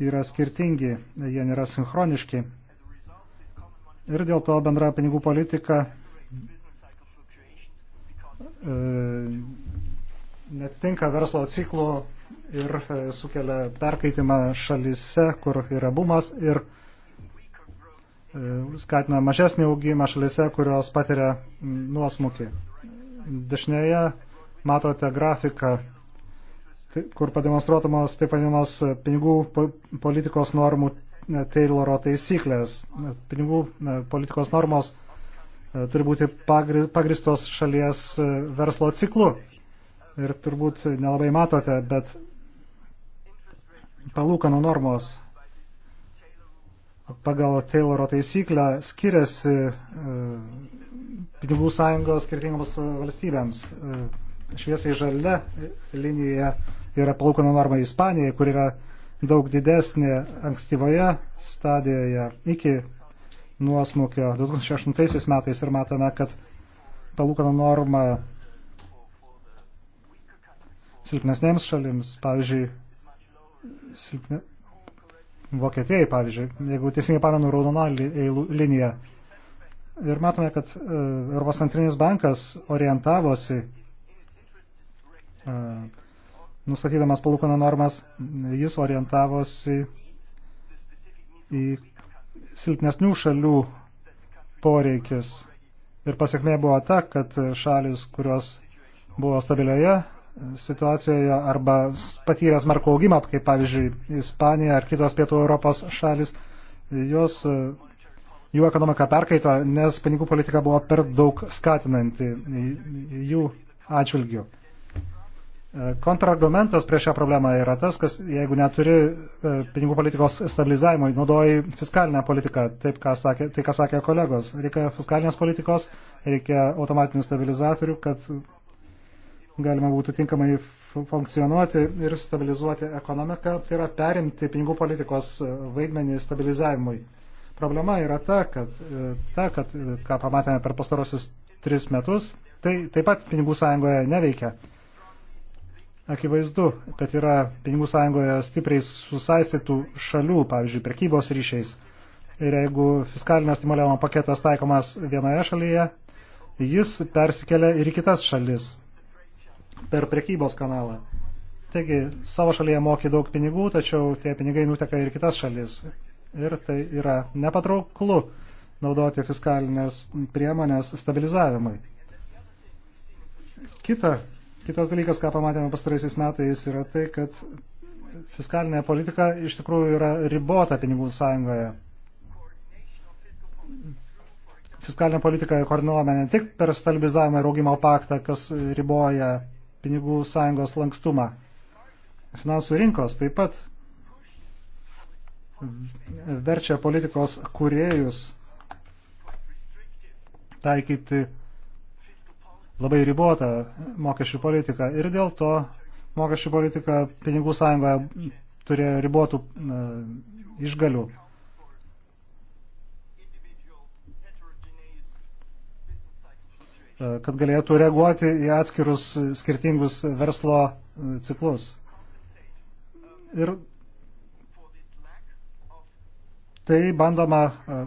yra skirtingi, jie nėra sinchroniški. Ir dėl to bendra pinigų politika E, netitinka verslo ciklo ir e, sukelia perkaitimą šalise, kur yra bumas ir e, skatina mažesnį augimą šalise, kurios patiria nuosmukį. Dešinėje matote grafiką, tai, kur pademonstruotamos taip vadinamos pinigų politikos normų Tayloro taisyklės. Pinigų politikos normos E, turi būti pagristos šalies e, verslo ciklu. Ir turbūt nelabai matote, bet palūkanų normos pagal Tayloro taisyklę skiriasi e, pinigų sąjungos skirtingoms valstybėms. Šviesiai žalia linija yra palūkanų norma Ispanijai, kur yra daug didesnė ankstyvoje stadijoje iki nuosmukio 2008 metais ir matome, kad palūkanų norma silpnesnėms šalims, pavyzdžiui, silpne... Vokietijai, pavyzdžiui, jeigu teisingai pamenu, raudona e, linija. Ir matome, kad e, Europos centrinis bankas orientavosi, e, nustatydamas palūkanų normas, jis orientavosi į silpnesnių šalių poreikis. Ir pasiekmė buvo ta, kad šalis, kurios buvo stabilioje situacijoje arba patyrė smarkų augimą, kaip pavyzdžiui Ispanija ar kitos pietų Europos šalis, jos, jų ekonomika perkaito, nes pinigų politika buvo per daug skatinanti jų atžvilgių. E, kontrargumentas prieš šią problemą yra tas, kad jeigu neturi e, pinigų politikos stabilizavimo, naudoji fiskalinę politiką, taip, ką sakė, tai ką sakė kolegos. Reikia fiskalinės politikos, reikia automatinių stabilizatorių, kad galima būtų tinkamai funkcionuoti ir stabilizuoti ekonomiką. Tai yra perimti pinigų politikos e, vaidmenį stabilizavimui. Problema yra ta, kad, ta, kad ką pamatėme per pastarosius tris metus, tai taip pat pinigų sąjungoje neveikia akivaizdu, kad yra pinigų sąjungoje stipriai susaistytų šalių, pavyzdžiui, prekybos ryšiais. Ir jeigu fiskalinio stimuliavimo paketas taikomas vienoje šalyje, jis persikelia ir į kitas šalis per prekybos kanalą. Taigi, savo šalyje moki daug pinigų, tačiau tie pinigai nuteka ir kitas šalis. Ir tai yra nepatrauklu naudoti fiskalinės priemonės stabilizavimui. Kita Kitas dalykas, ką pamatėme pastaraisiais metais, yra tai, kad fiskalinė politika iš tikrųjų yra ribota pinigų sąjungoje. Fiskalinė politika koordinuojama ne tik per stabilizavimą ir augimo paktą, kas riboja pinigų sąjungos lankstumą. Finansų rinkos taip pat verčia politikos kuriejus taikyti labai ribota mokesčių politika ir dėl to mokesčių politika pinigų sąjungoje turėjo ribotų e, išgalių. kad galėtų reaguoti į atskirus skirtingus verslo e, ciklus. Ir tai bandoma e,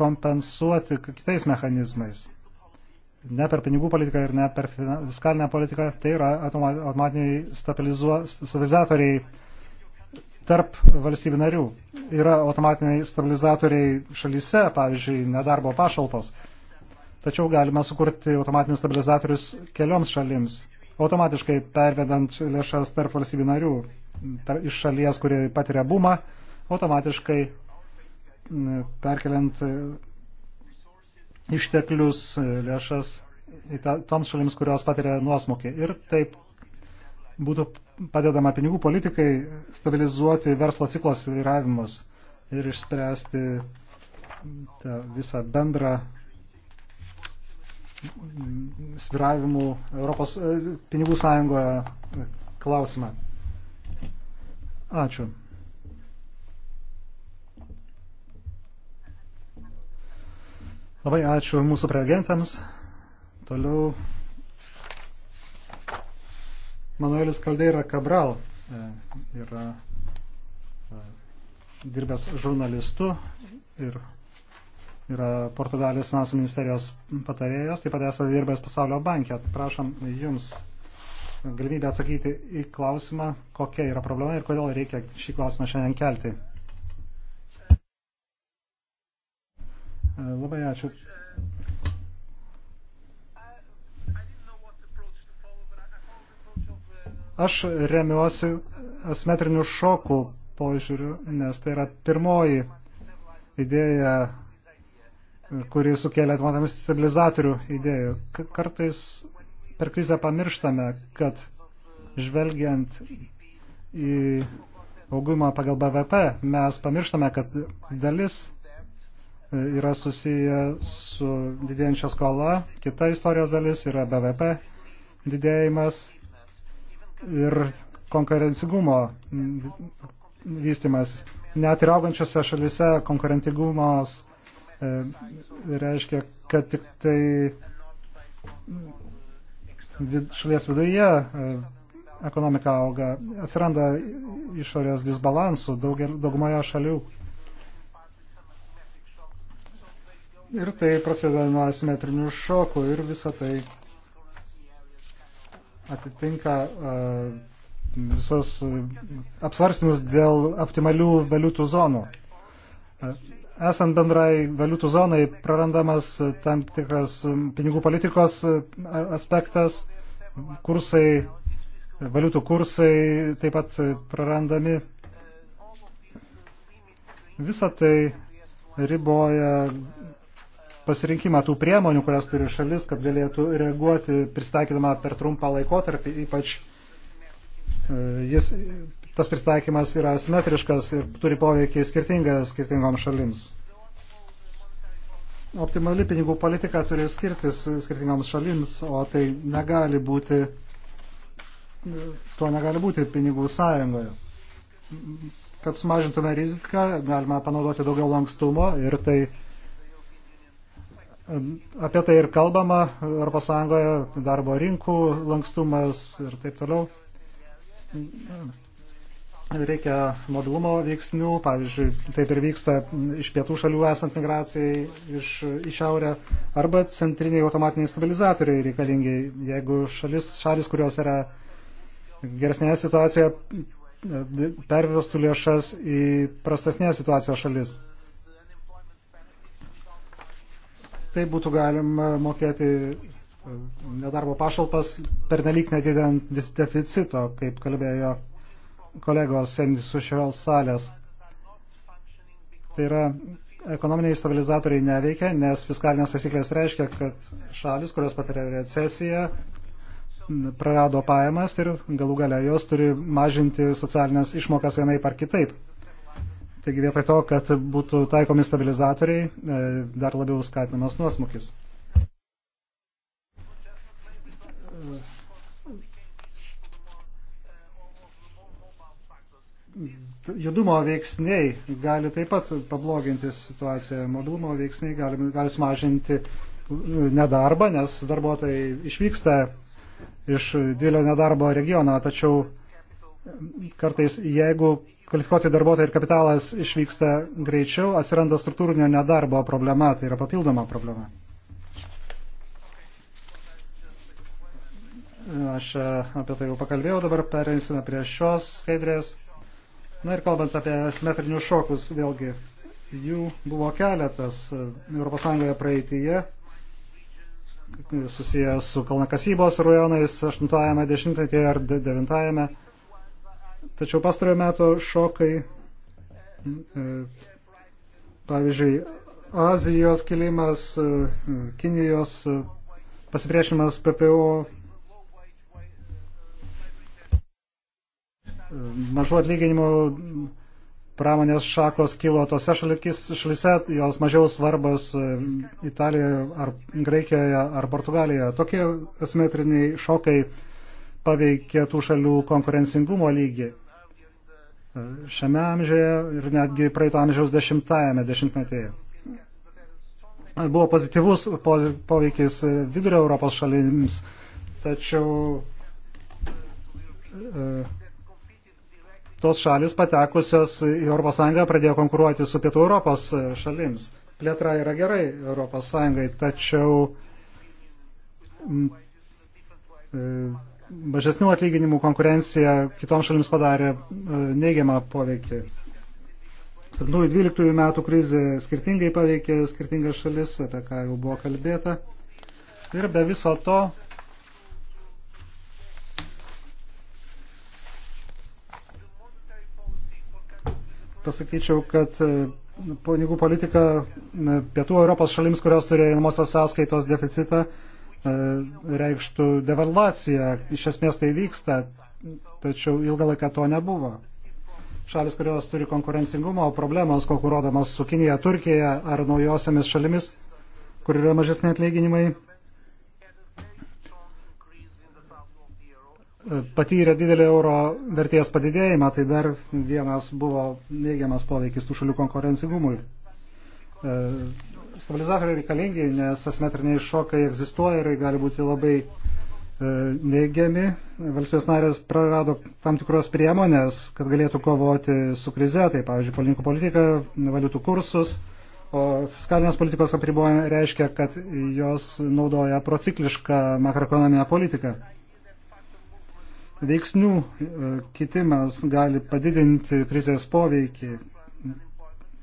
kompensuoti kitais mechanizmais ne per pinigų politiką ir ne per fiskalinę politiką, tai yra automatiniai stabilizatoriai tarp valstybių narių. Yra automatiniai stabilizatoriai šalyse, pavyzdžiui, nedarbo pašalpos. Tačiau galime sukurti automatinius stabilizatorius kelioms šalims, automatiškai pervedant lėšas tarp valstybių narių tar, iš šalies, kuri patiria bumą, automatiškai perkeliant išteklius, e, lėšas toms šalims, kurios patiria nuosmukį. Ir taip būtų padedama pinigų politikai stabilizuoti verslo ciklo sviravimus ir išspręsti tą visą bendrą sviravimų Europos e, pinigų sąjungoje klausimą. Ačiū. Labai ačiū mūsų prelegentams. Toliau Manuelis Kaldeira Cabral e, yra e, dirbęs žurnalistu ir yra Portugalijos finansų ministerijos patarėjas, taip pat esate dirbęs pasaulio bankė. Prašom jums galimybę atsakyti į klausimą, kokia yra problema ir kodėl reikia šį klausimą šiandien kelti. Labai ačiū. Aš remiuosi asmetrinių šokų požiūrių, nes tai yra pirmoji idėja, kuri sukėlė atmatomis stabilizatorių idėjų. Kartais per krizę pamirštame, kad žvelgiant į augimą pagal BVP, mes pamirštame, kad dalis yra susiję su didėjančia skola, kita istorijos dalis yra BVP didėjimas ir konkurencingumo vystimas. Net ir augančiose šalise konkurencingumas e, reiškia, kad tik tai šalies viduje e, ekonomika auga, atsiranda išorės disbalansų daugumoje šalių Ir tai prasideda nuo asimetrinių šokų ir visa tai atitinka e, visos e, apsvarstymus dėl optimalių valiutų zonų. E, esant bendrai valiutų zonai prarandamas tam tikras pinigų politikos aspektas, kursai, valiutų kursai taip pat prarandami. Visa tai riboja pasirinkimą tų priemonių, kurias turi šalis, kad galėtų reaguoti pristaikydama per trumpą laikotarpį, ypač e, jis, tas pristaikymas yra asimetriškas ir turi poveikį skirtingą skirtingoms šalims. Optimali pinigų politika turi skirtis skirtingoms šalims, o tai negali būti, to negali būti pinigų sąjungoje. Kad sumažintume riziką, galima panaudoti daugiau lankstumo ir tai apie tai ir kalbama ES, darbo rinkų lankstumas ir taip toliau. Reikia mobilumo veiksnių, pavyzdžiui, taip ir vyksta iš pietų šalių esant migracijai iš, iš šiaurę, arba centriniai automatiniai stabilizatoriai reikalingi, jeigu šalis, šalis kurios yra geresnėje situacijoje, pervestų lėšas į prastesnės situacijos šalis. Tai būtų galima mokėti e, nedarbo pašalpas per nelik nedidant deficito, kaip kalbėjo kolegos senius iš šios salės. Tai yra, ekonominiai stabilizatoriai neveikia, nes fiskalinės taisyklės reiškia, kad šalis, kurios patiria recesiją, prarado pajamas ir galų gale jos turi mažinti socialinės išmokas vienaip ar kitaip. Taigi vietoj to, kad būtų taikomi stabilizatoriai, e, dar labiau skatinamas nuosmukis. Judumo veiksniai gali taip pat pabloginti situaciją. Mobilumo veiksniai gali, gali sumažinti nedarbą, nes darbuotojai išvyksta iš didelio nedarbo regiono, tačiau kartais jeigu kvalifikuoti darbuotojai ir kapitalas išvyksta greičiau, atsiranda struktūrinio nedarbo problema, tai yra papildoma problema. Aš e, apie tai jau pakalbėjau, dabar perėsime prie šios skaidrės. Na ir kalbant apie simetrinius šokus, vėlgi, jų buvo keletas ES praeityje, susijęs su kalnakasybos rajonais 80-ąjame, 10-ąjame ar 9-ąjame Tačiau pastarojo meto šokai, e, pavyzdžiui, Azijos kilimas, e, Kinijos e, pasipriešimas PPO, mažų atlyginimų pramonės šakos kilo tose šalise, jos mažiau svarbos Italijoje ar Graikijoje ar Portugalijoje. Tokie asimetriniai šokai paveikė tų šalių konkurencingumo lygį šiame amžiuje ir netgi praeito amžiaus dešimtajame dešimtmetyje. Buvo pozityvus poveikis vidurio Europos šalims, tačiau e, tos šalis patekusios į Europos Sąjungą pradėjo konkuruoti su pietų Europos šalims. Plėtra yra gerai Europos Sąjungai, tačiau e, mažesnių atlyginimų konkurencija kitoms šalims padarė e, neigiamą poveikį. 7-12 metų krizė skirtingai paveikė skirtingas šalis, apie ką jau buvo kalbėta. Ir be viso to pasakyčiau, kad e, pinigų politika e, pietų Europos šalims, kurios turi einamosios sąskaitos deficitą, E, reikštų devalvaciją. Iš esmės tai vyksta, tačiau ilgą laiką to nebuvo. Šalis, kurios turi konkurencingumo problemos, konkuruodamas su Kinija, Turkija ar naujosiamis šalimis, kur yra mažesni atlyginimai, e, patyrė didelį euro vertės padidėjimą, tai dar vienas buvo neigiamas poveikis tų šalių konkurencingumui. E, stabilizatoriai reikalingi, nes asimetriniai šokai egzistuoja ir gali būti labai e, neigiami. Valstybės narės prarado tam tikros priemonės, kad galėtų kovoti su krize, tai pavyzdžiui, polinkų politika, valiutų kursus, o fiskalinės politikos apribojimai reiškia, kad jos naudoja prociklišką makroekonominę politiką. Veiksnių e, kitimas gali padidinti krizės poveikį,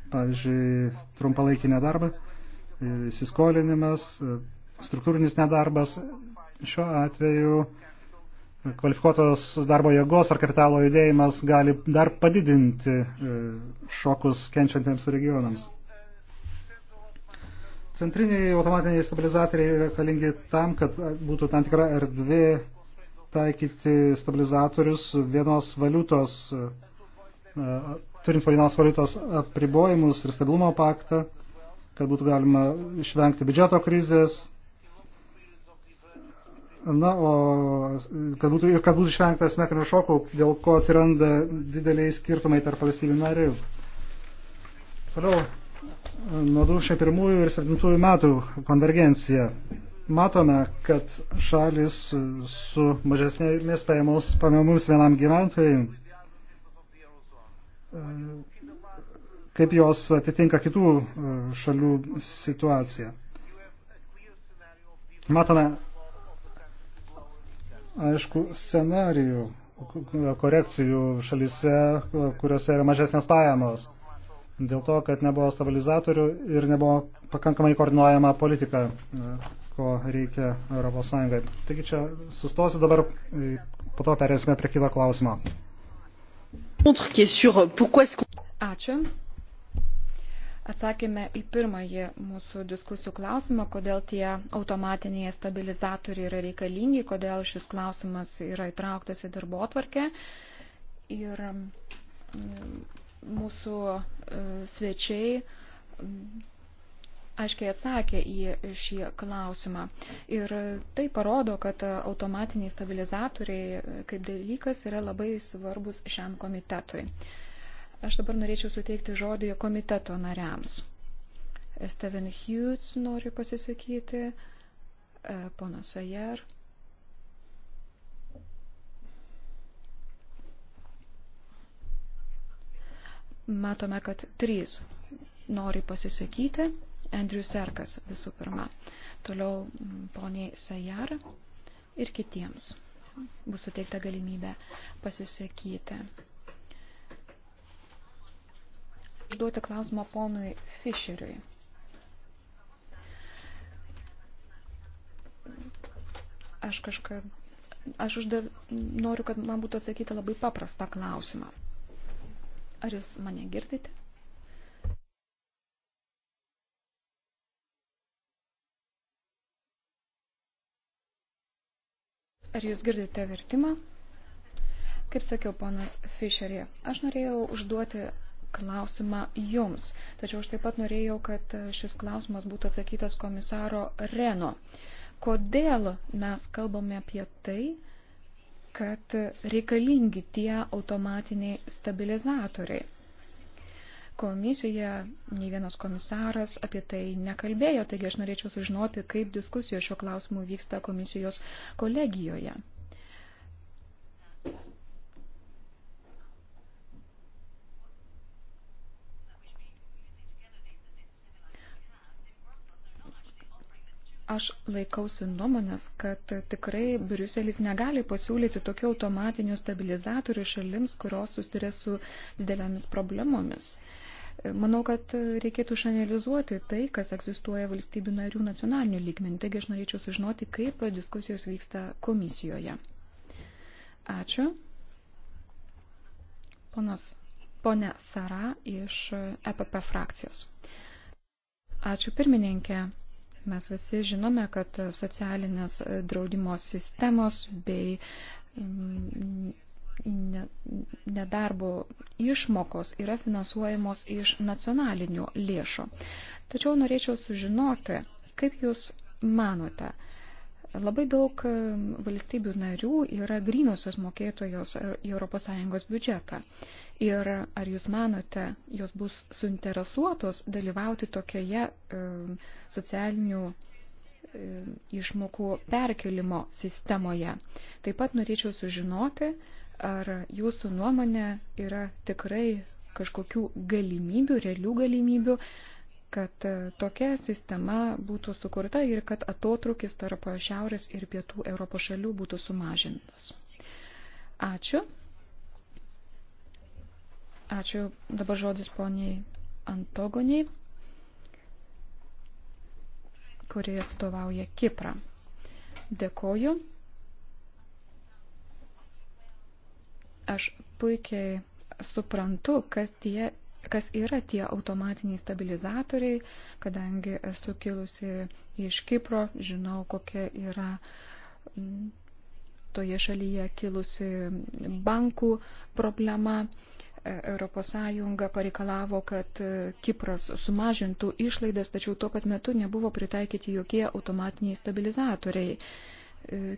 pavyzdžiui, trumpalaikinę darbą įsiskolinimas, struktūrinis nedarbas. Šiuo atveju kvalifikuotos darbo jėgos ar kapitalo judėjimas gali dar padidinti e, šokus kenčiantiems regionams. Centriniai automatiniai stabilizatoriai reikalingi tam, kad būtų tam tikra erdvė taikyti stabilizatorius vienos valiutos, e, turint vienos valiutos apribojimus ir stabilumo paktą kad būtų galima išvengti biudžeto krizės. Na, o kad būtų, kad būtų išvengtas mekrinių šokų, dėl ko atsiranda dideliai skirtumai tarp valstybių narių. Toliau, nuo 2001 ir 2007 metų konvergencija. Matome, kad šalis su mažesnėmis pajamomis vienam gyventojui kaip jos atitinka kitų e, šalių situaciją. Matome, aišku, scenarijų korekcijų šalise, kuriuose yra mažesnės pajamos. Dėl to, kad nebuvo stabilizatorių ir nebuvo pakankamai koordinuojama politika, e, ko reikia Europos Sąjungai. Taigi čia sustosiu dabar, e, po to perėsime prie kito klausimo. Ačiū. Atsakėme į pirmąjį mūsų diskusijų klausimą, kodėl tie automatiniai stabilizatoriai yra reikalingi, kodėl šis klausimas yra įtrauktas į darbo atvarkę. Ir mūsų e, svečiai aiškiai atsakė į šį klausimą. Ir tai parodo, kad automatiniai stabilizatoriai kaip dalykas yra labai svarbus šiam komitetui. Aš dabar norėčiau suteikti žodį komiteto nariams. Steven Hughes nori pasisakyti, e, ponas Ayer. Matome, kad trys nori pasisakyti. Andrew Serkas visų pirma. Toliau poniai Sajar ir kitiems bus suteikta galimybė pasisakyti užduoti klausimą ponui Fischeriui. Aš kažką, aš uždav, noriu, kad man būtų atsakyta labai paprastą klausimą. Ar jūs mane girdite? Ar jūs girdite vertimą? Kaip sakiau, ponas Fischerė, aš norėjau užduoti klausimą jums. Tačiau aš taip pat norėjau, kad šis klausimas būtų atsakytas komisaro Reno. Kodėl mes kalbame apie tai, kad reikalingi tie automatiniai stabilizatoriai? Komisija, nei vienas komisaras apie tai nekalbėjo, taigi aš norėčiau sužinoti, kaip diskusijos šio klausimu vyksta komisijos kolegijoje. Aš laikausi nuomonės, kad tikrai Briuselis negali pasiūlyti tokių automatinių stabilizatorių šalims, kurios susiduria su didelėmis problemomis. Manau, kad reikėtų išanalizuoti tai, kas egzistuoja valstybių narių nacionalinių lygmenių. Taigi aš norėčiau sužinoti, kaip diskusijos vyksta komisijoje. Ačiū. Ponas, ponė Sara iš EPP frakcijos. Ačiū pirmininkė. Mes visi žinome, kad socialinės draudimo sistemos bei mm, nedarbo išmokos yra finansuojamos iš nacionalinių lėšų. Tačiau norėčiau sužinoti, kaip Jūs manote, Labai daug valstybių narių yra grynosios mokėtojos į ES biudžetą. Ir ar jūs manote, jos bus suinteresuotos dalyvauti tokioje socialinių išmokų perkelimo sistemoje? Taip pat norėčiau sužinoti, ar jūsų nuomonė yra tikrai kažkokių galimybių, realių galimybių kad e, tokia sistema būtų sukurta ir kad atotrukis tarp Šiaurės ir Pietų Europos šalių būtų sumažintas. Ačiū. Ačiū. Dabar žodis poniai Antogoniai, kuri atstovauja Kiprą. Dėkoju. Aš puikiai suprantu, kas tie kas yra tie automatiniai stabilizatoriai, kadangi esu kilusi iš Kipro, žinau, kokia yra mm, toje šalyje kilusi bankų problema. ES pareikalavo, kad e, Kipras sumažintų išlaidas, tačiau tuo pat metu nebuvo pritaikyti jokie automatiniai stabilizatoriai.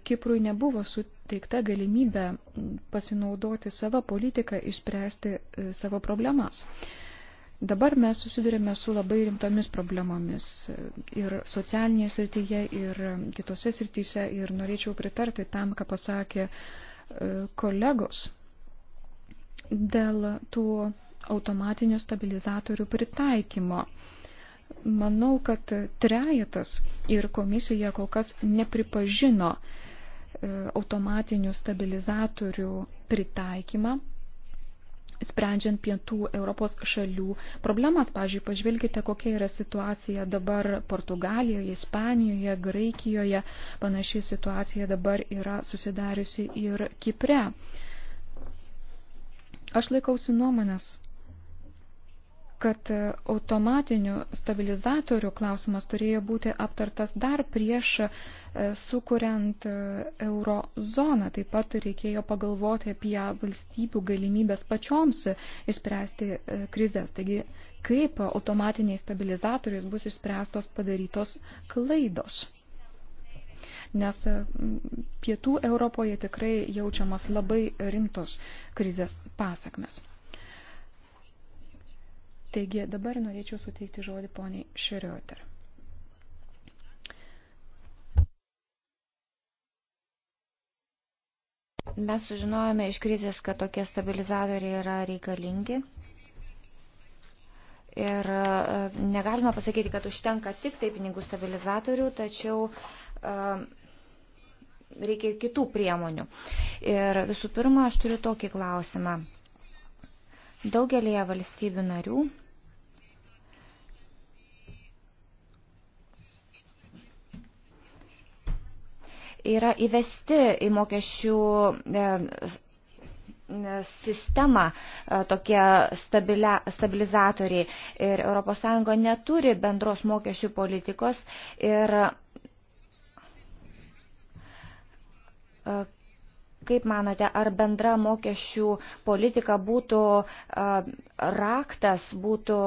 Kiprui nebuvo suteikta galimybė pasinaudoti savo politiką išspręsti e, savo problemas. Dabar mes susidurėme su labai rimtomis problemomis e, ir socialinėje srityje, ir kitose srityse, ir norėčiau pritarti tam, ką pasakė e, kolegos dėl tų automatinių stabilizatorių pritaikymo. Manau, kad trejetas ir komisija kol kas nepripažino e, automatinių stabilizatorių pritaikymą, sprendžiant pietų Europos šalių problemas. Pavyzdžiui, pažvelkite, kokia yra situacija dabar Portugalijoje, Ispanijoje, Graikijoje. Panaši situacija dabar yra susidariusi ir Kipre. Aš laikausi nuomonės, kad e, automatinių stabilizatorių klausimas turėjo būti aptartas dar prieš e, sukuriant e, euro zoną. Taip pat reikėjo pagalvoti apie valstybių galimybės pačioms išspręsti krizės. Taigi, kaip automatiniais stabilizatoriais bus išspręstos padarytos klaidos. Nes pietų Europoje tikrai jaučiamas labai rimtos krizės pasakmes. Taigi dabar norėčiau suteikti žodį poniai Šerioter. Mes sužinojame iš krizės, kad tokie stabilizatoriai yra reikalingi. Ir e, negalima pasakyti, kad užtenka tik tai pinigų stabilizatorių, tačiau e, reikia ir kitų priemonių. Ir visų pirma, aš turiu tokį klausimą. Daugelėje valstybių narių yra įvesti į mokesčių e, e, sistemą e, tokie stabilia, stabilizatoriai ir ES neturi bendros mokesčių politikos ir kaip manote, ar bendra mokesčių politika būtų raktas, būtų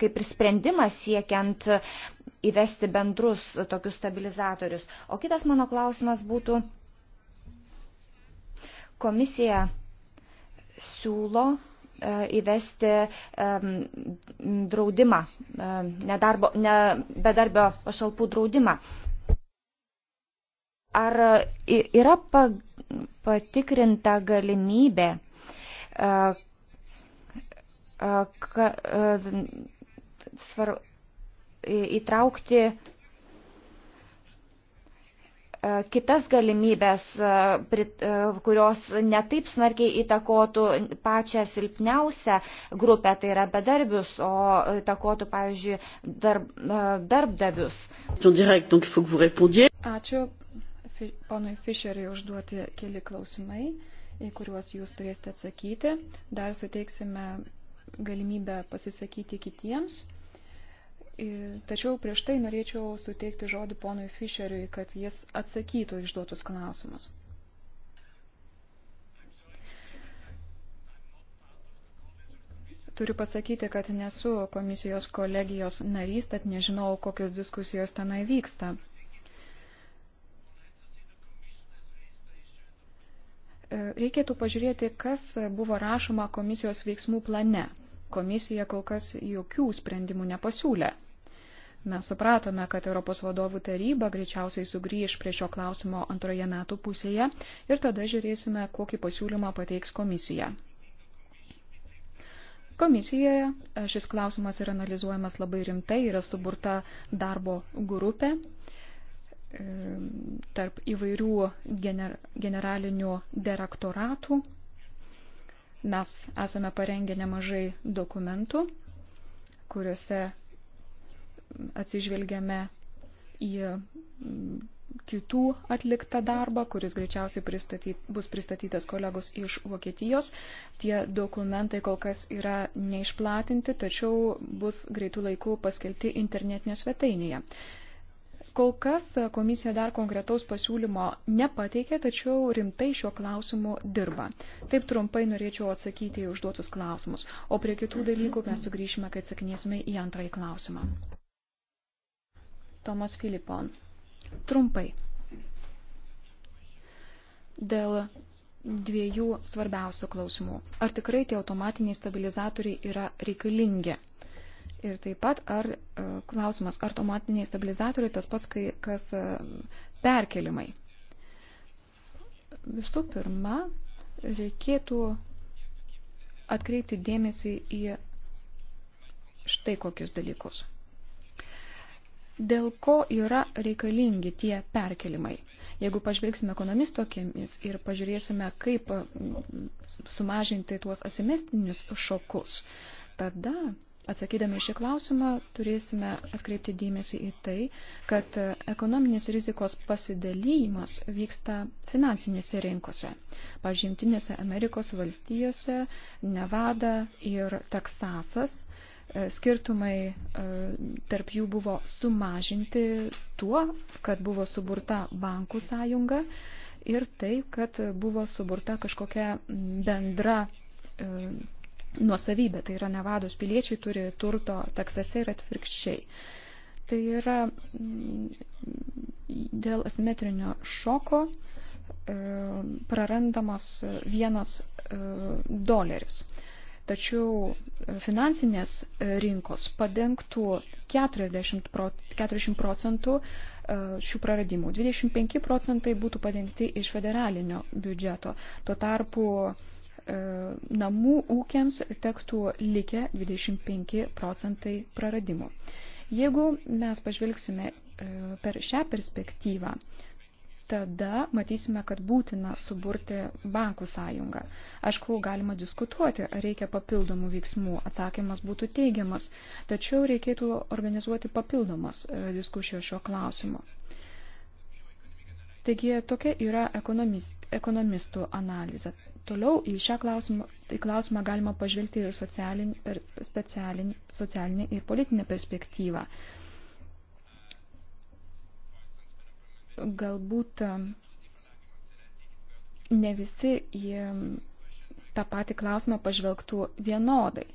kaip ir sprendimas siekiant įvesti bendrus tokius stabilizatorius. O kitas mano klausimas būtų, komisija siūlo e, įvesti e, draudimą, e, nedarbo, ne bedarbio pašalpų draudimą. Ar yra patikrinta galimybė, svar, įtraukti e, kitas galimybės, e, e, kurios netaip smarkiai įtakotų pačią silpniausią grupę, tai yra bedarbius, o įtakotų, pavyzdžiui, darb, darbdavius. Ačiū ponui Fischeriui užduoti keli klausimai, į kuriuos jūs turėsite atsakyti. Dar suteiksime galimybę pasisakyti kitiems. Tačiau prieš tai norėčiau suteikti žodį ponui Fischeriui, kad jis atsakytų išduotus klausimus. Turiu pasakyti, kad nesu komisijos kolegijos narys, tad nežinau, kokios diskusijos tenai vyksta. E, reikėtų pažiūrėti, kas buvo rašoma komisijos veiksmų plane – Komisija kol kas jokių sprendimų nepasiūlė. Mes supratome, kad Europos vadovų taryba greičiausiai sugrįž prie šio klausimo antroje metų pusėje ir tada žiūrėsime, kokį pasiūlymą pateiks komisija. Komisijoje e, šis klausimas yra analizuojamas labai rimtai, yra suburta darbo grupė e, tarp įvairių gener, generalinių direktoratų Mes esame parengę nemažai dokumentų, kuriuose atsižvelgiame į mm, kitų atliktą darbą, kuris greičiausiai pristatyt, bus pristatytas kolegos iš Vokietijos. Tie dokumentai kol kas yra neišplatinti, tačiau bus greitų laikų paskelbti internetinėje svetainėje. Kol kas e, komisija dar konkretaus pasiūlymo nepateikė, tačiau rimtai šiuo klausimu dirba. Taip trumpai norėčiau atsakyti į užduotus klausimus, o prie kitų dalykų mes sugrįšime, kai atsakinėsime į antrąjį klausimą. Tomas Filipon. Trumpai. Dėl dviejų svarbiausių klausimų. Ar tikrai tie automatiniai stabilizatoriai yra reikalingi? Ir taip pat ar e, klausimas, ar automatiniai stabilizatoriai tas pats, kai, kas e, perkelimai. Visų pirma, reikėtų atkreipti dėmesį į štai kokius dalykus. Dėl ko yra reikalingi tie perkelimai? Jeigu pažvelgsime ekonomisto akimis ir pažiūrėsime, kaip sumažinti tuos asimestinius šokus, tada Atsakydami šį klausimą turėsime atkreipti dėmesį į tai, kad ekonominės rizikos pasidalymas vyksta finansinėse rinkose. Pažymtinėse Amerikos valstijose Nevada ir Teksasas e, skirtumai e, tarp jų buvo sumažinti tuo, kad buvo suburta bankų sąjunga ir tai, kad buvo suburta kažkokia bendra e, nuosavybę. Tai yra Nevados piliečiai turi turto Teksase ir atvirkščiai. Tai yra mm, dėl asimetrinio šoko e, prarandamas vienas e, doleris. Tačiau e, finansinės rinkos padengtų 40 procentų šių praradimų. 25 procentai būtų padengti iš federalinio biudžeto. Tuo tarpu E, namų ūkiams tektų likę 25 procentai praradimų. Jeigu mes pažvelgsime e, per šią perspektyvą, tada matysime, kad būtina suburti bankų sąjungą. Aišku, galima diskutuoti, ar reikia papildomų veiksmų. Atsakymas būtų teigiamas, tačiau reikėtų organizuoti papildomas e, diskusijos šio klausimu. Taigi tokia yra ekonomis, ekonomistų analizė. Toliau į šią klausimą, į klausimą galima pažvelgti ir socialinį, per specialinį, socialinį ir politinę perspektyvą. Galbūt um, ne visi į um, tą patį klausimą pažvelgtų vienodai.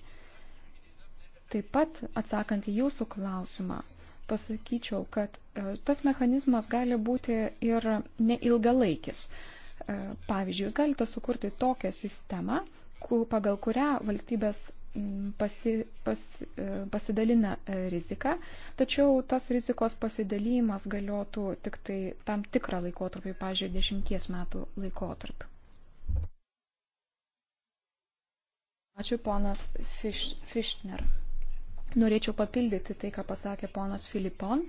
Taip pat, atsakant į jūsų klausimą, pasakyčiau, kad uh, tas mechanizmas gali būti ir neilgalaikis. laikis E, pavyzdžiui, jūs galite sukurti tokią sistemą, pagal kurią valstybės mm, pasi, pas, e, pasidalina e, riziką, tačiau tas rizikos pasidalymas galiotų tik tai tam tikrą laikotarpį, pavyzdžiui, dešimties metų laikotarpį. Ačiū ponas Fiš, Fišner. Norėčiau papildyti tai, ką pasakė ponas Filipon.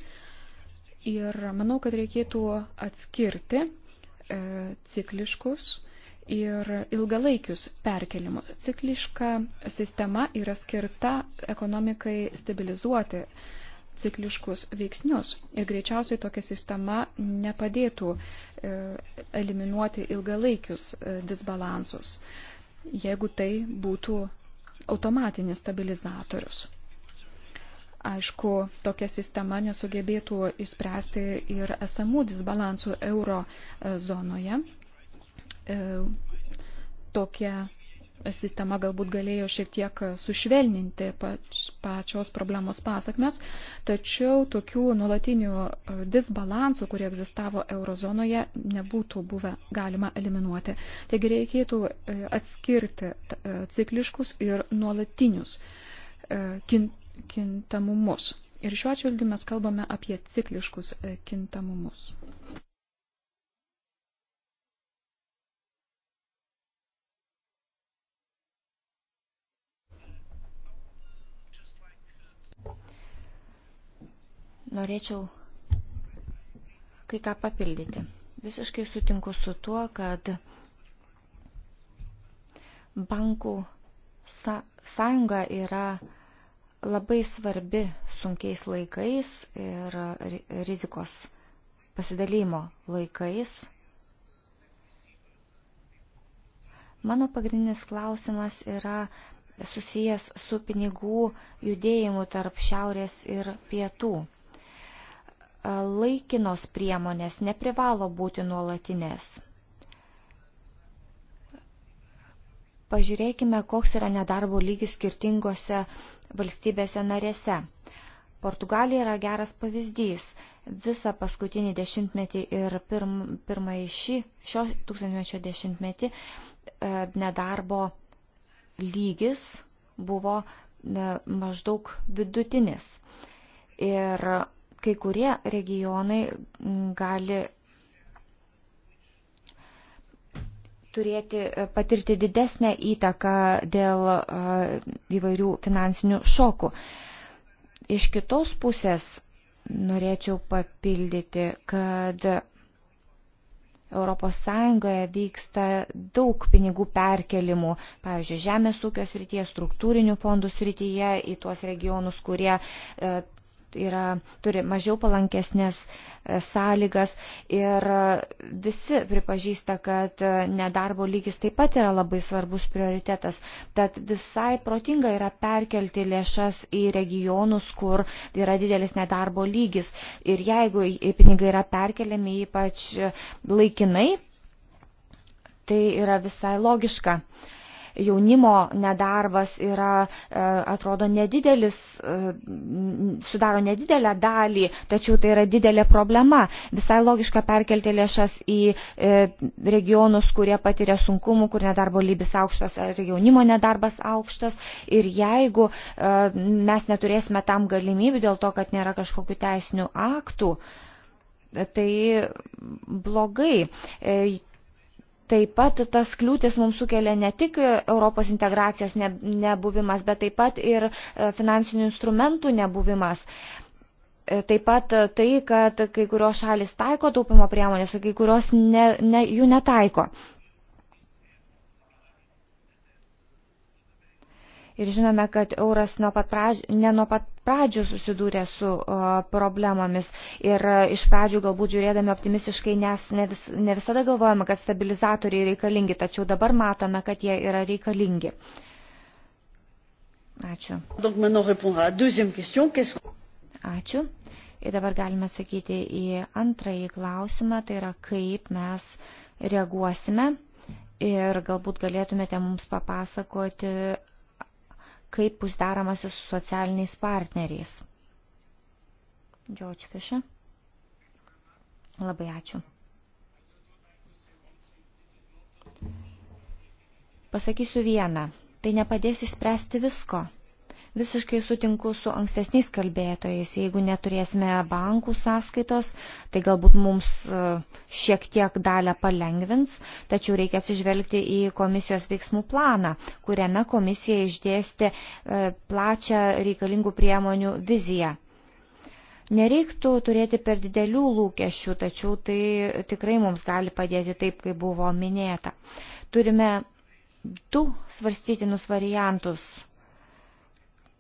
Ir manau, kad reikėtų atskirti E, cikliškus ir ilgalaikius perkelimus. Cikliška sistema yra skirta ekonomikai stabilizuoti cikliškus veiksnius ir greičiausiai tokia sistema nepadėtų e, eliminuoti ilgalaikius e, disbalansus, jeigu tai būtų automatinis stabilizatorius. Aišku, tokia sistema nesugebėtų išspręsti ir esamų disbalansų euro e, zonoje. E, tokia sistema galbūt galėjo šiek tiek sušvelninti pačios problemos pasakmes, tačiau tokių nuolatinių e, disbalansų, kurie egzistavo eurozonoje, nebūtų buvę galima eliminuoti. Taigi reikėtų atskirti cikliškus ir nuolatinius kintamumus. Ir šiuo atžvilgiu mes kalbame apie cikliškus e, kintamumus. norėčiau kai ką papildyti. Visiškai sutinku su tuo, kad bankų sąjunga yra labai svarbi sunkiais laikais ir rizikos pasidalymo laikais. Mano pagrindinis klausimas yra susijęs su pinigų judėjimu tarp šiaurės ir pietų. Laikinos priemonės neprivalo būti nuolatinės Pažiūrėkime, koks yra nedarbo lygis skirtingose valstybėse narėse. Portugalija yra geras pavyzdys. Visą paskutinį dešimtmetį ir pirm, pirmąjį šį, šio tūkstantmečio dešimtmetį e, nedarbo lygis buvo e, maždaug vidutinis. Ir kai kurie regionai gali turėti, e, patirti didesnę įtaką dėl e, įvairių finansinių šokų. Iš kitos pusės norėčiau papildyti, kad ES vyksta daug pinigų perkelimų, pavyzdžiui, žemės ūkio srityje, struktūrinių fondų srityje į tuos regionus, kurie e, yra, turi mažiau palankesnės e, sąlygas ir e, visi pripažįsta, kad e, nedarbo lygis taip pat yra labai svarbus prioritetas. Tad visai protinga yra perkelti lėšas į regionus, kur yra didelis nedarbo lygis. Ir jeigu pinigai yra perkeliami ypač laikinai, tai yra visai logiška. Uh, jaunimo nedarbas yra, e, atrodo, nedidelis, e, sudaro nedidelę dalį, tačiau tai yra didelė problema. Visai logiška perkelti lėšas į e, regionus, kurie patiria sunkumų, kur nedarbo lygis aukštas ar jaunimo nedarbas aukštas. Ir jeigu mes neturėsime tam galimybių dėl to, kad nėra kažkokių teisinių aktų, tai blogai. Taip pat tas kliūtis mums sukelia ne tik Europos integracijos nebuvimas, bet taip pat ir e, finansinių instrumentų nebuvimas. E, taip pat tai, kad kai kurios šalis taiko taupimo priemonės, o kai kurios ne, ne, jų netaiko. Ir žinome, kad euras nuo pat pradžių, ne nuo pat pradžių susidūrė su uh, problemomis. Ir uh, iš pradžių galbūt žiūrėdami optimistiškai, nes ne, vis, ne visada galvojame, kad stabilizatoriai reikalingi, tačiau dabar matome, kad jie yra reikalingi. Ačiū. Ačiū. Ir dabar galime sakyti į antrąjį klausimą, tai yra kaip mes reaguosime ir galbūt galėtumėte mums papasakoti kaip bus deramasi su socialiniais partneriais. George Fisher. Labai ačiū. Pasakysiu vieną. Tai nepadės išspręsti visko. Visiškai sutinku su ankstesniais kalbėtojais. Jeigu neturėsime bankų sąskaitos, tai galbūt mums e, šiek tiek dalę palengvins, tačiau reikia atsižvelgti į komisijos veiksmų planą, kuriame komisija išdėstė e, plačią reikalingų priemonių viziją. Nereiktų turėti per didelių lūkesčių, tačiau tai tikrai mums gali padėti taip, kaip buvo minėta. Turime du svarstytinus variantus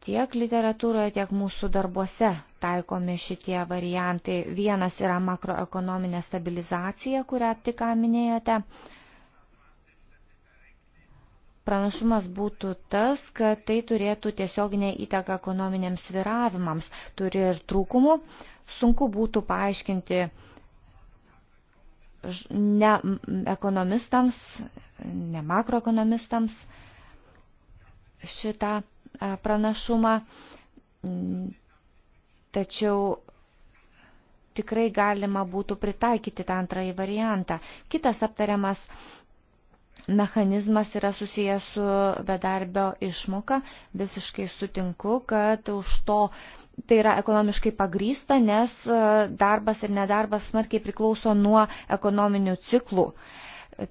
Tiek literatūroje, tiek mūsų darbuose taikomi šitie variantai. Vienas yra makroekonominė stabilizacija, kurią tik ką minėjote. Pranašumas būtų tas, kad tai turėtų tiesioginę įtaką ekonominiams sviravimams. Turi ir trūkumų. Sunku būtų paaiškinti ne ekonomistams, ne makroekonomistams šitą E, pranašumą, tačiau tikrai galima būtų pritaikyti tą antrąjį variantą. Kitas aptariamas mechanizmas yra susijęs su bedarbio išmoka. Visiškai sutinku, kad už to tai yra ekonomiškai pagrysta, nes e, darbas ir nedarbas smarkiai priklauso nuo ekonominių ciklų.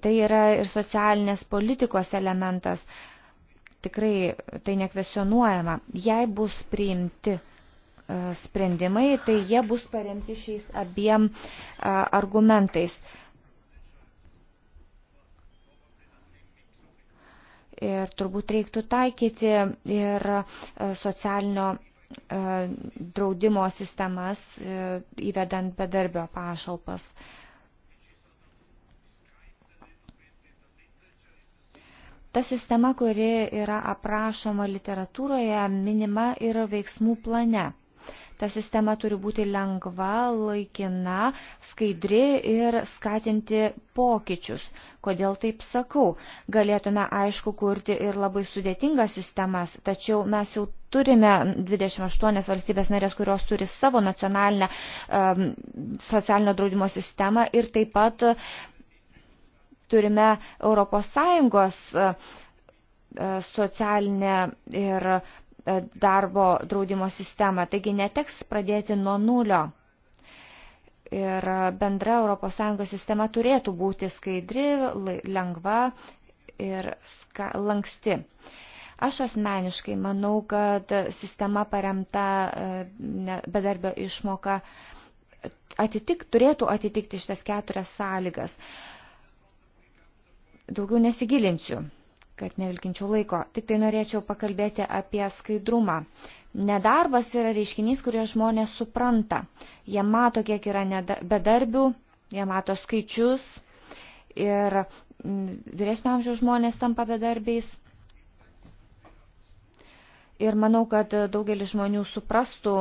Tai yra ir socialinės politikos elementas. Uh, tikrai tai nekvesionuojama, jei bus priimti e, sprendimai, tai jie bus paremti šiais abiem e, argumentais. Ir turbūt reiktų taikyti ir e, socialinio draudimo sistemas įvedant bedarbio pašalpas. Ta sistema, kuri yra aprašoma literatūroje, minima ir veiksmų plane. Ta sistema turi būti lengva, laikina, skaidri ir skatinti pokyčius. Kodėl taip sakau? Galėtume aišku kurti ir labai sudėtingas sistemas, tačiau mes jau turime 28 valstybės narės, kurios turi savo nacionalinę um, socialinio draudimo sistemą ir taip pat turime ES e, e, socialinę ir e, darbo draudimo sistemą. Taigi neteks pradėti nuo nulio. Ir bendra ES sistema turėtų būti skaidri, lengva ir ska lanksti. Aš asmeniškai manau, kad sistema paremta bedarbio išmoka atitik, turėtų atitikti šitas keturias sąlygas. Daugiau nesigilinsiu, kad nevilkinčiau laiko. Tik tai norėčiau pakalbėti apie skaidrumą. Nedarbas yra reiškinys, kurį žmonės supranta. Jie mato, kiek yra bedarbių, jie mato skaičius ir mm, vyresnio amžiaus žmonės tampa bedarbiais. Ir manau, kad daugelis žmonių suprastų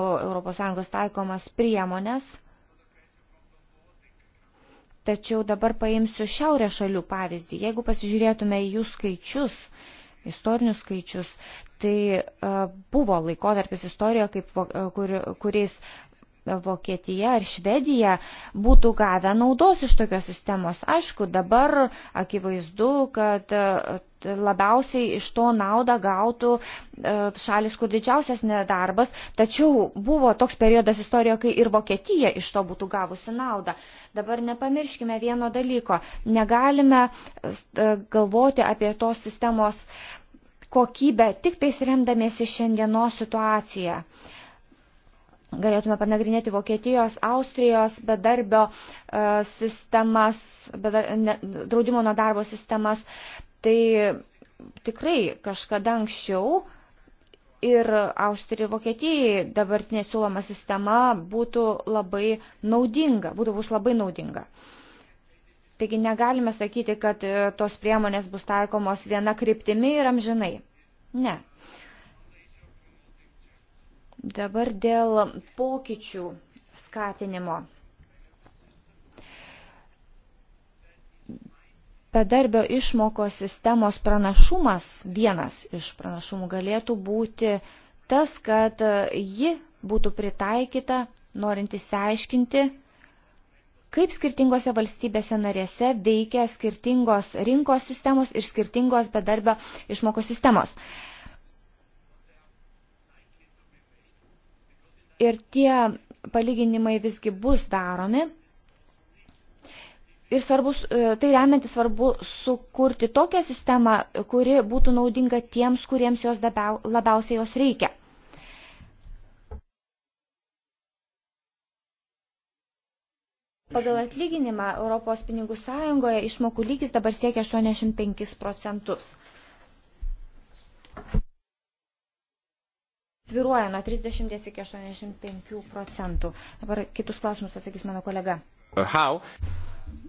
ES taikomas priemonės Tačiau dabar paimsiu šiaurės šalių pavyzdį. Jeigu pasižiūrėtume į jų skaičius, istorinius skaičius, tai e, buvo laikotarpis istorijoje, kaip, e, kur, kuriais Vokietija ar Švedija būtų gavę naudos iš tokios sistemos. Aišku, dabar akivaizdu, kad e, labiausiai iš to naudą gautų e, šalis, kur didžiausias nedarbas, tačiau buvo toks periodas istorijoje, kai ir Vokietija iš to būtų gavusi naudą. Dabar nepamirškime vieno dalyko. Negalime e, galvoti apie tos sistemos kokybę tik tais remdamiesi šiandienos situaciją. Uh, Galėtume panagrinėti Vokietijos, Austrijos bedarbio e, sistemas, bedar, ne, draudimo nuo darbo sistemas. Tai tikrai kažkada anksčiau ir Austrijai ir Vokietijai dabartinė siūloma sistema būtų labai naudinga, būtų bus labai naudinga. Taigi negalime sakyti, kad e, tos priemonės bus taikomos viena kryptimi ir amžinai. Ne. Dabar dėl pokyčių skatinimo. Bedarbio išmokos sistemos pranašumas, vienas iš pranašumų galėtų būti tas, kad ji būtų pritaikyta, norint įsiaiškinti, kaip skirtingose valstybėse narėse veikia skirtingos rinkos sistemos ir skirtingos bedarbio išmokos sistemos. Uh, Ir tie palyginimai visgi bus daromi. Ir svarbu, e, tai remianti svarbu sukurti tokią sistemą, kuri būtų naudinga tiems, kuriems jos dabiau, labiausiai jos reikia. Pagal atlyginimą Europos pinigų sąjungoje išmokų lygis dabar siekia 85 procentus. sviruoja nuo 30 iki 85 procentų. Dabar kitus klausimus atsakys mano kolega. Uh, how?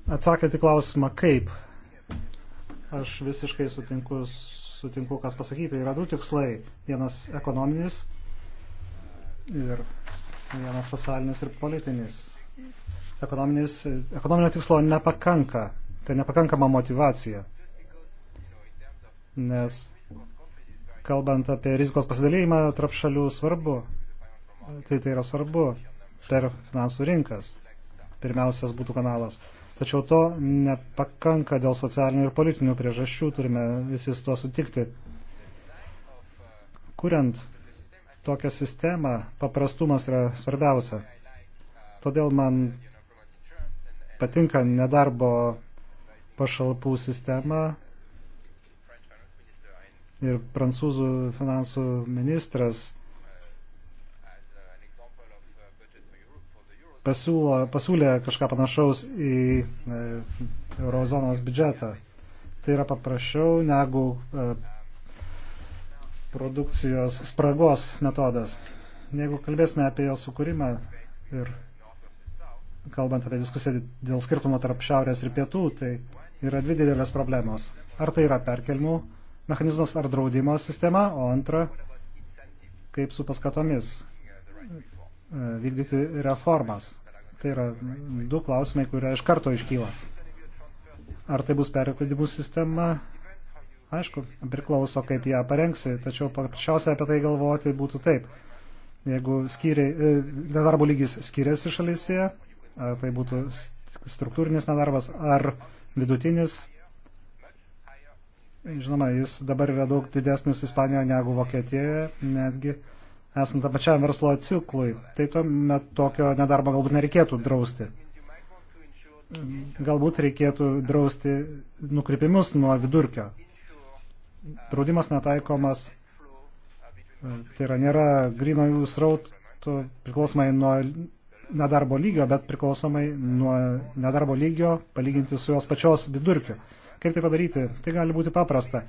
Atsakant į klausimą kaip, aš visiškai sutinku, sutinku kas pasakyti. Yra du tikslai. Vienas ekonominis ir vienas socialinis ir politinis. Ekonominis, ekonominio tikslo nepakanka. Tai nepakankama motivacija. Nes kalbant apie rizikos pasidalėjimą tarp šalių svarbu. Tai tai yra svarbu per finansų rinkas. Pirmiausias būtų kanalas. Tačiau to nepakanka dėl socialinių ir politinių priežasčių, turime visi su tuo sutikti. Kuriant tokią sistemą, paprastumas yra svarbiausia. Todėl man patinka nedarbo pašalpų sistema, ir prancūzų finansų ministras pasiūlo, pasiūlė kažką panašaus į e, eurozonos biudžetą. Tai yra paprasčiau negu e, produkcijos spragos metodas. Jeigu kalbėsime apie jo sukūrimą ir kalbant apie diskusiją dėl skirtumo tarp šiaurės ir pietų, tai yra dvi didelės problemos. Ar tai yra perkelmų mechanizmas ar draudimo sistema, o antra, kaip su paskatomis e, vykdyti reformas. Tai yra du klausimai, kurie iš karto iškyla. Ar tai bus perklaidimų sistema? Aišku, priklauso, kaip ją parengsi, tačiau paprasčiausia apie tai galvoti būtų taip. Jeigu skyriai, e, nedarbo lygis skiriasi šalyse, ar tai būtų struktūrinis nedarbas, ar vidutinis, Žinoma, jis dabar yra daug didesnis Ispanijoje negu Vokietijoje, netgi esant tą pačiam verslo ciklui. Tai tuomet tokio nedarbo galbūt nereikėtų drausti. Galbūt reikėtų drausti nukrypimus nuo vidurkio. Draudimas netaikomas, tai yra nėra grinojų srautų priklausomai nuo nedarbo lygio, bet priklausomai nuo nedarbo lygio palyginti su jos pačios vidurkiu. Kaip tai padaryti? Tai gali būti paprasta.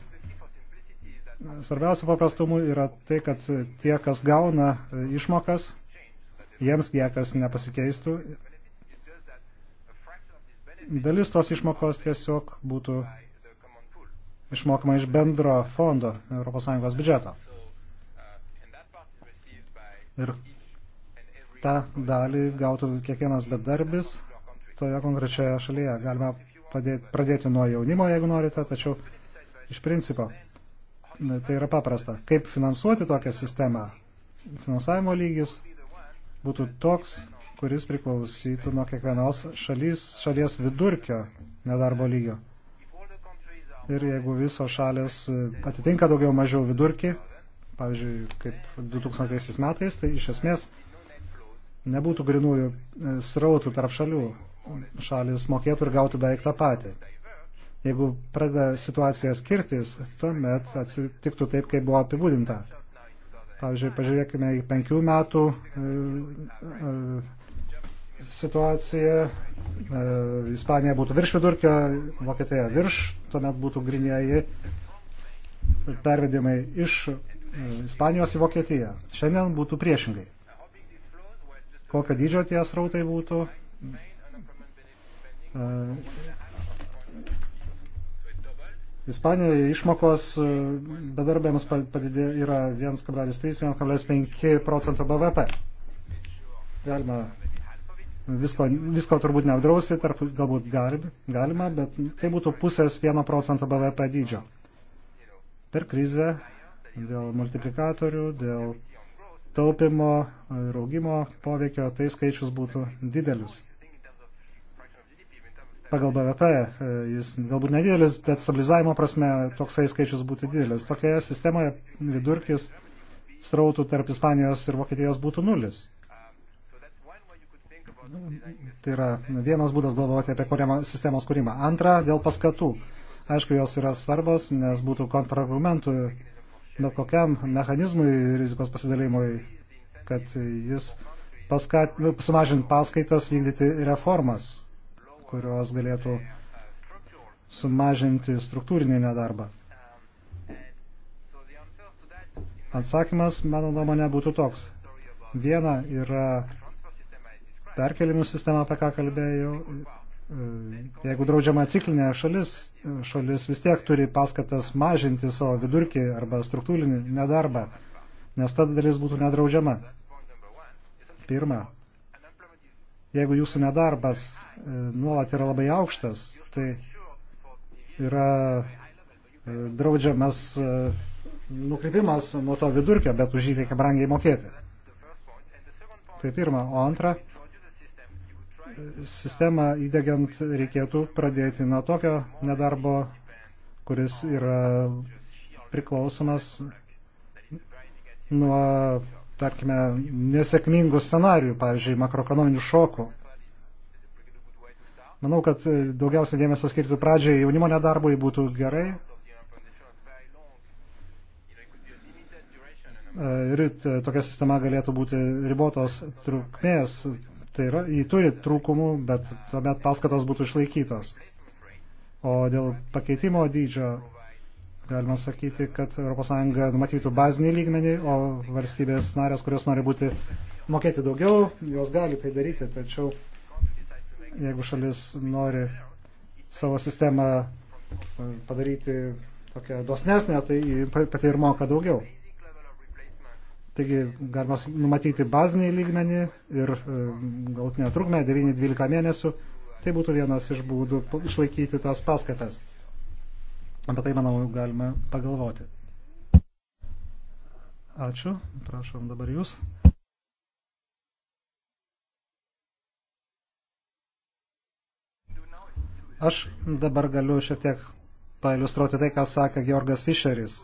Svarbiausia paprastumų yra tai, kad tie, kas gauna išmokas, jiems niekas nepasikeistų. Dalis tos išmokos tiesiog būtų išmokama iš bendro fondo ES biudžeto. Ir tą dalį gautų kiekvienas bedarbis toje konkrečioje šalyje. Galima padėti, pradėti nuo jaunimo, jeigu norite, tačiau iš principo tai yra paprasta. Kaip finansuoti tokią sistemą? Finansavimo lygis būtų toks, kuris priklausytų nuo kiekvienos šalies, šalies vidurkio nedarbo lygio. Ir jeigu visos šalės atitinka daugiau mažiau vidurkį, pavyzdžiui, kaip 2000 metais, tai iš esmės nebūtų grinųjų e, srautų tarp šalių šalis mokėtų ir gautų beveik tą patį. Jeigu pradeda situacija skirtis, tuomet atsitiktų taip, kaip buvo apibūdinta. Pavyzdžiui, pažiūrėkime į penkių metų e, e, situaciją. E, Ispanija būtų virš vidurkio, Vokietija virš, tuomet būtų grinieji pervedimai iš Ispanijos į Vokietiją. Šiandien būtų priešingai. Kokio dydžio tie srautai būtų, E, Ispanijoje išmokos e, bedarbėms padidė yra 1,3-1,5 procento BVP. Galima visko, visko turbūt neapdrausti, tarp, galbūt galima, bet tai būtų pusės 1 procento BVP dydžio. Per krizę dėl multiplikatorių, dėl taupimo ir augimo poveikio tai skaičius būtų didelis pagal BVP, e, jis galbūt nedidelis, bet stabilizavimo prasme toksai skaičius būtų didelis. Tokioje sistemoje vidurkis srautų tarp Ispanijos ir Vokietijos būtų nulis. Tai yra vienas būdas galvoti apie kuriamą, sistemos kūrimą. Antra, dėl paskatų. Aišku, jos yra svarbos, nes būtų kontrargumentų bet kokiam mechanizmui rizikos pasidalymui, kad jis paskat, sumažint paskaitas vykdyti reformas kurios galėtų sumažinti struktūrinį nedarbą. Atsakymas, mano nuomonė, būtų toks. Viena yra perkelimų sistema, apie ką kalbėjau. Jeigu draudžiama ciklinė šalis, šalis vis tiek turi paskatas mažinti savo vidurkį arba struktūrinį nedarbą, nes ta dalis būtų nedraudžiama. Pirma. Jeigu jūsų nedarbas e, nuolat yra labai aukštas, tai yra e, draudžiamas e, nukrypimas nuo to vidurkio, bet už jį reikia brangiai mokėti. Tai pirma. O antra, sistemą įdegiant reikėtų pradėti nuo tokio nedarbo, kuris yra priklausomas nuo tarkime, nesėkmingų scenarių, pavyzdžiui, makroekonominių šokų. Manau, kad e, daugiausia dėmesio skirtų pradžiai jaunimo nedarbui būtų gerai. E, ir e, tokia sistema galėtų būti ribotos trukmės. Tai yra, jį turi trūkumų, bet tuomet paskatos būtų išlaikytos. O dėl pakeitimo dydžio galima sakyti, kad ES numatytų bazinį lygmenį, o valstybės narės, kurios nori būti mokėti daugiau, jos gali tai daryti, tačiau jeigu šalis nori savo sistemą e, padaryti tokią dosnesnę, tai pati ir moka daugiau. Taigi galima numatyti bazinį lygmenį ir e, galutinę trukmę 9-12 mėnesių. Tai būtų vienas iš būdų išlaikyti tas paskatas. Apie tai, manau, galime pagalvoti. Ačiū. Prašom dabar jūs. Aš dabar galiu šiek tiek pailustruoti tai, ką sakė Georgas Fischeris.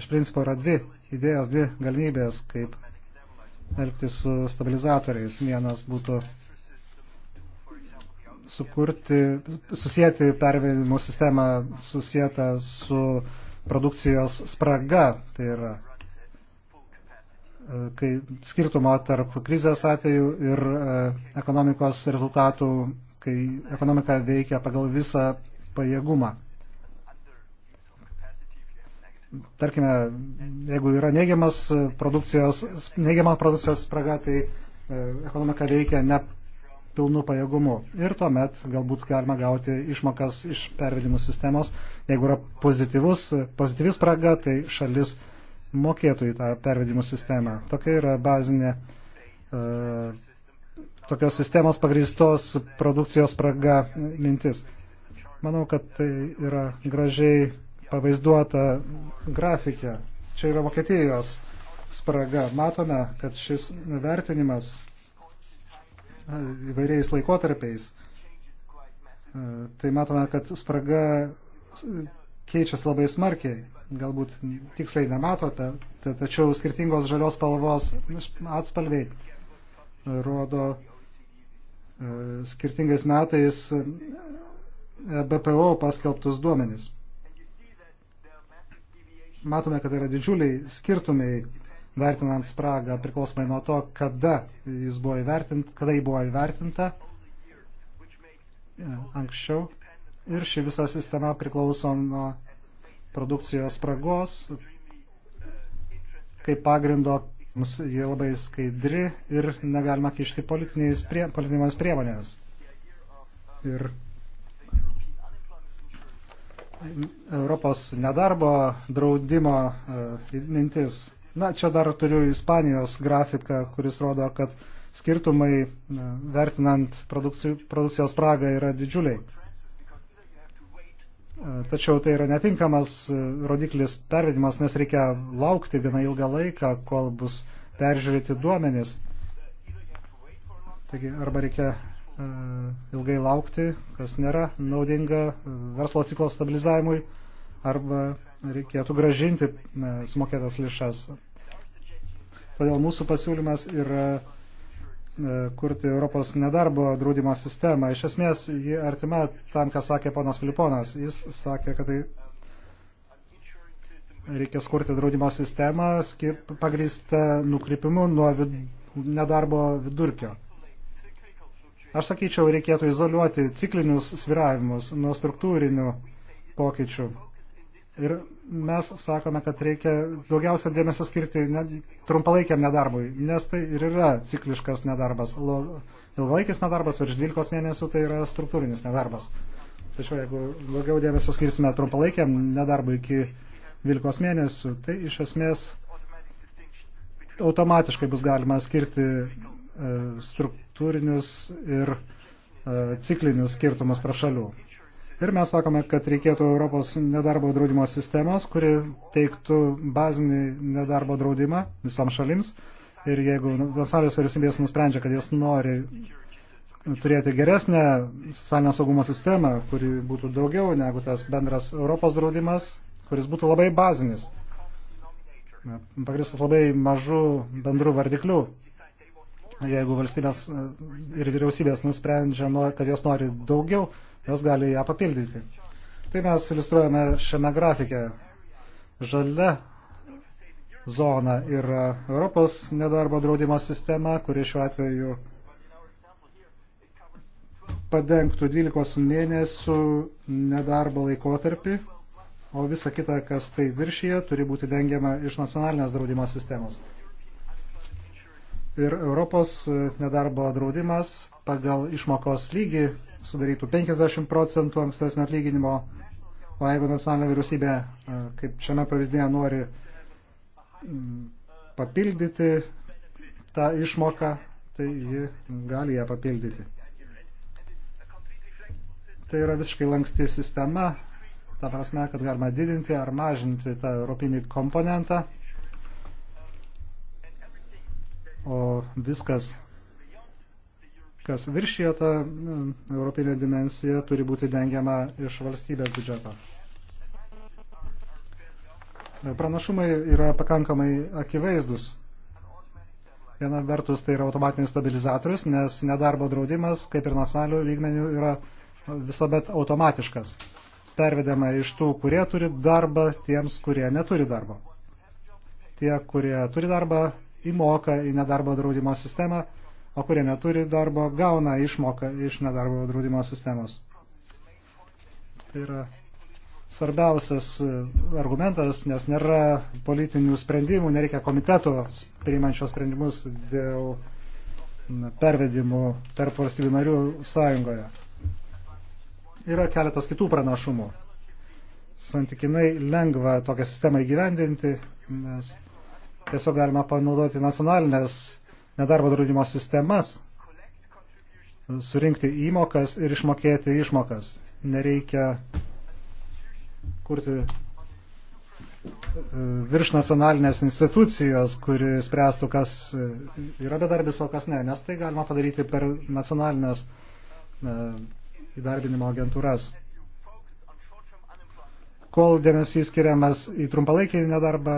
Iš principo yra dvi idėjos, dvi galimybės, kaip elgtis su stabilizatoriais. Vienas būtų sukurti, susijęti pervedimo sistemą susijęta su produkcijos spraga, tai yra e, kai skirtumo tarp krizės atveju ir e, ekonomikos rezultatų, kai ekonomika veikia pagal visą pajėgumą. Tarkime, jeigu yra neigiamas produkcijos, neigiama produkcijos spraga, tai e, ekonomika veikia ne pilnu pajėgumu. Ir tuomet galbūt galima gauti išmokas iš pervedimų sistemos. Jeigu yra pozityvus, pozityvis praga, tai šalis mokėtų į tą pervedimų sistemą. Tokia yra bazinė e, tokios sistemos pagrįstos produkcijos praga mintis. Manau, kad tai yra gražiai pavaizduota grafikė. Čia yra Vokietijos spraga. Matome, kad šis vertinimas įvairiais laikotarpiais, e, tai matome, kad spraga keičiasi labai smarkiai. Galbūt tiksliai nematote, tačiau skirtingos žalios spalvos atspalviai rodo e, skirtingais metais e BPO paskelbtus duomenys. Matome, kad yra didžiuliai skirtumai vertinant spragą priklausomai nuo to, kada, jis buvo įvertint, kada jį buvo įvertinta e, anksčiau. Ir ši visa sistema priklauso nuo produkcijos spragos, kaip pagrindo ji labai skaidri ir negalima kišti politinėmis prie, priemonėmis. Ir Europos nedarbo draudimo e, mintis Na, čia dar turiu Ispanijos grafiką, kuris rodo, kad skirtumai e, vertinant produkcijos spragą yra didžiuliai. E, tačiau tai yra netinkamas e, rodiklis pervedimas, nes reikia laukti vieną ilgą laiką, kol bus peržiūrėti duomenys. Taigi arba reikia ilgai laukti, kas nėra naudinga verslo ciklo stabilizavimui, arba reikėtų gražinti sumokėtas lišas. Todėl mūsų pasiūlymas yra kurti Europos nedarbo draudimo sistemą. Iš esmės, ji artima tam, ką sakė ponas Filiponas. Jis sakė, kad tai reikia skurti draudimo sistemą pagrįstą nukrypimu nuo vid nedarbo vidurkio. Aš sakyčiau, reikėtų izoliuoti ciklinius sviravimus nuo struktūrinių pokyčių. Ir mes sakome, kad reikia daugiausia dėmesio skirti trumpalaikiam nedarbui, nes tai ir yra cikliškas nedarbas. Ilgalaikis nedarbas virš 12 mėnesių tai yra struktūrinis nedarbas. Tačiau jeigu daugiau dėmesio skirsime trumpalaikiam nedarbui iki 12 mėnesių, tai iš esmės automatiškai bus galima skirti e, struktūrinius ir e, ciklinius skirtumus tarp šalių. Ir mes sakome, kad reikėtų Europos nedarbo draudimo sistemos, kuri teiktų bazinį nedarbo draudimą visoms šalims. Ir jeigu nacionalinės vyriausybės nusprendžia, kad jos nori turėti geresnę socialinio saugumo sistemą, kuri būtų daugiau negu tas bendras Europos draudimas, kuris būtų labai bazinis, pagristas labai mažų bendrų vardiklių. Jeigu valstybės ir vyriausybės nusprendžia, kad jos nori daugiau, jos gali ją papildyti. Tai mes iliustruojame šiame grafike. Žalia zona yra Europos nedarbo draudimo sistema, kuri šiuo atveju padengtų 12 mėnesių nedarbo laikotarpį, o visa kita, kas tai viršyje, turi būti dengiama iš nacionalinės draudimo sistemos. Ir Europos nedarbo draudimas pagal išmokos lygį sudarytų 50 procentų ankstesnio atlyginimo, o jeigu nacionalinė vyriausybė, e, kaip šiame pavyzdėje, nori mm, papildyti tą išmoką, tai ji gali ją papildyti. Tai yra visiškai lanksti sistema, ta prasme, kad galima didinti ar mažinti tą europinį komponentą, o viskas kas viršyje tą e, europinę dimensiją, turi būti dengiama iš valstybės biudžeto. E, pranašumai yra pakankamai akivaizdus. Viena vertus tai yra automatinis stabilizatorius, nes nedarbo draudimas, kaip ir nasalių lygmenių, yra visuomet automatiškas. Pervedama iš tų, kurie turi darbą, tiems, kurie neturi darbo. Tie, kurie turi darbą, įmoka į nedarbo draudimo sistemą o kurie neturi darbo, gauna išmoką iš nedarbo draudimo sistemos. Tai yra svarbiausias e, argumentas, nes nėra politinių sprendimų, nereikia komitetų priimančios sprendimus dėl pervedimų tarp valstybių narių sąjungoje. Yra keletas kitų pranašumų. Santykinai lengva tokią sistemą įgyvendinti, nes tiesiog galima panaudoti nacionalinės nedarbo draudimo sistemas, surinkti įmokas ir išmokėti išmokas. Nereikia kurti e, virš nacionalinės institucijos, kuri spręstų, kas e, yra bedarbis, o kas ne, nes tai galima padaryti per nacionalinės e, įdarbinimo agentūras kol dėmesys skiriamas į trumpalaikį nedarbą,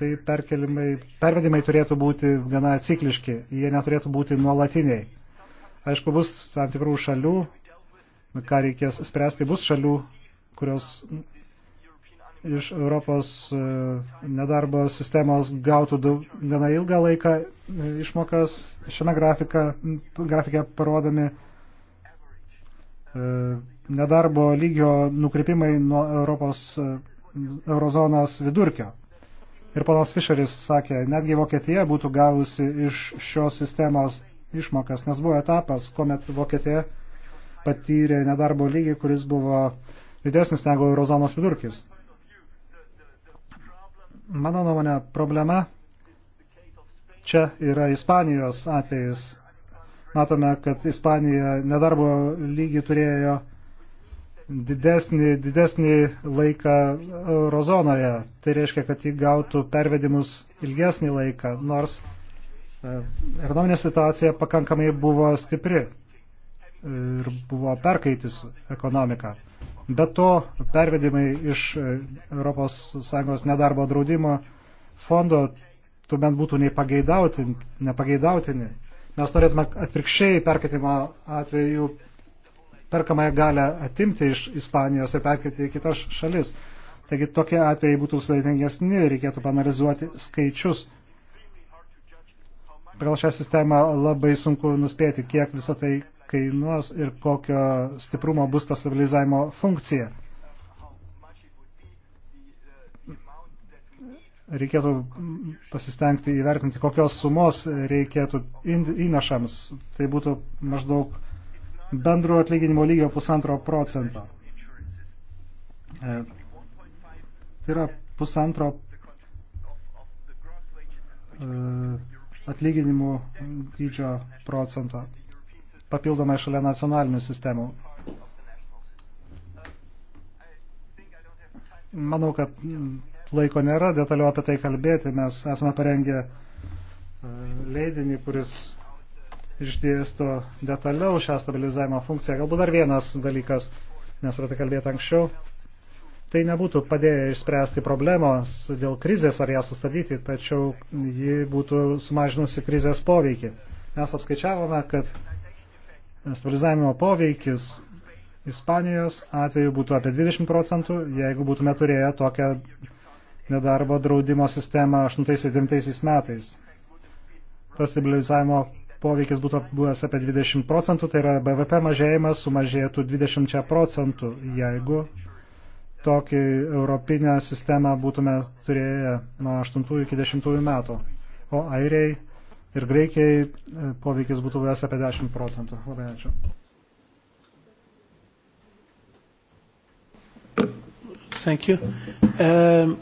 tai pervedimai turėtų būti gana cikliški, jie neturėtų būti nuolatiniai. Aišku, bus tam tikrų šalių, ką reikės spręsti, bus šalių, kurios iš Europos e, nedarbo sistemos gautų gana ilgą laiką e, išmokas. Šiame grafika, grafike parodomi e, nedarbo lygio nukreipimai nuo Europos eurozonos vidurkio. Ir ponas Fischeris sakė, netgi Vokietija būtų gavusi iš šios sistemos išmokas, nes buvo etapas, kuomet Vokietija patyrė nedarbo lygį, kuris buvo didesnis negu eurozonos vidurkis. Mano nuomonė, problema čia yra Ispanijos atvejis. Matome, kad Ispanija nedarbo lygį turėjo didesnį, didesnį laiką eurozonoje. Tai reiškia, kad jį gautų pervedimus ilgesnį laiką, nors e, ekonominė situacija pakankamai buvo stipri ir buvo perkaitis ekonomika. Be to, pervedimai iš e, ES nedarbo draudimo fondo tuomet būtų nepageidautini. Mes norėtume atvirkščiai perkaitimo atveju perkamąją galę atimti iš Ispanijos ir perkelti į kitas šalis. Taigi tokie atvejai būtų sudėtingesni, reikėtų panalizuoti skaičius. Pagal šią sistemą labai sunku nuspėti, kiek visą tai kainuos ir kokio stiprumo bus ta stabilizavimo funkcija. Reikėtų pasistengti įvertinti, kokios sumos reikėtų įnašams. Tai būtų maždaug bendro atlyginimo lygio pusantro procento. E, tai yra pusantro e, atlyginimų dydžio procento papildomai šalia nacionalinių sistemų. Manau, kad laiko nėra detaliau apie tai kalbėti, mes esame parengę e, leidinį, kuris išdėsto detaliau šią stabilizavimo funkciją. Galbūt dar vienas dalykas, nes apie tai kalbėti anksčiau. Tai nebūtų padėję išspręsti problemos dėl krizės ar ją sustabdyti, tačiau ji būtų sumažinusi krizės poveikį. Mes apskaičiavome, kad stabilizavimo poveikis Ispanijos atveju būtų apie 20 procentų, jeigu būtume turėję tokią nedarbo draudimo sistemą 8-9 metais. Tas stabilizavimo poveikis būtų buvęs apie 20 procentų, tai yra BVP mažėjimas sumažėtų 20 procentų, jeigu tokį europinę sistemą būtume turėję nuo 8 iki 10 metų. O airiai ir greikiai e, poveikis būtų buvęs apie 10 procentų. Labai ačiū. Thank you. Um...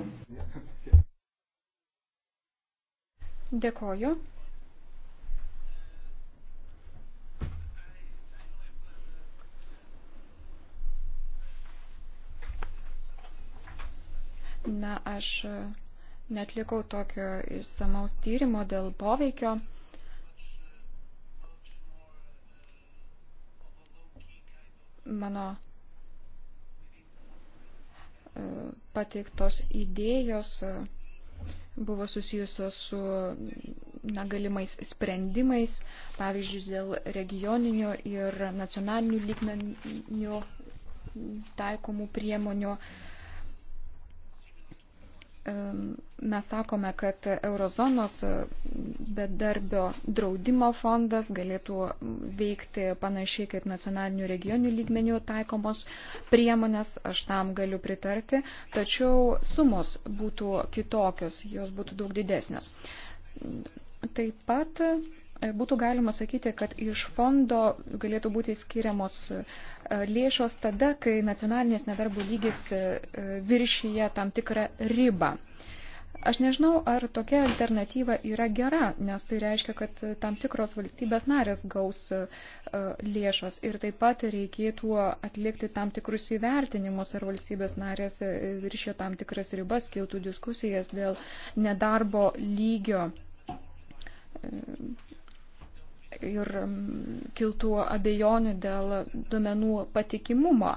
Dėkoju. Na, aš e, netlikau tokio išsamaus tyrimo dėl poveikio. Mano e, pateiktos idėjos e, buvo susijusios su negalimais sprendimais, pavyzdžiui, dėl regioninių ir nacionalinių lygmenių taikomų priemonių. Uh, mes sakome, kad eurozonos bedarbio draudimo fondas galėtų veikti panašiai kaip nacionalinių regionių lygmenių taikomos priemonės, aš tam galiu pritarti, tačiau sumos būtų kitokios, jos būtų daug didesnės. Taip pat e, būtų galima sakyti, kad iš fondo galėtų būti skiriamos lėšos tada, kai nacionalinės nedarbo lygis e, e, viršyje tam tikrą ribą. Aš nežinau, ar tokia alternatyva yra gera, nes tai reiškia, kad tam tikros valstybės narės gaus e, lėšas ir taip pat reikėtų atlikti tam tikrus įvertinimus, ar valstybės narės viršė tam tikras ribas, kiltų diskusijas dėl nedarbo lygio ir mm, kiltų abejonių dėl duomenų patikimumo.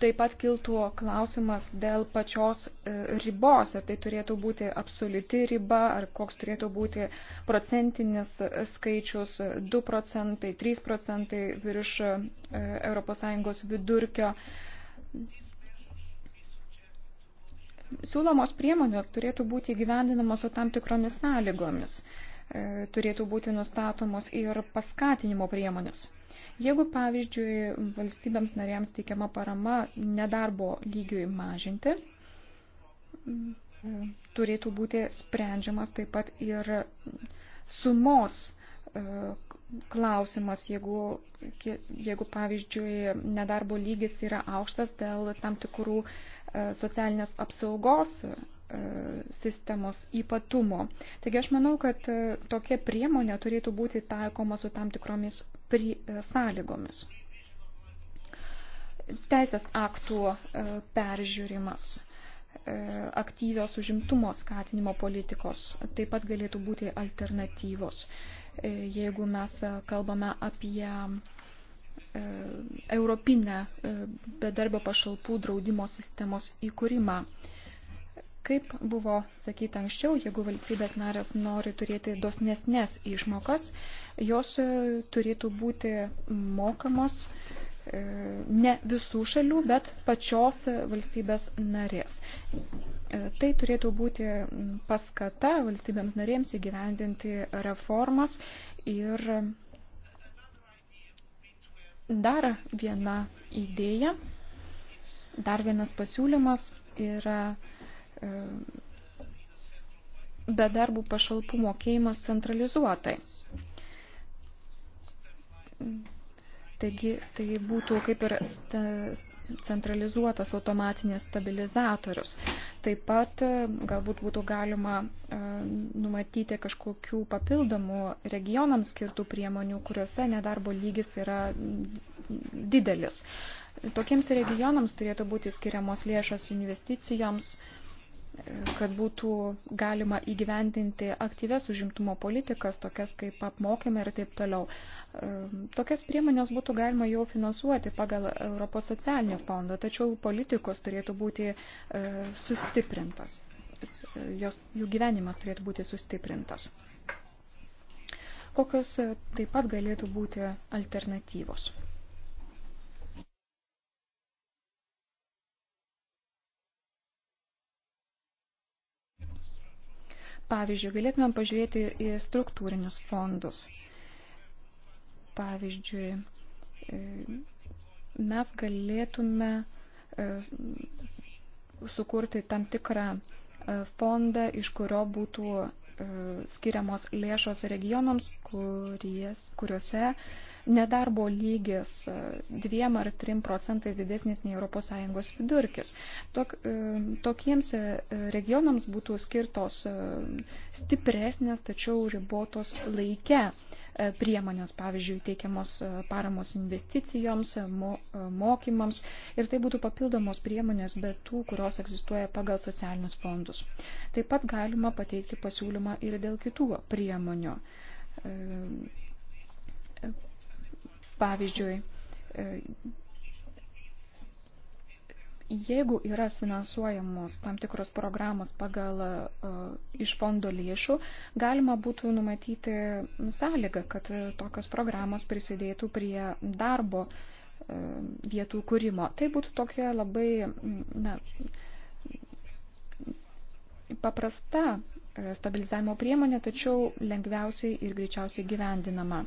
Taip pat kiltų klausimas dėl pačios e, ribos, ar tai turėtų būti absoliuti riba, ar koks turėtų būti procentinis skaičius 2 procentai, 3 procentai virš ES vidurkio. Siūlomos priemonės turėtų būti įgyvendinamos su tam tikromis sąlygomis. E, turėtų būti nustatomos ir paskatinimo priemonės. Jeigu, pavyzdžiui, valstybėms narėms teikiama parama nedarbo lygiui mažinti, e, turėtų būti sprendžiamas taip pat ir sumos e, klausimas, jeigu, jeigu pavyzdžiui, nedarbo lygis yra aukštas dėl tam tikrų E, socialinės apsaugos e, sistemos ypatumo. Taigi aš manau, kad e, tokia priemonė turėtų būti taikoma su tam tikromis pri, sąlygomis. Teisės aktų peržiūrimas aktyvios užimtumo skatinimo politikos taip pat galėtų būti alternatyvos. Jeigu mes kalbame apie E, europinę e, bedarbio pašalpų draudimo sistemos įkūrimą. Kaip buvo sakyta anksčiau, jeigu valstybės narės nori turėti dosnesnės išmokas, jos e, turėtų būti mokamos ne visų šalių, bet pačios valstybės narės. Tai turėtų būti paskata valstybėms narėms įgyvendinti reformas ir Dar viena idėja, dar vienas pasiūlymas yra e, bedarbų pašalpų mokėjimas centralizuotai. Taigi tai būtų kaip ir centralizuotas automatinės stabilizatorius. Taip pat e, galbūt būtų galima e, numatyti kažkokių papildomų regionams skirtų priemonių, kuriuose nedarbo lygis yra didelis. Tokiems regionams turėtų būti skiriamos lėšos investicijoms kad būtų galima įgyvendinti aktyves užimtumo politikas, tokias kaip apmokymai ir taip toliau. Ehm, tokias priemonės būtų galima jau finansuoti pagal Europos socialinį fondą, tačiau politikos turėtų būti e, sustiprintas. Jos, jų gyvenimas turėtų būti sustiprintas. Kokios e, taip pat galėtų būti alternatyvos? Pavyzdžiui, galėtumėm pažiūrėti į struktūrinius fondus. Pavyzdžiui, e, mes galėtume e, sukurti tam tikrą e, fondą, iš kurio būtų skiriamos lėšos regionams, kuries, kuriuose uh, Nedarbo lygis e, dviem ar trim procentais didesnis nei ES vidurkis. Tok, e, tokiems e, regionams būtų skirtos stipresnės, tačiau ribotos laike priemonės, pavyzdžiui, teikiamos paramos investicijoms, mokymams ir tai būtų papildomos priemonės, bet tų, kurios egzistuoja pagal socialinius fondus. Taip pat galima pateikti pasiūlymą ir dėl kitų priemonių Pavyzdžiui, e, jeigu yra finansuojamos tam tikros programos pagal e, iš fondo lėšų, galima būtų numatyti sąlygą, kad tokios programos prisidėtų prie darbo e, vietų kūrimo. Tai būtų tokia labai na, paprasta stabilizavimo priemonė, tačiau lengviausiai ir greičiausiai gyvendinama.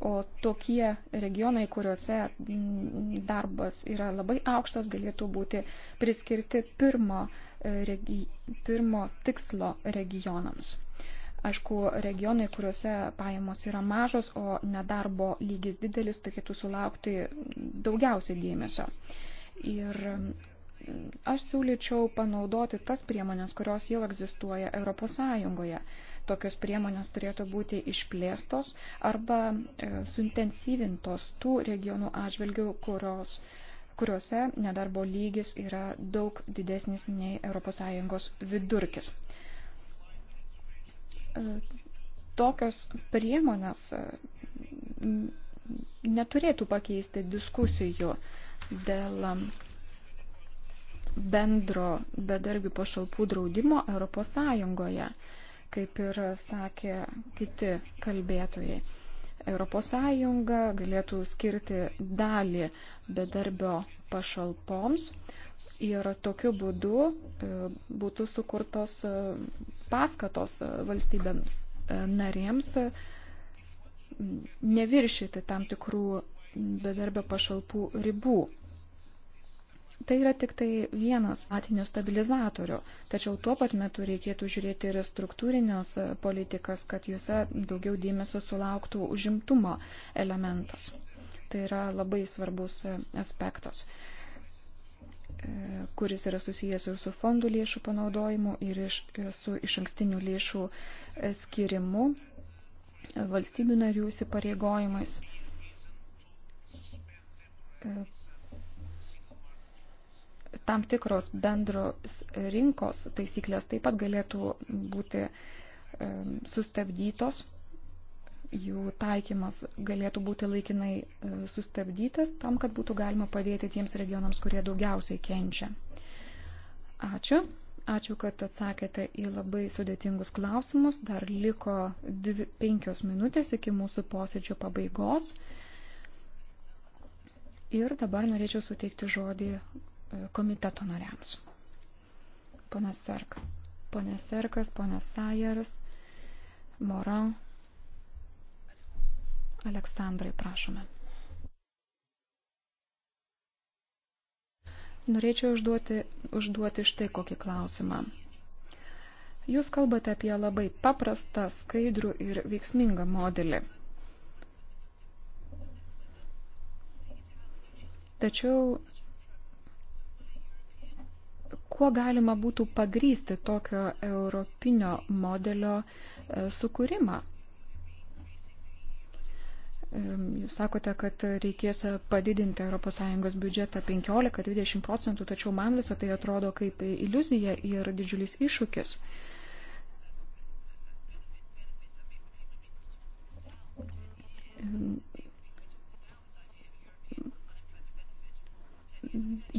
O tokie regionai, kuriuose mm, darbas yra labai aukštas, galėtų būti priskirti pirmo, e, regi, pirmo tikslo regionams. Aišku, regionai, kuriuose pajamos yra mažos, o nedarbo lygis didelis, turėtų sulaukti daugiausiai dėmesio. Ir mm, aš siūlyčiau panaudoti tas priemonės, kurios jau egzistuoja Europos Sąjungoje tokios priemonės turėtų būti išplėstos arba e, suintensyvintos tų regionų atžvilgių, kurios, kuriuose nedarbo lygis yra daug didesnis nei ES vidurkis. E, tokios priemonės e, neturėtų pakeisti diskusijų dėl bendro bedarbių pašalpų draudimo Europos Sąjungoje kaip ir sakė kiti kalbėtojai. ES galėtų skirti dalį bedarbio pašalpoms ir tokiu būdu e, būtų sukurtos e, paskatos e, valstybėms narėms neviršyti tam tikrų bedarbio pašalpų ribų. Tai yra tik tai vienas atinių stabilizatorių, tačiau tuo pat metu reikėtų žiūrėti ir struktūrinės politikas, kad juose daugiau dėmesio sulauktų užimtumo elementas. Tai yra labai svarbus aspektas e, kuris yra susijęs ir su fondų lėšų panaudojimu, ir iš, e, su iš ankstinių lėšų e, skirimu, valstybių narių įsipareigojimais tam tikros bendros rinkos taisyklės taip pat galėtų būti sustabdytos, jų taikymas galėtų būti laikinai e, sustabdytas tam, kad būtų galima padėti tiems regionams, kurie daugiausiai kenčia. Ačiū. Ačiū, kad atsakėte į labai sudėtingus klausimus. Dar liko dvi, penkios minutės iki mūsų posėdžio pabaigos. Ir dabar norėčiau suteikti žodį komiteto noriams. Ponas Serka. Ponas Serkas, ponas Sajeras, Moran. Aleksandrai, prašome. Norėčiau užduoti, užduoti štai kokį klausimą. Jūs kalbate apie labai paprastą, skaidrų ir veiksmingą modelį. Tačiau Kuo galima būtų pagrysti tokio europinio modelio e, sukūrimą? Jūs sakote, kad reikės padidinti ES biudžetą 15-20 procentų, tačiau man visą tai atrodo kaip iliuzija ir didžiulis iššūkis.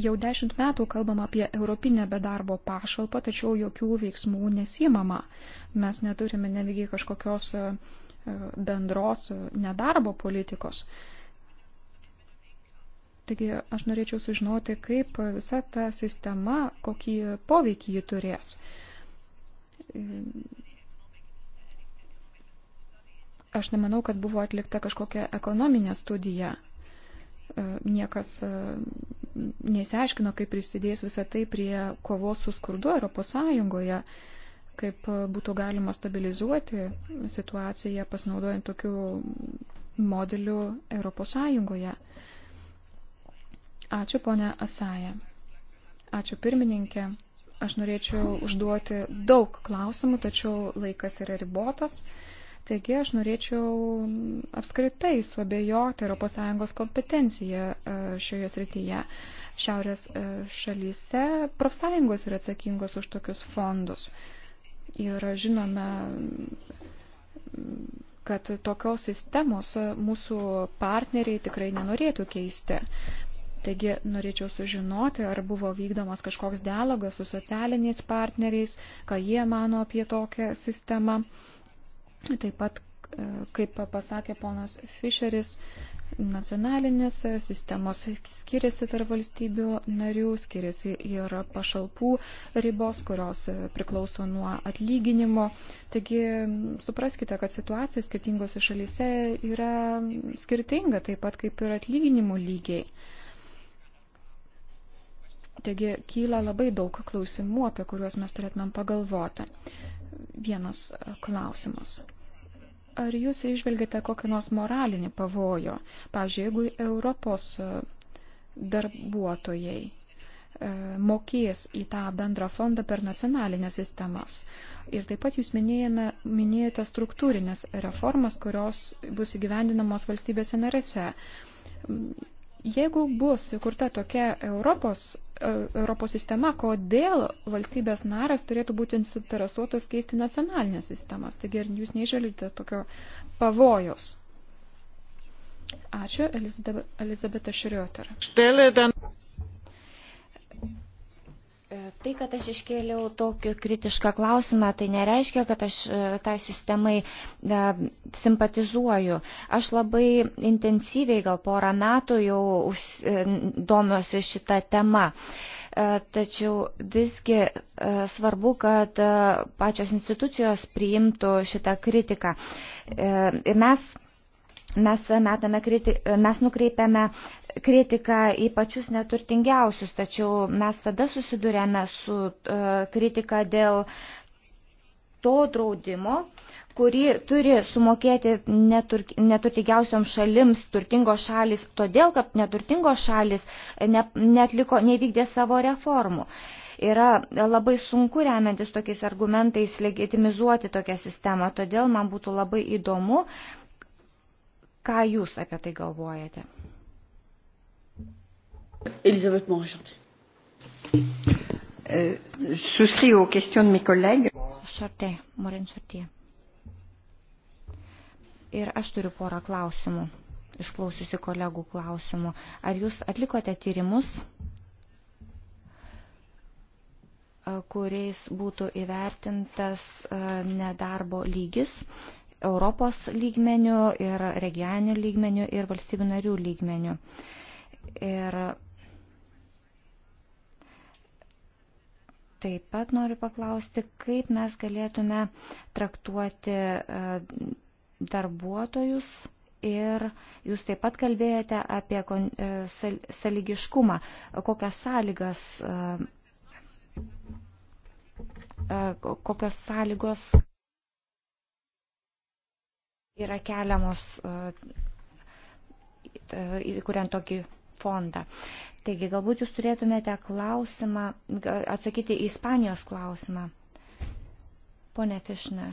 Jau dešimt metų kalbam apie europinę bedarbo pašalpą, tačiau jokių veiksmų nesimama. Mes neturime netgi kažkokios e, bendros e, nedarbo politikos. Taigi aš norėčiau sužinoti, kaip visa ta sistema, kokį poveikį jį turės. Aš nemanau, kad buvo atlikta kažkokia ekonominė studija E, niekas e, nesiaiškino, kaip prisidės visą tai prie kovos su skurdu Europos Sąjungoje, kaip e, būtų galima stabilizuoti situaciją pasinaudojant tokiu modeliu Europos Sąjungoje. Ačiū, ponė Asaja. Ačiū, pirmininkė. Aš norėčiau užduoti daug klausimų, tačiau laikas yra ribotas. Taigi aš norėčiau apskritai suabejoti ES kompetenciją e, šioje srityje. Šiaurės e, šalyse profsąjungos yra atsakingos už tokius fondus. Ir žinome, kad tokios sistemos mūsų partneriai tikrai nenorėtų keisti. Taigi norėčiau sužinoti, ar buvo vykdomas kažkoks dialogas su socialiniais partneriais, ką jie mano apie tokią sistemą. Taip pat, e, kaip pasakė ponas Fischeris, nacionalinės sistemos skiriasi tarp valstybių narių, skiriasi ir pašalpų ribos, kurios priklauso nuo atlyginimo. Taigi supraskite, kad situacija skirtingose šalyse yra skirtinga, taip pat kaip ir atlyginimų lygiai. Taigi kyla labai daug klausimų, apie kuriuos mes turėtumėm pagalvoti. Vienas klausimas ar jūs išvelgiate kokį nors moralinį pavojų? Pavyzdžiui, jeigu Europos e, darbuotojai e, mokės į tą bendrą fondą per nacionalinės sistemas. Ir taip pat jūs minėjame, minėjote struktūrinės reformas, kurios bus įgyvendinamos valstybėse narėse. Jeigu bus įkurta tokia Europos, e, Europos sistema, kodėl valstybės naras turėtų būti suinteresuotos keisti nacionalinės sistemas? Taigi ir jūs neižvelgite tokio pavojos. Ačiū, Elizabeta Šrioter. E, tai, kad aš iškėliau tokį kritišką klausimą, tai nereiškia, kad aš e, tai sistemai e, simpatizuoju. Aš labai intensyviai, gal porą metų jau domiuosi šitą temą. Tačiau visgi svarbu, kad pačios institucijos priimtų šitą kritiką. Ir mes Mes, metame, mes nukreipiame kritiką į pačius neturtingiausius, tačiau mes tada susidurėme su e, kritika dėl to draudimo, kurį turi sumokėti netur, neturtingiausioms šalims turtingos šalis, todėl kad neturtingos šalis ne, netliko, nevykdė savo reformų. Yra labai sunku remiantis tokiais argumentais legitimizuoti tokią sistemą, todėl man būtų labai įdomu Ką Jūs apie tai galvojate? Elisabeth Morin-Chartier. Euh, souscris aux questions de mes collègues. Chartier, Morin Chartier. Ir aš turiu porą klausimų, išklausiusi kolegų klausimų. Ar jūs atlikote tyrimus, kuriais būtų įvertintas nedarbo lygis? Europos lygmenių ir regioninių lygmenių ir valstybių narių lygmenių. Ir taip pat noriu paklausti, kaip mes galėtume traktuoti e, darbuotojus ir jūs taip pat kalbėjote apie e, saligiškumą, kokias sąlygas, e, kokios sąlygos yra keliamos, e, e, kuriant tokį fondą. Taigi, galbūt jūs turėtumėte klausimą, atsakyti į Ispanijos klausimą. Pone Fišne,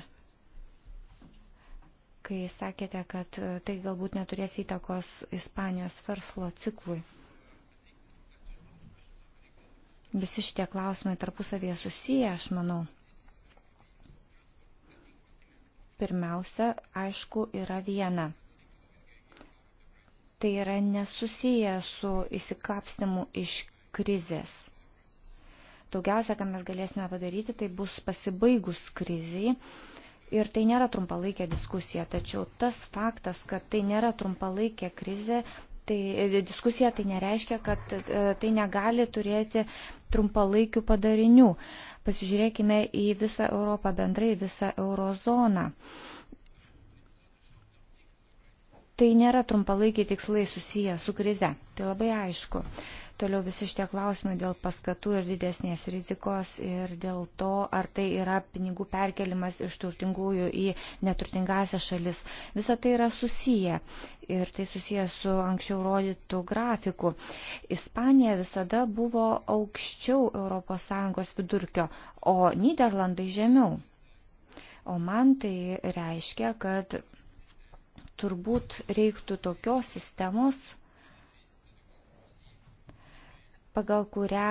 kai sakėte, kad e, tai galbūt neturės įtakos Ispanijos verslo ciklui. Visi šitie klausimai tarpusavėje susiję, aš manau pirmiausia, aišku, yra viena. Tai yra nesusiję su įsikapstimu iš krizės. Daugiausia, ką mes galėsime padaryti, tai bus pasibaigus kriziai. Ir tai nėra trumpalaikė diskusija, tačiau tas faktas, kad tai nėra trumpalaikė krizė, tai diskusija tai nereiškia, kad e, tai negali turėti trumpalaikių padarinių. Pasižiūrėkime į visą Europą bendrai, visą eurozoną. Tai nėra trumpalaikiai tikslai susiję su krize. Tai labai aišku toliau visi šitie klausimai dėl paskatų ir didesnės rizikos ir dėl to, ar tai yra pinigų perkelimas iš turtingųjų į neturtingąsias šalis. Visa tai yra susiję ir tai susiję su anksčiau rodytų grafikų. Ispanija visada buvo aukščiau ES vidurkio, o Niderlandai žemiau. O man tai reiškia, kad turbūt reiktų tokios sistemos, pagal kurią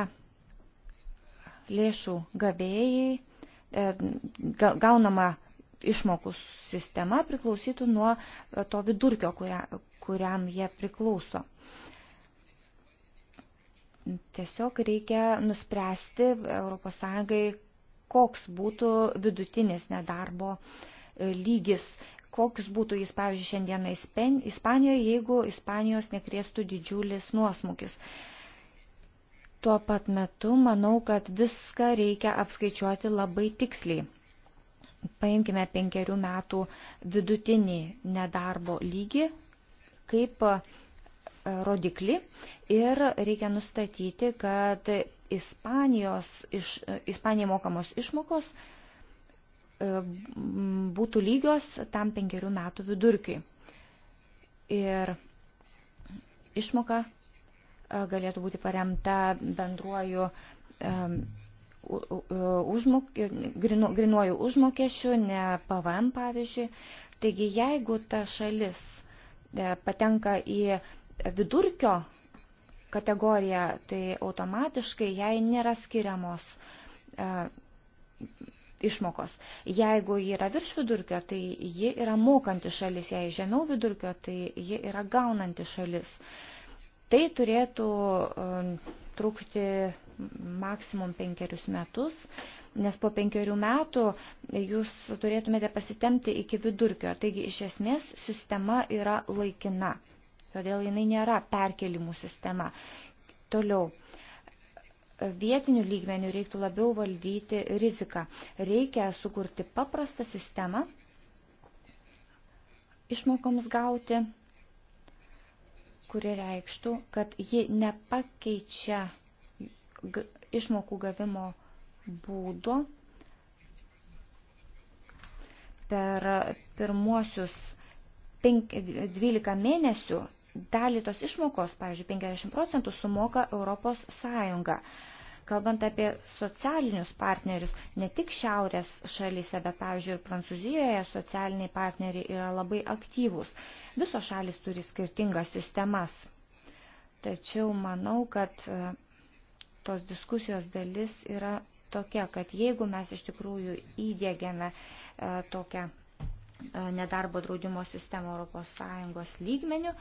lėšų gavėjai e, gaunama išmokų sistema priklausytų nuo e, to vidurkio, kuriam jie priklauso. Tiesiog reikia nuspręsti ES, koks būtų vidutinis nedarbo e, lygis, kokius būtų jis, pavyzdžiui, šiandieną Ispanijoje, jeigu Ispanijos nekrėstų didžiulis nuosmukis. Tuo pat metu manau, kad viską reikia apskaičiuoti labai tiksliai. Paimkime penkerių metų vidutinį nedarbo lygį kaip e, rodiklį ir reikia nustatyti, kad Ispanijos, iš, e, Ispanijai mokamos išmokos e, būtų lygios tam penkerių metų vidurkiai. Ir išmoka galėtų būti paremta bendruoju užmok, grinu, grinuoju užmokesčiu, ne PVM pavyzdžiui. Taigi jeigu ta šalis e, patenka į vidurkio kategoriją, tai automatiškai jai nėra skiriamos e, išmokos. Jeigu ji yra virš vidurkio, tai ji yra mokanti šalis, jei žemiau vidurkio, tai ji yra gaunanti šalis. Tai turėtų e, trukti maksimum penkerius metus, nes po penkerių metų jūs turėtumėte pasitemti iki vidurkio. Taigi iš esmės sistema yra laikina, todėl jinai nėra perkelimų sistema. Toliau. Vietinių lygmenių reiktų labiau valdyti riziką. Reikia sukurti paprastą sistemą išmokoms gauti kuri reikštų, kad ji nepakeičia išmokų gavimo būdo per pirmuosius 12 mėnesių dalį tos išmokos, pavyzdžiui, 50 procentų sumoka Europos Sąjunga kalbant apie socialinius partnerius, ne tik šiaurės šalyse, bet pavyzdžiui ir Prancūzijoje socialiniai partneriai yra labai aktyvūs. Visos šalis turi skirtingas sistemas. Tačiau manau, kad e, tos diskusijos dalis yra tokia, kad jeigu mes iš tikrųjų įdėgiame e, tokią e, nedarbo draudimo sistemą ES lygmenių,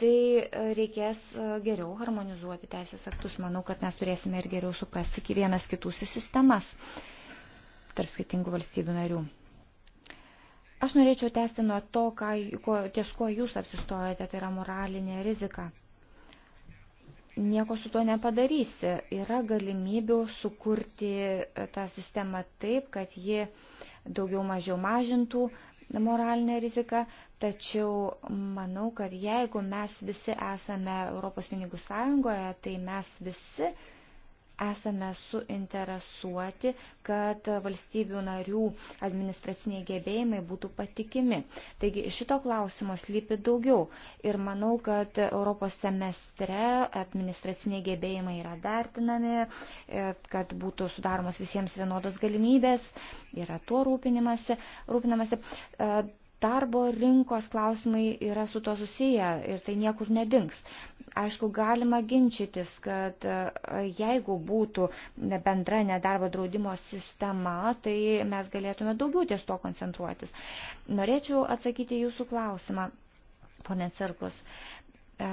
tai e, reikės e, geriau harmonizuoti teisės aktus. Manau, kad mes turėsime ir geriau suprasti vienas kitus sistemas tarp skirtingų valstybių narių. Aš norėčiau tęsti nuo to, ką, ko, ties ko jūs apsistojate, tai yra moralinė rizika. Nieko su tuo nepadarysi. Yra galimybių sukurti e, tą sistemą taip, kad ji daugiau mažiau mažintų moralinę riziką, Tačiau manau, kad jeigu mes visi esame Europos pinigų sąjungoje, tai mes visi esame suinteresuoti, kad valstybių narių administraciniai gebėjimai būtų patikimi. Taigi šito klausimo slypi daugiau ir manau, kad Europos semestre administraciniai gebėjimai yra vertinami, e, kad būtų sudaromos visiems vienodos galimybės, yra tuo rūpinimasi. rūpinamasi. rūpinamasi e, Darbo rinkos klausimai yra su to susiję ir tai niekur nedings. Aišku, galima ginčytis, kad e, jeigu būtų bendra nedarbo draudimo sistema, tai mes galėtume daugiau ties to koncentruotis. Norėčiau atsakyti jūsų klausimą, ponė Sirkus e,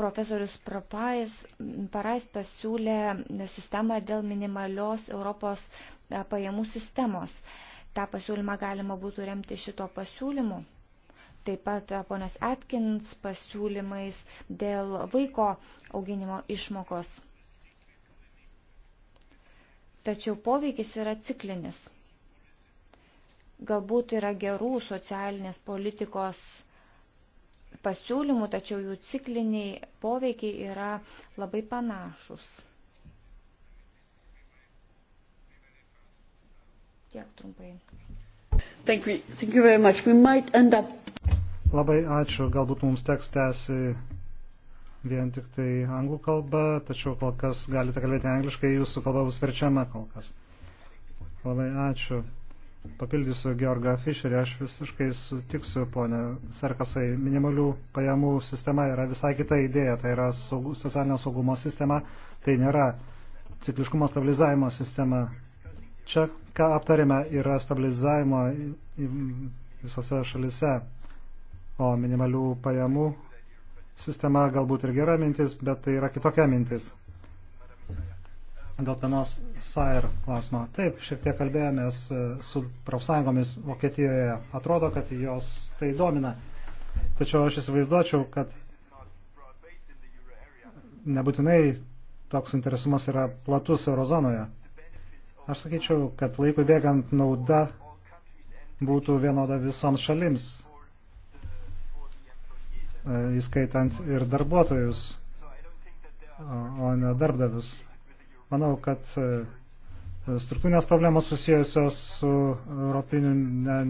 profesorius Prapais, Parais pasiūlė sistemą dėl minimalios Europos e, pajamų sistemos. Uh, tą pasiūlymą galima būtų remti šito pasiūlymu. Taip pat e, ponios Atkins pasiūlymais dėl vaiko auginimo išmokos. Tačiau poveikis yra ciklinis. Galbūt yra gerų socialinės politikos pasiūlymų, tačiau jų cikliniai poveikiai yra labai panašus. Tiek trumpai. Thank you. Thank you very much. We might end up... Labai ačiū. Galbūt mums teks tęsi vien tik tai anglų kalbą, tačiau kol kas galite kalbėti angliškai, jūsų kalba bus verčiama kol kas. Labai ačiū. Papildysiu Georgą Fischerį, aš visiškai sutiksiu, ponė Sarkasai, minimalių pajamų sistema yra visai kita idėja, tai yra saug, socialinio saugumo sistema, tai nėra cikliškumo stabilizavimo sistema, Čia, ką aptarėme, yra stabilizavimo visose šalise, o minimalių pajamų sistema galbūt ir gera mintis, bet tai yra kitokia mintis. Dėl penos SAIR klausimo. Taip, šiek tiek kalbėjomės e, su profsąjungomis Vokietijoje. Atrodo, kad jos tai domina. Tačiau aš įsivaizduočiau, kad nebūtinai toks interesumas yra platus eurozonoje. Aš sakyčiau, kad laikui bėgant nauda būtų vienoda visoms šalims, e, įskaitant ir darbuotojus, o ne darbdavius. Manau, kad e, struktūrinės problemos susijusios su europiniu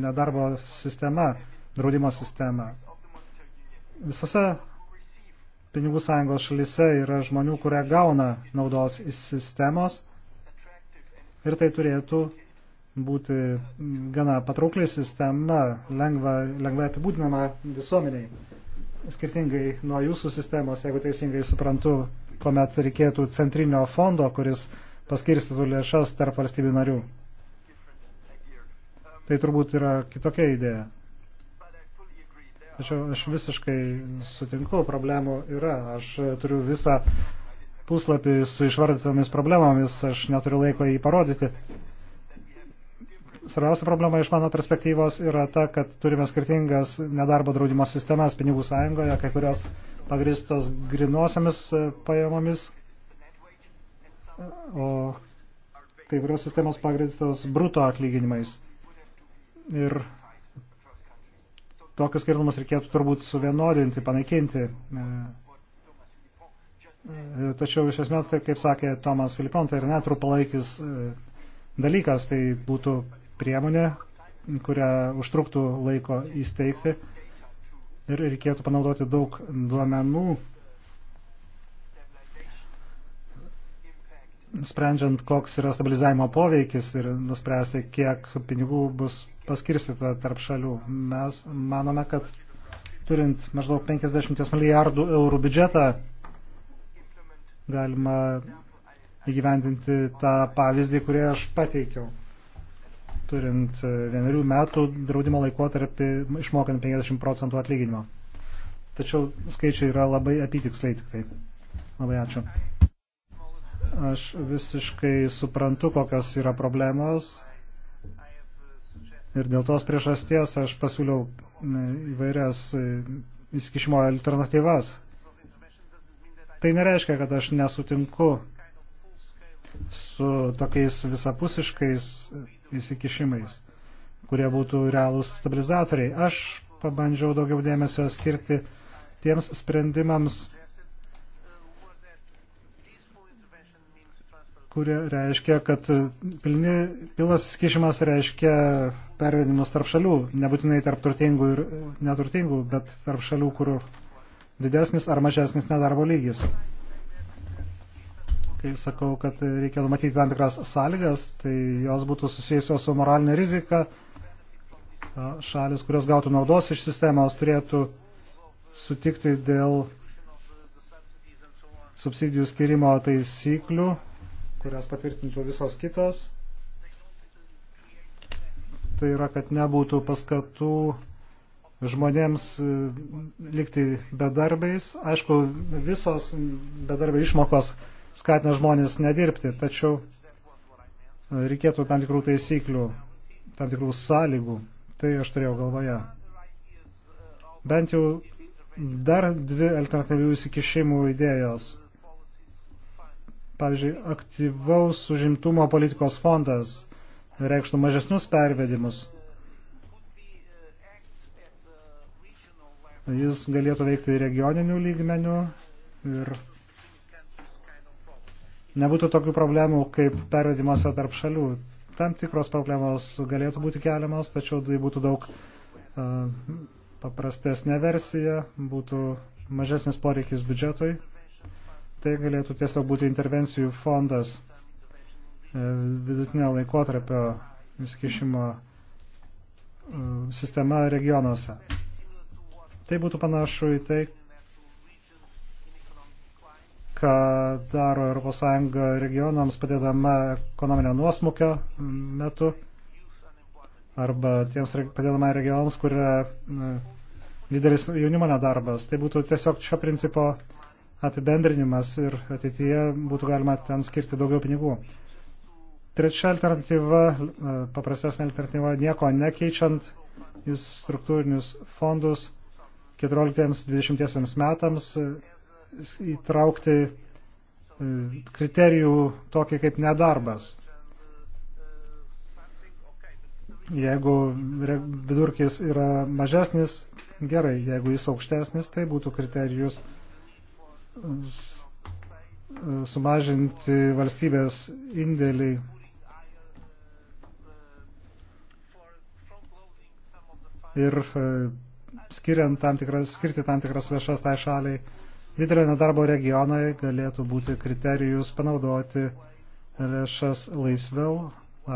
nedarbo sistema, draudimo sistema. Visose pinigų sąjungos šalyse yra žmonių, kurie gauna naudos iš sistemos ir tai turėtų būti gana patraukli sistema, lengva, lengvai apibūdinama visuomeniai. Skirtingai nuo jūsų sistemos, jeigu teisingai suprantu, kuomet reikėtų centrinio fondo, kuris paskirstytų lėšas tarp valstybių narių. Tai turbūt yra kitokia idėja. Tačiau aš visiškai sutinku, problemų yra. Aš turiu visą puslapį su išvardytomis problemomis, aš neturiu laiko jį parodyti. Svarbiausia problema iš mano perspektyvos yra ta, kad turime skirtingas nedarbo draudimo sistemas pinigų sąjungoje, kai kurios pagristos grinuosiamis pajamomis, o kai kurios sistemos pagristos bruto atlyginimais. Ir tokius skirtumus reikėtų turbūt suvienodinti, panaikinti. E, E, tačiau iš esmės, tai kaip sakė Tomas Filipon, tai yra netrupalaikis e, dalykas, tai būtų priemonė, kurią užtruktų laiko įsteigti ir reikėtų panaudoti daug duomenų, sprendžiant, koks yra stabilizavimo poveikis ir nuspręsti, kiek pinigų bus paskirstyta tarp šalių. Mes manome, kad turint maždaug 50 milijardų eurų biudžetą, galima įgyvendinti tą pavyzdį, kurį aš pateikiau. Turint e, vienerių metų draudimo laikotarpį, išmokant 50 procentų atlyginimo. Tačiau skaičiai yra labai apytiksliai tik tai. Labai ačiū. Aš visiškai suprantu, kokios yra problemos. Ir dėl tos priežasties aš pasiūliau įvairias e, įsikišimo alternatyvas Tai nereiškia, kad aš nesutinku su tokiais visapusiškais įsikišimais, kurie būtų realūs stabilizatoriai. Aš pabandžiau daugiau dėmesio skirti tiems sprendimams, kurie reiškia, kad pilni, pilnas įsikišimas reiškia pervedimus tarp šalių, nebūtinai tarp turtingų ir neturtingų, bet tarp šalių, kur didesnis ar mažesnis nedarbo lygis. Kai sakau, kad reikia numatyti tam tikras sąlygas, tai jos būtų susijusios su moralinė rizika. Šalis, kurios gautų naudos iš sistemos, turėtų sutikti dėl subsidijų skirimo taisyklių, kurias patvirtintų visos kitos. Tai yra, kad nebūtų paskatų žmonėms e, likti bedarbiais. Aišku, visos bedarbio išmokos skatina žmonės nedirbti, tačiau e, reikėtų tam tikrų taisyklių, tam tikrų sąlygų. Tai aš turėjau galvoje. Bent jau dar dvi alternatyvių įsikišimų idėjos. Pavyzdžiui, aktyvaus užimtumo politikos fondas reikštų mažesnius pervedimus Jis galėtų veikti regioninių lygmenių ir nebūtų tokių problemų kaip pervedimuose tarp šalių. Tam tikros problemos galėtų būti keliamos, tačiau tai būtų daug uh, paprastesnė versija, būtų mažesnis poreikis biudžetui. Tai galėtų tiesiog būti intervencijų fondas e, vidutinio laikotarpio įsikišimo e, sistema regionuose. Tai būtų panašu į tai, ką daro ES regionams padėdama ekonominio nuosmukio metu arba tiems padėdama regionams, kur yra didelis jaunimo nedarbas. Tai būtų tiesiog šio principo apibendrinimas ir ateityje būtų galima ten skirti daugiau pinigų. Trečia alternatyva, e, paprastesnė alternatyva, nieko nekeičiant, jūs struktūrinius fondus 14-20 metams e, įtraukti e, kriterijų tokį kaip nedarbas. Jeigu vidurkis yra mažesnis, gerai, jeigu jis aukštesnis, tai būtų kriterijus e, sumažinti valstybės indėlį ir skiriant tam tikras, skirti tam tikras lėšas tai šaliai, didelio nedarbo regionai galėtų būti kriterijus panaudoti lėšas laisviau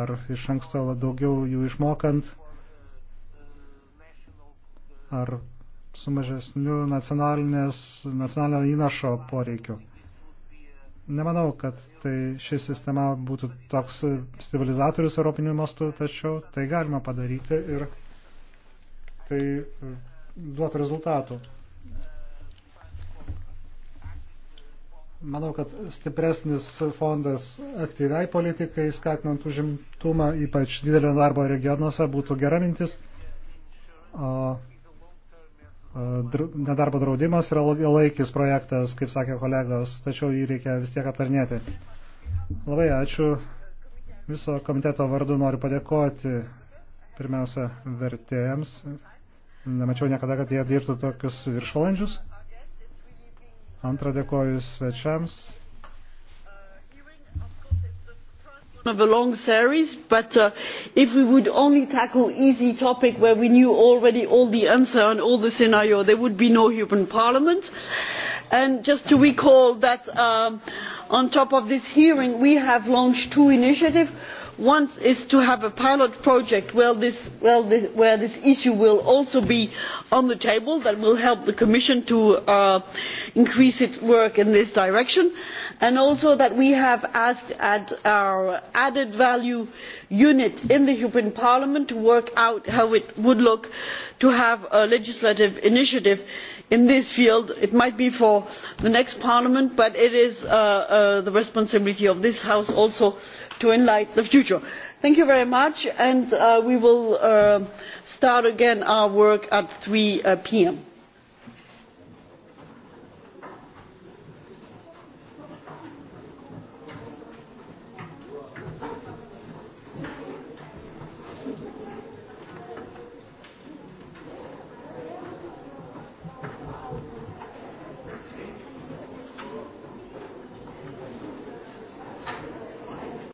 ar iš anksto daugiau jų išmokant ar su mažesniu nacionalinio įnašo poreikiu. Nemanau, kad tai ši sistema būtų toks stabilizatorius europinių mastų, tačiau tai galima padaryti ir tai e, duotų rezultatų. Manau, kad stipresnis fondas aktyviai politikai, skatinant užimtumą, ypač didelio darbo regionuose, būtų gera mintis. O nedarbo draudimas yra laikis projektas, kaip sakė kolegos, tačiau jį reikia vis tiek aptarnėti. Labai ačiū. Viso komiteto vardu noriu padėkoti pirmiausia vertėjams Nemačiau niekada, kad jie dirbtų tokius viršvalandžius. Antra dėkoju svečiams. of a long series but uh, if we would only tackle easy topics where we knew already all the answer and all the scenario there would be no european parliament. and just to recall that um, on top of this hearing we have launched two initiatives one is to have a pilot project where this issue will also be on the table that will help the commission to uh, increase its work in this direction and also that we have asked our added value unit in the european parliament to work out how it would look to have a legislative initiative in this field it might be for the next parliament but it is uh, uh, the responsibility of this house also to enlighten the future. thank you very much and uh, we will start again our work at three p. m.